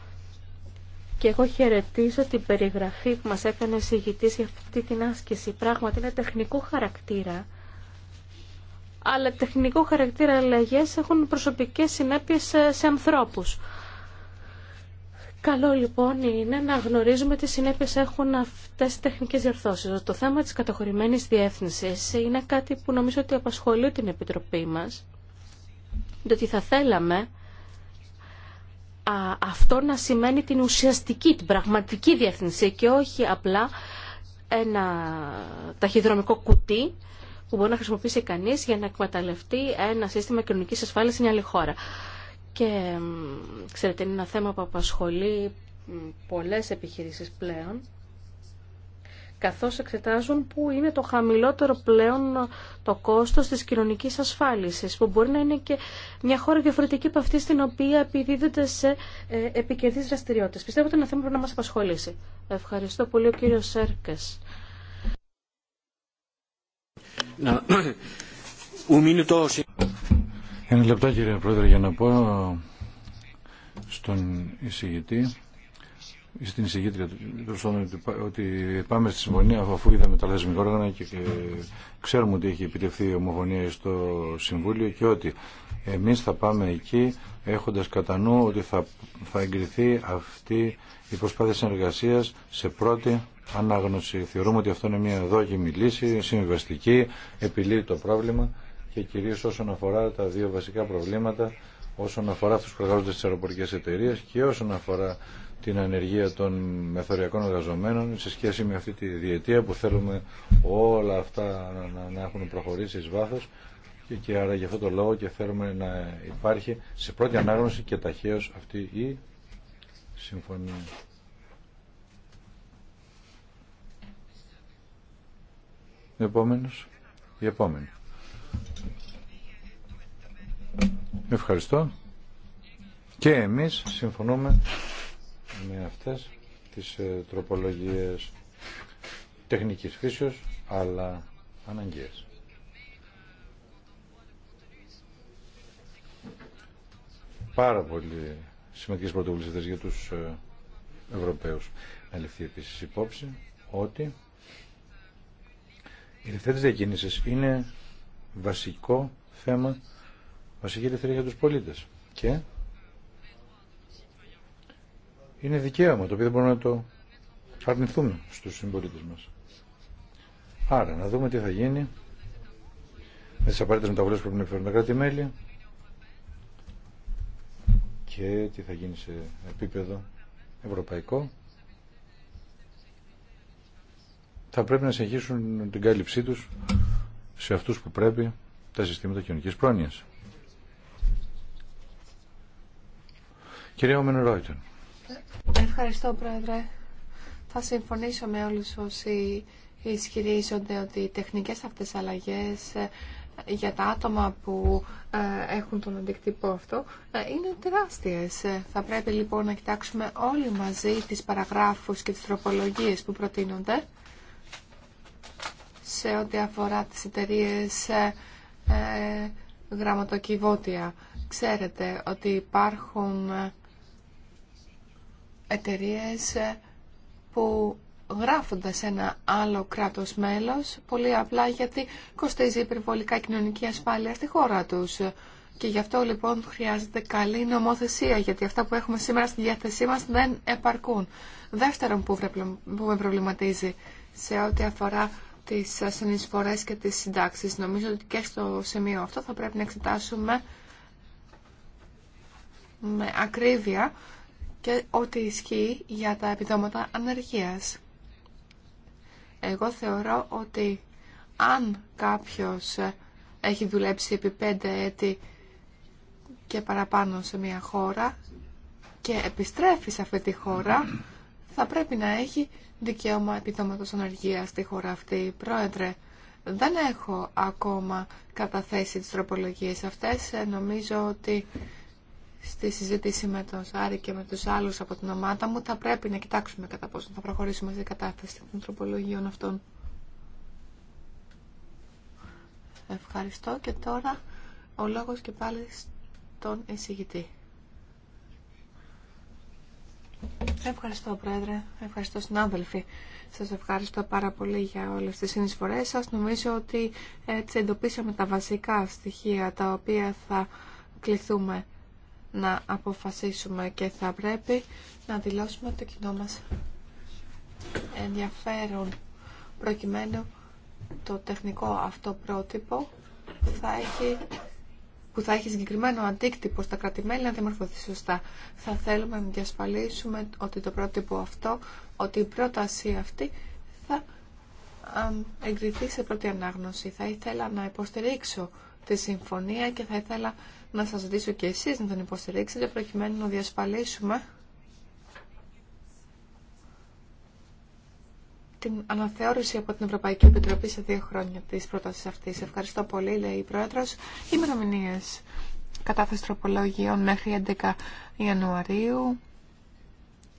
Και εγώ χαιρετίζω την περιγραφή που μας έκανε ο συγητής για αυτή την άσκηση. Πράγματι είναι τεχνικό χαρακτήρα. Αλλά τεχνικό χαρακτήρα αλλαγές έχουν προσωπικές συνέπειες ε, σε ανθρώπους. Καλό λοιπόν είναι να γνωρίζουμε τι συνέπειε έχουν αυτές οι τεχνικές διορθώσει. Το θέμα της καταχωρημένη διεύθυνση είναι κάτι που νομίζω ότι απασχολεί την Επιτροπή μας, διότι θα θέλαμε αυτό να σημαίνει την ουσιαστική, την πραγματική διεύθυνση και όχι απλά ένα ταχυδρομικό κουτί που μπορεί να χρησιμοποιήσει κανείς για να εκμεταλλευτεί ένα σύστημα κοινωνικής ασφάλειας σε μια άλλη χώρα. Και ξέρετε, είναι ένα θέμα που απασχολεί πολλές επιχειρήσεις πλέον, καθώς εξετάζουν που είναι το χαμηλότερο πλέον το κόστος της κοινωνικής ασφάλισης, που μπορεί να είναι και μια χώρα διαφορετική από αυτή στην οποία επιδίδεται σε ε, επικερδείς δραστηριότητες. Πιστεύω ότι είναι ένα θέμα που πρέπει να μας απασχολήσει. Ευχαριστώ πολύ ο κύριος Σέρκες. Ένα λεπτά κύριε Πρόεδρε για να πω στον εισηγητή στην εισηγήτρια ότι πάμε στη συμφωνία αφού είδαμε τα λεσμικά όργανα και ξέρουμε ότι έχει επιτευχθεί η ομοφωνία στο Συμβούλιο και ότι εμείς θα πάμε εκεί έχοντας κατά νου ότι θα, θα εγκριθεί αυτή η προσπάθεια συνεργασίας σε πρώτη ανάγνωση. Θεωρούμε ότι αυτό είναι μια δόκιμη λύση, συμβιβαστική, επιλύει το πρόβλημα και κυρίως όσον αφορά τα δύο βασικά προβλήματα όσον αφορά τους που εργάζονται στις αεροπορικές και όσον αφορά την ανεργία των μεθοριακών εργαζομένων σε σχέση με αυτή τη διετία που θέλουμε όλα αυτά να έχουν προχωρήσει εις βάθος και άρα γι' αυτό το λόγο και θέλουμε να υπάρχει σε πρώτη ανάγνωση και ταχαίως αυτή η συμφωνία. Επόμενος. Η επόμενη. Ευχαριστώ. Και εμείς συμφωνούμε με αυτές τις ε, τροπολογίες τεχνικής φύσεως, αλλά αναγκαίες. Πάρα πολύ σημαντικές πρωτοβουλίες για τους ε, Ευρωπαίους. Να ληφθεί επίσης υπόψη ότι οι ελευθερές διακίνησης είναι βασικό θέμα, βασική ελευθερία για τους πολίτες. Και είναι δικαίωμα το οποίο δεν μπορούμε να το αρνηθούμε στους συμπολίτε μας. Άρα, να δούμε τι θα γίνει με τις απαραίτητες μεταβολές που πρέπει να επιφέρουν τα κράτη-μέλη και τι θα γίνει σε επίπεδο ευρωπαϊκό. Θα πρέπει να συνεχίσουν την κάλυψή τους σε αυτούς που πρέπει τα συστήματα κοινωνικής πρόνοιας. Κυρία Ομενρόιτεν. Ευχαριστώ, Πρόεδρε. Θα συμφωνήσω με όλους όσοι ισχυρίζονται ότι οι τεχνικές αυτές αλλαγές ε, για τα άτομα που ε, έχουν τον αντικτύπο αυτό ε, είναι τεράστιες. Θα πρέπει λοιπόν να κοιτάξουμε όλοι μαζί τις παραγράφους και τις τροπολογίες που προτείνονται σε ό,τι αφορά τις εταιρείε ε, ε, γραμματοκιβώτια. Ξέρετε ότι υπάρχουν ε, εταιρείε ε, που γράφονται σε ένα άλλο κράτος μέλος πολύ απλά γιατί κοστίζει υπερβολικά κοινωνική ασφάλεια στη χώρα τους. Και γι' αυτό λοιπόν χρειάζεται καλή νομοθεσία, γιατί αυτά που έχουμε σήμερα στη διάθεσή μας δεν επαρκούν. Δεύτερον που με προβληματίζει σε ό,τι αφορά τις ασυνεισφορές και τις συντάξεις. Νομίζω ότι και στο σημείο αυτό θα πρέπει να εξετάσουμε με ακρίβεια και ό,τι ισχύει για τα επιδόματα ανεργίας. Εγώ θεωρώ ότι αν κάποιος έχει δουλέψει επί πέντε έτη και παραπάνω σε μια χώρα και επιστρέφει σε αυτή τη χώρα, θα πρέπει να έχει δικαίωμα επιδόματος ανεργία στη χώρα αυτή. Πρόεδρε, δεν έχω ακόμα καταθέσει τις τροπολογίες αυτές. Ε, νομίζω ότι στη συζήτηση με τον Σάρη και με τους άλλους από την ομάδα μου θα πρέπει να κοιτάξουμε κατά πόσο θα προχωρήσουμε στην κατάθεση των τροπολογίων αυτών. Ευχαριστώ και τώρα ο λόγος και πάλι στον εισηγητή. Ευχαριστώ, Πρόεδρε. Ευχαριστώ, συνάδελφοι. Σας ευχαριστώ πάρα πολύ για όλες τις συνεισφορές σας. Νομίζω ότι έτσι εντοπίσαμε τα βασικά στοιχεία τα οποία θα κληθούμε να αποφασίσουμε και θα πρέπει να δηλώσουμε το κοινό μας ενδιαφέρον προκειμένου το τεχνικό αυτό πρότυπο θα έχει που θα έχει συγκεκριμένο αντίκτυπο στα κρατημένα να διαμορφωθεί σωστά. Θα θέλουμε να διασφαλίσουμε ότι το πρότυπο αυτό, ότι η πρόταση αυτή θα εγκριθεί σε πρώτη ανάγνωση. Θα ήθελα να υποστηρίξω τη συμφωνία και θα ήθελα να σας ζητήσω και εσείς να τον υποστηρίξετε προκειμένου να διασφαλίσουμε την αναθεώρηση από την Ευρωπαϊκή Επιτροπή σε δύο χρόνια της πρόταση αυτή. Ευχαριστώ πολύ, λέει η πρόεδρο Ημερομηνίε κατάθεση τροπολογίων μέχρι 11 Ιανουαρίου.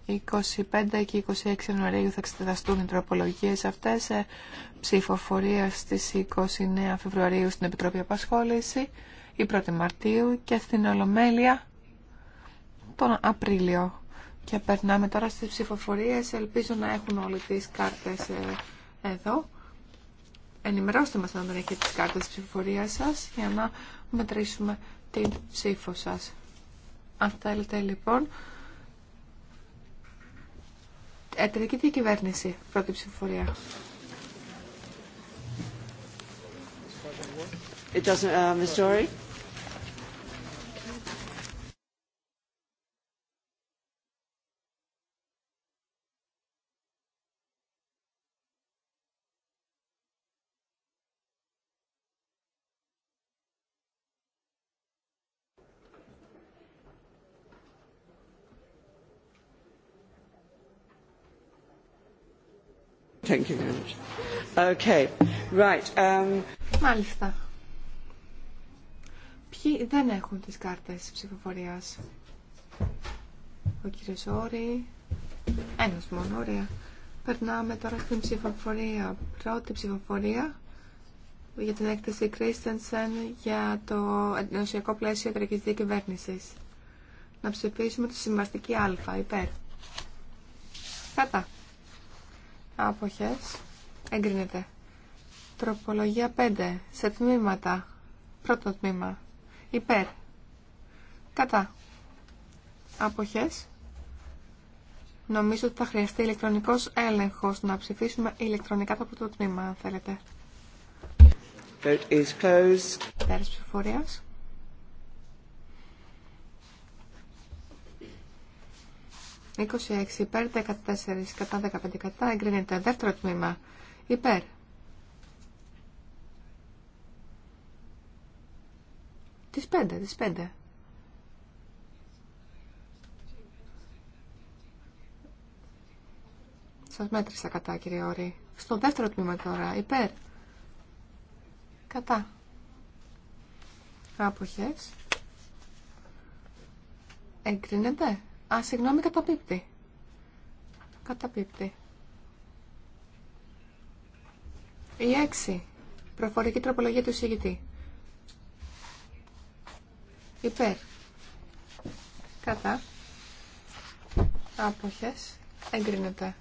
25 και 26 Ιανουαρίου θα εξεταστούν οι τροπολογίες αυτές. Ψηφοφορία στι 29 Φεβρουαρίου στην Επιτροπή Απασχόληση, η 1η Μαρτίου και στην Ολομέλεια τον Απρίλιο. Και περνάμε τώρα στις ψηφοφορίες. Ελπίζω να έχουν όλοι τις κάρτες ε, εδώ. Ενημερώστε μας αν δεν έχετε τις κάρτες της ψηφοφορίας σας για να μετρήσουμε την ψήφο σας. Αν θέλετε λοιπόν, εταιρική διακυβέρνηση, πρώτη ψηφοφορία. It doesn't, uh, Um, Μάλιστα. Ποιοι δεν έχουν τις κάρτες ψηφοφορίας. Ο κύριος Όρη. Ένας μόνο, ωραία. Περνάμε τώρα στην ψηφοφορία. Πρώτη ψηφοφορία για την έκθεση Κρίστενσεν για το ενωσιακό πλαίσιο εταιρικής διακυβέρνησης. Να ψηφίσουμε τη συμβαστική α, υπέρ. Κατά. Αποχές. Εγκρίνεται. Τροπολογία 5. Σε τμήματα. Πρώτο τμήμα. Υπέρ. Κατά. Αποχές. Νομίζω ότι θα χρειαστεί ηλεκτρονικός έλεγχος να ψηφίσουμε ηλεκτρονικά το πρώτο τμήμα, αν θέλετε. Vote is closed. 26 υπέρ, 14 κατά, 15 κατά, εγκρίνεται. Δεύτερο τμήμα υπέρ. Τις 5, τι 5. Σας μέτρησα κατά, κύριε Όρη. Στο δεύτερο τμήμα τώρα, υπέρ. Κατά. Άποχες. Εγκρίνεται. Α, συγγνώμη, καταπίπτει. Καταπίπτει. Η έξι. Προφορική τροπολογία του εισηγητή. Υπέρ. Κατά. Άποχες. Εγκρίνεται.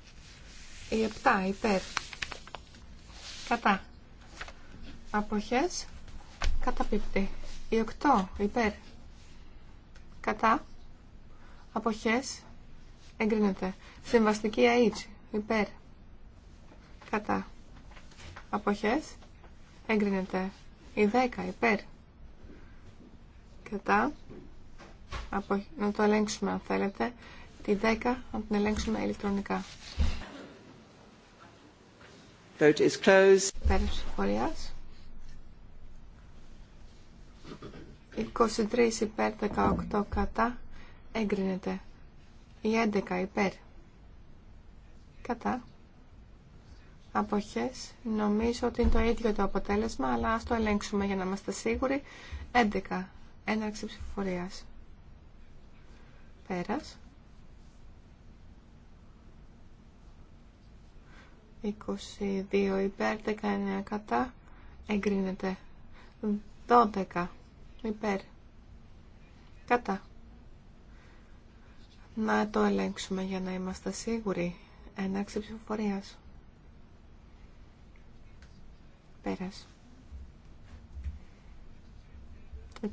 Η επτά. Υπέρ. Κατά. Αποχές. Καταπίπτει. Η οκτώ. Υπέρ. Κατά. Αποχές. Εγκρίνεται. Συμβαστική αίτηση. Υπέρ. Κατά. Αποχές. Εγκρίνεται. Η 10. Υπέρ. Κατά. Απο... Να το ελέγξουμε αν θέλετε. Τη 10 να την ελέγξουμε ηλεκτρονικά. Vote is closed. 23 υπέρ 18 κατά Εγκρίνεται. Η 11 υπέρ. Κατά. Αποχές. Νομίζω ότι είναι το ίδιο το αποτέλεσμα, αλλά ας το ελέγξουμε για να είμαστε σίγουροι. 11. Έναρξη ψηφοφορίας. Πέρας. 22 υπέρ, 19 κατά. Εγκρίνεται. 12 υπέρ. Κατά να το ελέγξουμε για να είμαστε σίγουροι. Ένταξη ψηφοφορία. Πέρας.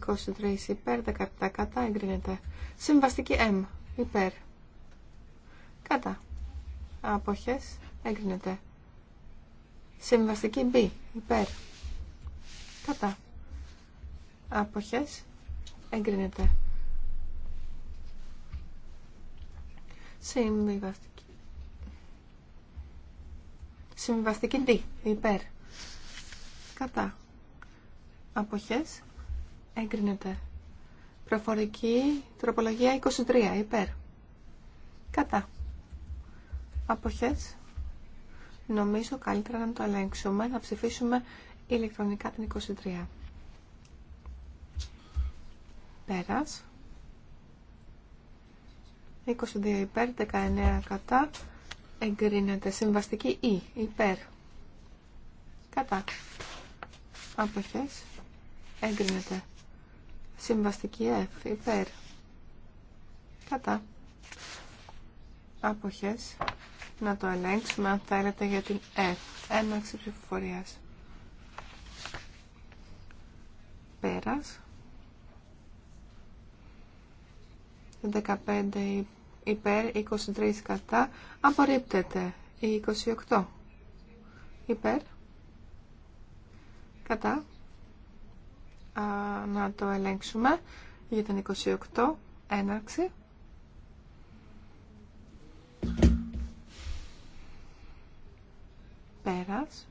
23 υπέρ, 17 κατά, εγκρίνεται. Συμβαστική M, υπέρ. Κατά. Αποχές, εγκρίνεται. Συμβαστική B, υπέρ. Κατά. Αποχές, εγκρίνεται. Συμβιβαστική. Συμβιβαστική τι, υπέρ. Κατά. Αποχές. Έγκρινεται. Προφορική τροπολογία 23, υπέρ. Κατά. Αποχές. Νομίζω καλύτερα να το ελέγξουμε, να ψηφίσουμε ηλεκτρονικά την 23. Πέρας. 22 υπέρ, 19 κατά. Εγκρίνεται. Συμβαστική Ή. E, υπέρ. Κατά. Αποχές. Εγκρίνεται. Συμβαστική F. Υπέρ. Κατά. Αποχές. Να το ελέγξουμε αν θέλετε για την F. Έναξη ψηφοφορίας. Πέρας. 15 υπέρ 23 κατά απορρίπτεται η 28 υπέρ κατά Α, να το ελέγξουμε για την 28 έναρξη πέρας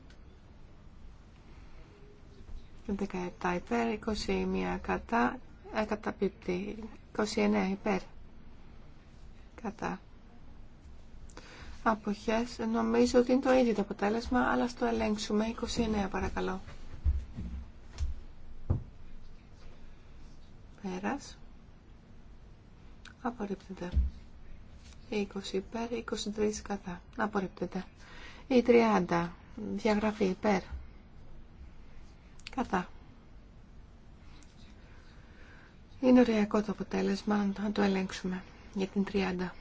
17 υπέρ 21 κατά καταπίπτει 29 υπέρ Κατά. Αποχές. Νομίζω ότι είναι το ίδιο το αποτέλεσμα, αλλά στο ελέγξουμε. 29 παρακαλώ. Πέρας. Απορρίπτεται. 20 υπέρ, 23 κατά. Απορρίπτεται. Η 30. Διαγραφή υπέρ. Κατά. Είναι ωριακό το αποτέλεσμα, να το ελέγξουμε για την 30.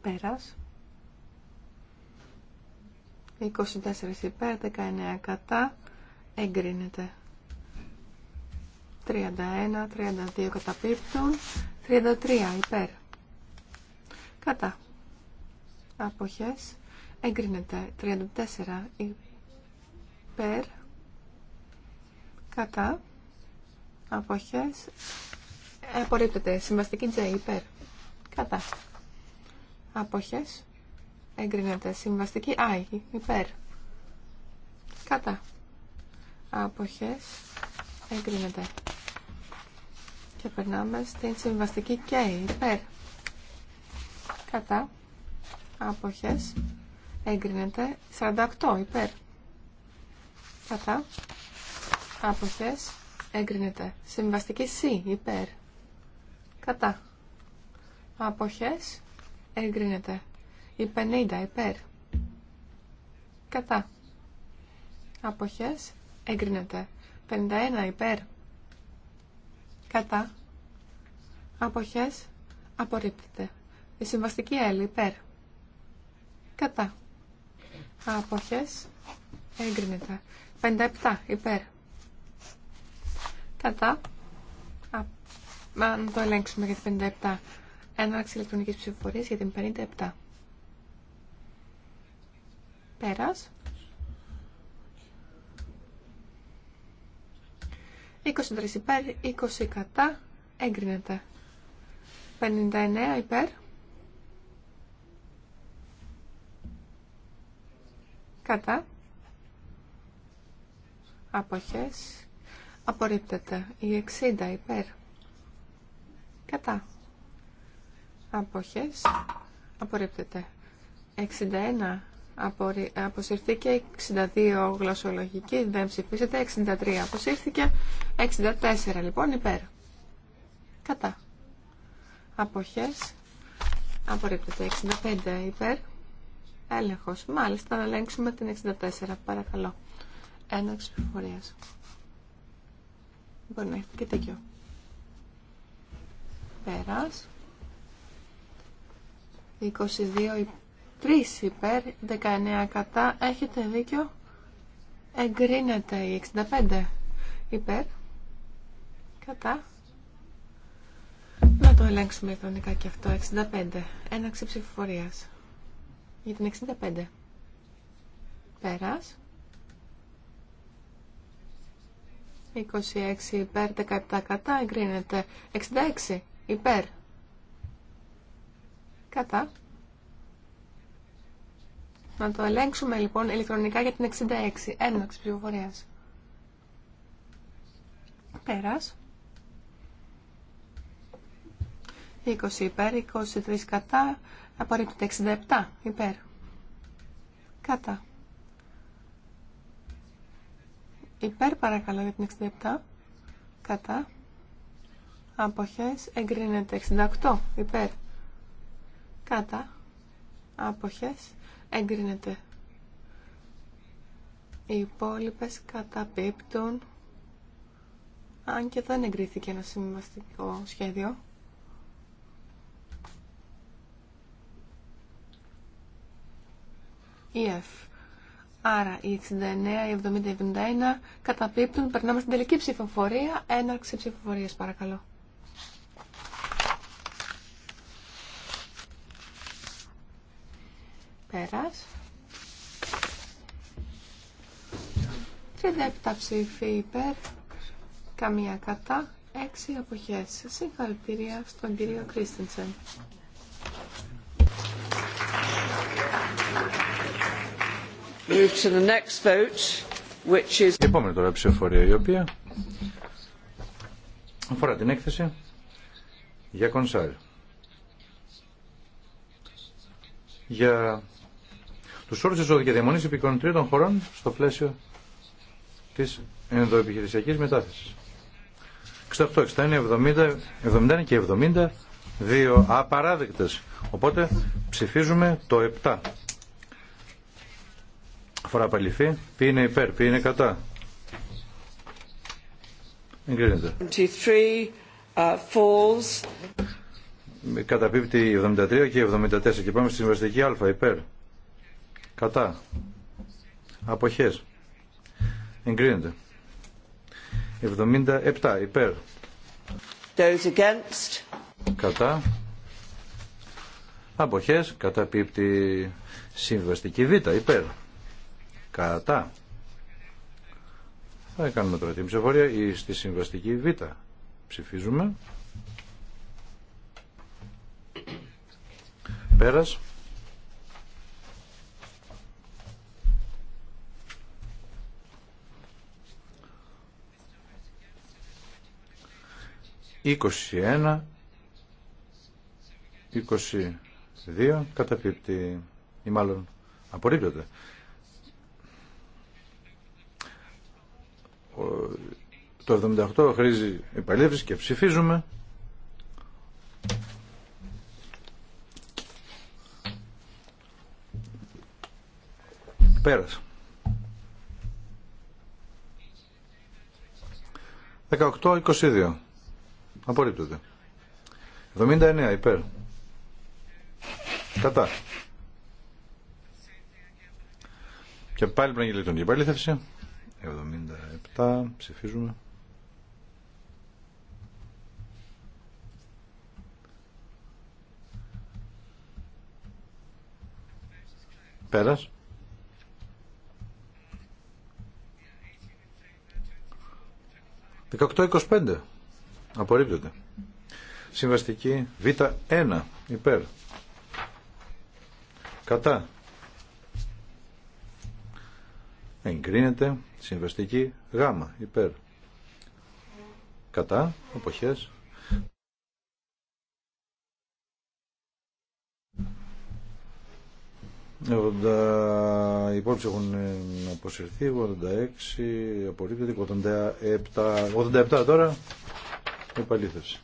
Πέρας. 24 υπέρ, 19 κατά, εγκρίνεται. 31, 32 καταπίπτουν, 33 υπέρ. Κατά. Αποχές. Εγκρίνεται 34 υπέρ. Κατά αποχές απορρίπτεται. Συμβαστική J υπέρ. Κατά. Αποχές εγκρίνεται. Συμβαστική I υπέρ. Κατά. Αποχές εγκρίνεται. Και περνάμε στην συμβαστική K υπέρ. Κατά. Αποχές εγκρίνεται. 48 υπέρ. Κατά. Αποχές Εγκρίνεται. Συμβαστική C. Υπέρ. Κατά. Αποχές. Εγκρίνεται. Η 50. Υπέρ. Κατά. Αποχές. Εγκρίνεται. 51. Υπέρ. Κατά. Αποχές. Απορρίπτεται. Η συμβαστική L. Υπέρ. Κατά. Αποχές. Εγκρίνεται. 57. Υπέρ. Κατά. Α, αν το ελέγξουμε για την 57. Έναρξη ηλεκτρονικής ψηφοφορίας για την 57. Πέρας. 23 υπέρ, 20 κατά, έγκρινεται. 59 υπέρ. Κατά. Αποχές. Απορρίπτεται. Η 60 υπέρ. Κατά. Αποχές. Απορρίπτεται. 61 αποσυρθήκε. 62 γλωσσολογική. Δεν ψηφίσετε. 63 αποσύρθηκε. 64 λοιπόν υπέρ. Κατά. Αποχές. Απορρίπτεται. 65 υπέρ. Έλεγχος. Μάλιστα να ελέγξουμε την 64. Παρακαλώ. Ένα ψηφοφορίας. Μπορεί να έχετε και δίκιο. Πέρας. 22 3 υπέρ, 19 κατά. Έχετε δίκιο. Εγκρίνεται η 65 υπέρ. Κατά. Να το ελέγξουμε ηλεκτρονικά και αυτό. 65. Έναξη ψηφοφορία. Για την 65. Πέρας. 26 υπέρ, 17 κατά, εγκρίνεται. 66 υπέρ. Κατά. Να το ελέγξουμε λοιπόν ηλεκτρονικά για την 66. Έναρξη ψηφοφορία. Πέρας. 20 υπέρ, 23 κατά, απορρίπτεται 67 υπέρ. Κατά. Υπέρ παρακαλώ για την 67. Κατά. Αποχές εγκρίνεται. 68. Υπέρ. Κατά. Αποχές εγκρίνεται. Οι υπόλοιπε καταπίπτουν. Αν και δεν εγκρίθηκε ένα συμβαστικό σχέδιο. EF. Άρα οι 69, οι 70, οι 71 καταπίπτουν. Περνάμε στην τελική ψηφοφορία. Έναρξη ψηφοφορίας παρακαλώ. Πέρας. 37 ψήφοι υπέρ, καμία κατά, 6 αποχές. Συγχαρητήρια στον κύριο Κρίστινσεν. Move to Η επόμενη τώρα ψηφοφορία η οποία αφορά την έκθεση για κονσάρ. Για τους όρους εισόδου και διαμονή υπηκών χωρών στο πλαίσιο της ενδοεπιχειρησιακή μετάθεσης. 68, 69, 70, 71 και 72 απαράδεκτες. Οπότε ψηφίζουμε το 7 αφορά απαλληφή. Ποιοι είναι υπέρ, ποιοι είναι κατά. Εγκρίνεται. 73, uh, falls. Καταπίπτει 73 και 74 και πάμε στη συμβαστική α υπέρ. Κατά. Αποχές. Εγκρίνεται. 77 υπέρ. Those against. Κατά. Αποχές. Καταπίπτει συμβαστική β υπέρ. Κατά. Θα κάνουμε τώρα την ψηφοφορία ή στη συμβαστική Β. Ψηφίζουμε. Πέρας. 21 22 είκοσι δύο, καταπίπτει ή μάλλον απορρίπτεται. Το 78 χρήζει επαλήθευση και ψηφίζουμε. Πέρασε. 18-22. Απορρίπτεται. 79 υπέρ. Κατά. Και πάλι πρέπει να γίνει η επαλήθευση. Εβδομήντα επτά. Ψηφίζουμε. Πέρας. Δεκαοκτώ εικοσπέντε. Απορρίπτεται. Συμβαστική βήτα ένα. Υπέρ. Κατά. εγκρίνεται συμβαστική γάμα υπέρ κατά εποχές οι υπόλοιποι έχουν αποσυρθεί 86 απορρίπτεται 87 87 τώρα επαλήθευση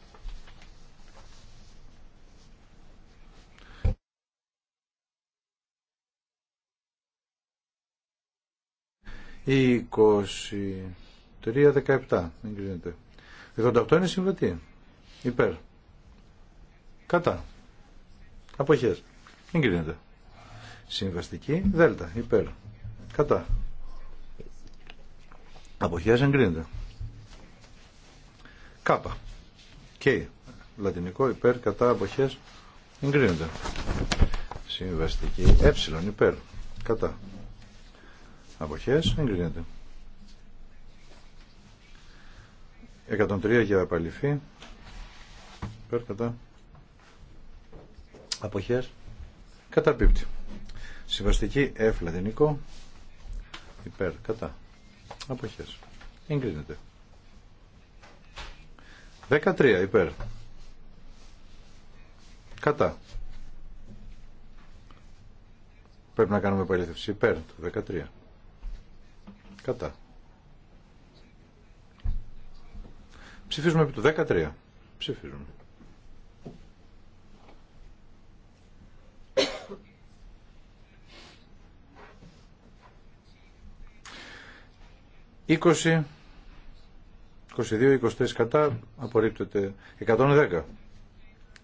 23-17 εγκρίνεται. 88 είναι συμβατή. Υπέρ. Κατά. Αποχές. κρίνεται. Συμβαστική δέλτα. Υπέρ. Κατά. Αποχές κρίνεται. Κάπα. Και. Λατινικό υπέρ. Κατά. Αποχές εγκρίνεται. Συμβαστική ε. Υπέρ. Κατά. Αποχές. Εγκρίνεται. 103 για απαλληφή. Υπέρ κατά. Αποχές. Καταρπίπτει. Συμβαστική F λατινικό. Υπέρ κατά. Αποχές. Εγκρίνεται. 13 υπέρ. Κατά. Πρέπει να κάνουμε επαλήθευση. υπέρ το 13. Κατά. Ψηφίζουμε επί του 13. Ψηφίζουμε. Είκοσι, 22, 23 κατά, απορρίπτεται 110.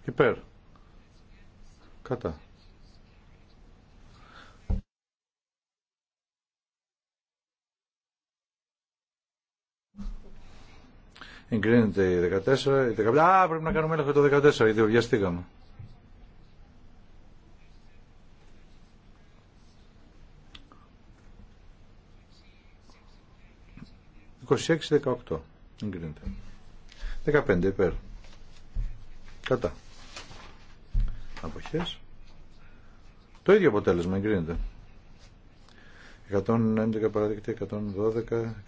Υπέρ. Κατά. Εγκρίνεται η 14, η Α, πρέπει να κάνουμε έλεγχο το 14, 26, βιαστήκαμε. Εγκρίνεται. 15 υπέρ. Κατά. Αποχές. Το ίδιο αποτέλεσμα εγκρίνεται. 111 παραδείγματα,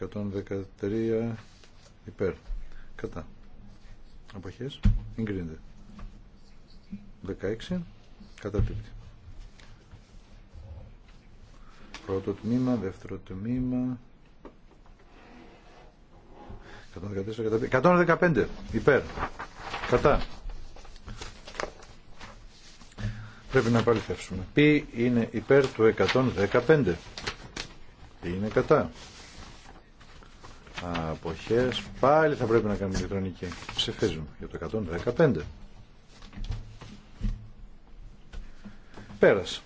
112, 113 υπέρ. Κατά. Αποχές. Εγκρίνεται. 16. Κατά Καταπίπτει. Πρώτο τμήμα, δεύτερο τμήμα. 115. Υπέρ. Κατά. Πρέπει να παληθεύσουμε. Π είναι υπέρ του 115. Π είναι κατά αποχές πάλι θα πρέπει να κάνουμε ηλεκτρονική ψηφίζουμε για το 115 πέρασε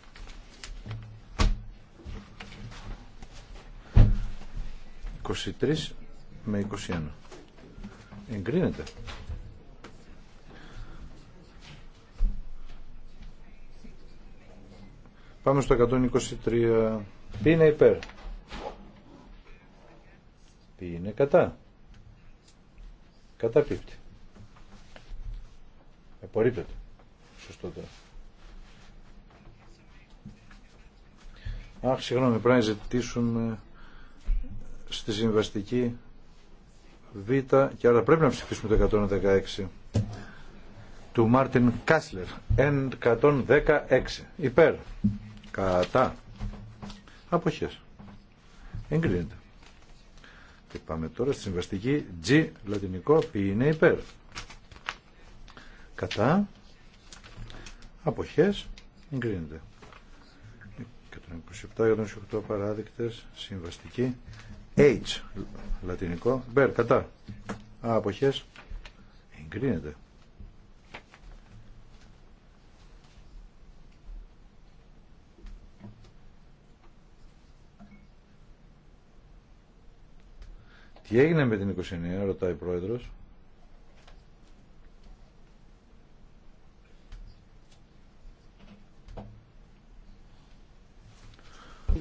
με 21 εγκρίνεται Πάμε στο 123. Τι είναι υπέρ είναι κατά. Καταπίπτει. Απορρίπτεται. Σωστό τώρα. Αχ, συγγνώμη, πρέπει να ζητήσουν στη συμβαστική Β και άρα πρέπει να ψηφίσουμε το 116 του Μάρτιν Κάσλερ. 116. Υπέρ. Κατά. Αποχές. Εγκρίνεται πάμε τώρα στη συμβαστική G, λατινικό, ποι είναι υπέρ. Κατά, αποχές, εγκρίνεται. 127-128 παράδεικτες, συμβαστική H, λατινικό, υπέρ, κατά, αποχές, εγκρίνεται. Τι έγινε με την 29, ρωτάει ο πρόεδρος.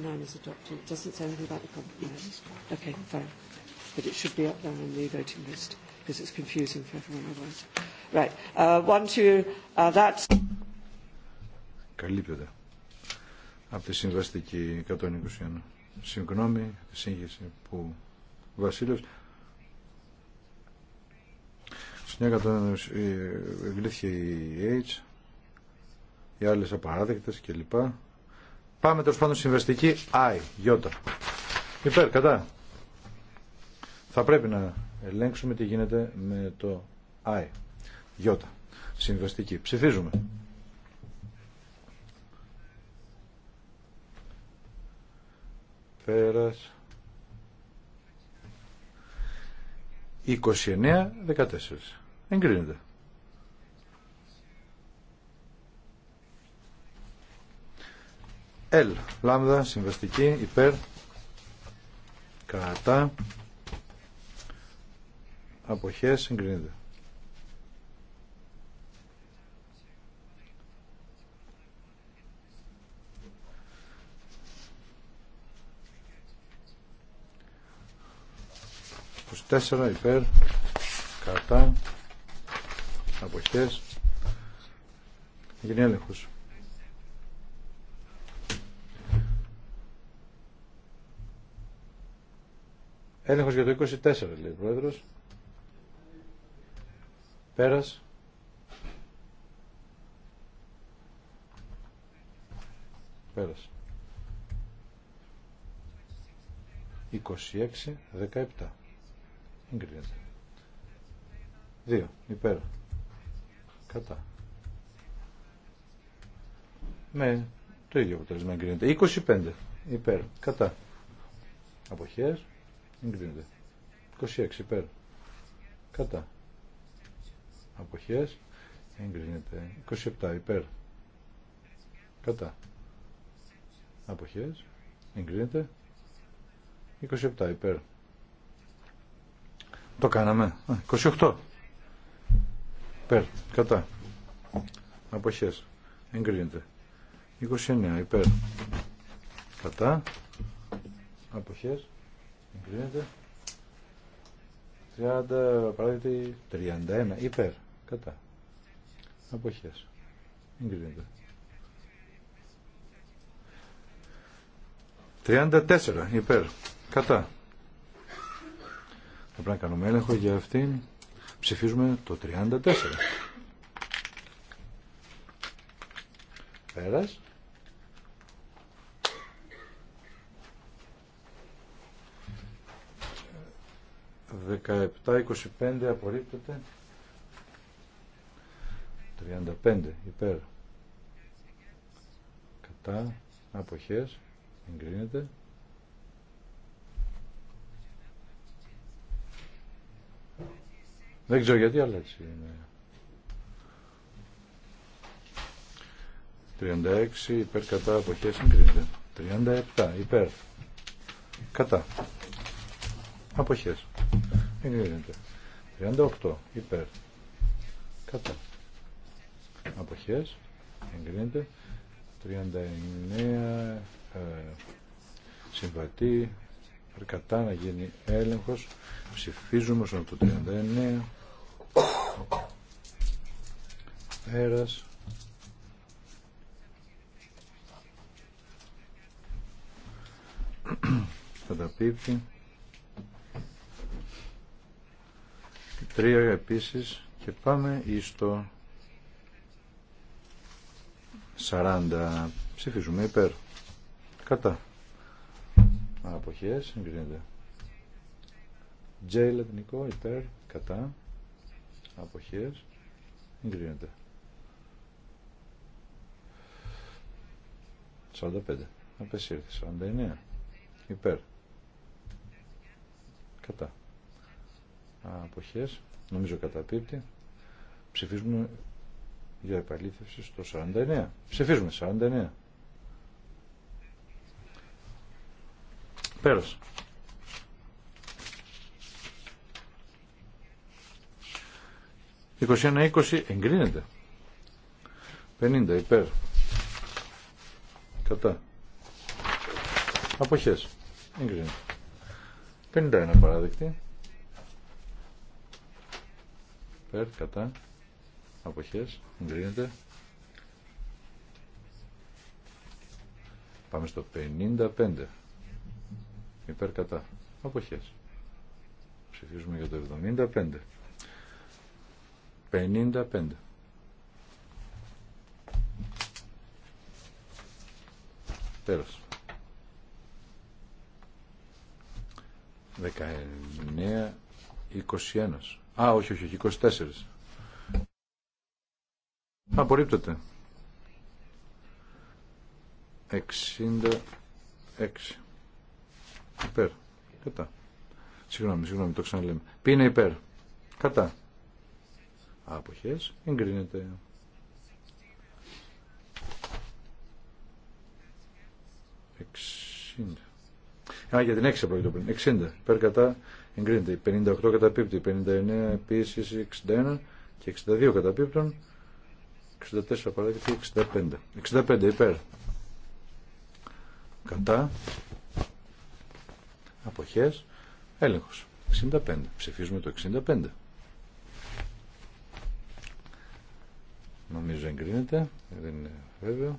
Nine is adopted. It doesn't say anything Okay, fine. But it should be up there on the voting list because it's confusing for everyone otherwise. Right. Uh, one, two, uh, that's... Καλύπτεται από τη συμβαστική 121. Συγγνώμη, τη σύγχυση που Βασίλειος στην εγκρίθηκε η H οι άλλες απαράδεκτες κλπ. Πάμε τέλο πάντων συμβαστική I, Y Υπέρ, κατά. Θα πρέπει να ελέγξουμε τι γίνεται με το I, Y Συμβαστική. Ψηφίζουμε. Πέρας. 29-14. Εγκρίνεται. L, λάμδα, συμβαστική, υπέρ, κατά, αποχές, εγκρίνεται. 4 υπέρ κατά αποχές γίνει έλεγχος έλεγχος για το 24 λέει ο πρόεδρος πέρας πέρας 26 17 Εγκρίνεται. 2. Υπέρ. Κατά. Με ναι, το ίδιο αποτέλεσμα εγκρίνεται. 25. Υπέρ. Κατά. Αποχές. Εγκρίνεται. 26. Υπέρ. Κατά. Αποχές. Εγκρίνεται. 27. Υπέρ. Κατά. Αποχές. Εγκρίνεται. 27. Υπέρ. Το κάναμε. 28. Υπέρ. Κατά. Αποχές. Εγκρίνεται. 29. Υπέρ. Κατά. Αποχές. Εγκρίνεται. 30. Παράδειγμα. 31. Υπέρ. Κατά. Αποχές. Εγκρίνεται. 34. Υπέρ. Κατά. Θα πρέπει να κάνουμε έλεγχο για αυτήν. Ψηφίζουμε το 34. Πέρας. 17, 25 απορρίπτεται. 35 υπέρ. Κατά αποχές εγκρίνεται. Δεν ξέρω γιατί, αλλά έτσι είναι. 36 υπέρ κατά αποχές συγκρίνεται. 37 υπέρ κατά αποχές εγκρίνεται. 38 υπέρ κατά αποχές εγκρίνεται. 39 ε, συμβατή, να γίνει έλεγχος. Ψηφίζουμε στο το 39. Πέρας. πείπει. Τρία επίσης και πάμε εις το 40. Ψηφίζουμε υπέρ. Κατά. Αποχές, εγκρίνεται. J Νικό, υπέρ, κατά αποχές εγκρίνεται 45 απεσύρθη 49 υπέρ κατά αποχέ, νομίζω καταπίπτει ψηφίζουμε για επαλήθευση στο 49 ψηφίζουμε 49 πέρασε 21-20 εγκρίνεται. 50 υπέρ. Κατά. Αποχές. Εγκρίνεται. 51 παράδεκτη. Υπέρ. Κατά. Αποχές. Εγκρίνεται. Πάμε στο 55. Υπέρ κατά. Αποχές. Ψηφίζουμε για το 75. 55. Πέρασε. 19, 21. Α, όχι, όχι, 24. Απορρίπτεται. 66. Υπέρ. Κατά. Συγγνώμη, συγγνώμη, το ξαναλέμε. Ποιοι είναι υπέρ. Κατά άποχες εγκρίνεται. 60. Α, για την 6 το πριν. 60. Υπέρ κατά εγκρίνεται. 58 καταπίπτει. 59 επίση 61 και 62 καταπίπτων. 64 παράδειγμα 65. 65 υπέρ. Κατά. Αποχές. Έλεγχος. 65. Ψηφίζουμε το 65. Νομίζω εγκρίνεται, δεν είναι βέβαιο.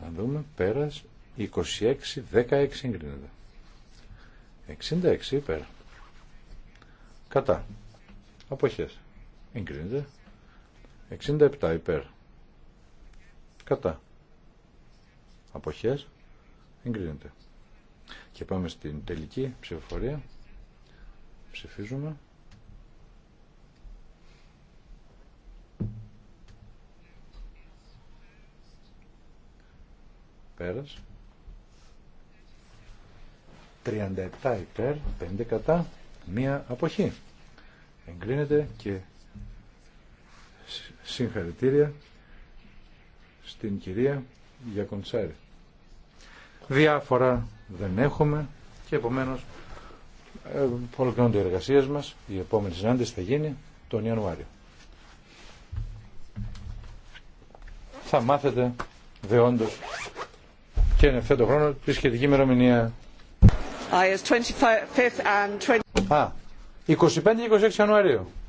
Θα δούμε, πέρας, 26, 16 εγκρίνεται. 66 υπέρ. Κατά. Αποχές. Εγκρίνεται. 67 υπέρ. Κατά. Αποχές. Εγκρίνεται. Και πάμε στην τελική ψηφοφορία. Ψηφίζουμε. πέρας 37 υπέρ 5 κατά μία αποχή εγκρίνεται και συγχαρητήρια στην κυρία Γιακοντσάρη διάφορα δεν έχουμε και επομένως ε, ολοκληρώνονται οι εργασίες μας η επόμενη συνάντηση θα γίνει τον Ιανουάριο θα μάθετε δεόντως και είναι φέτο χρόνο τη σχετική ημερομηνία. 25 Α, 25 και 26 Ιανουαρίου.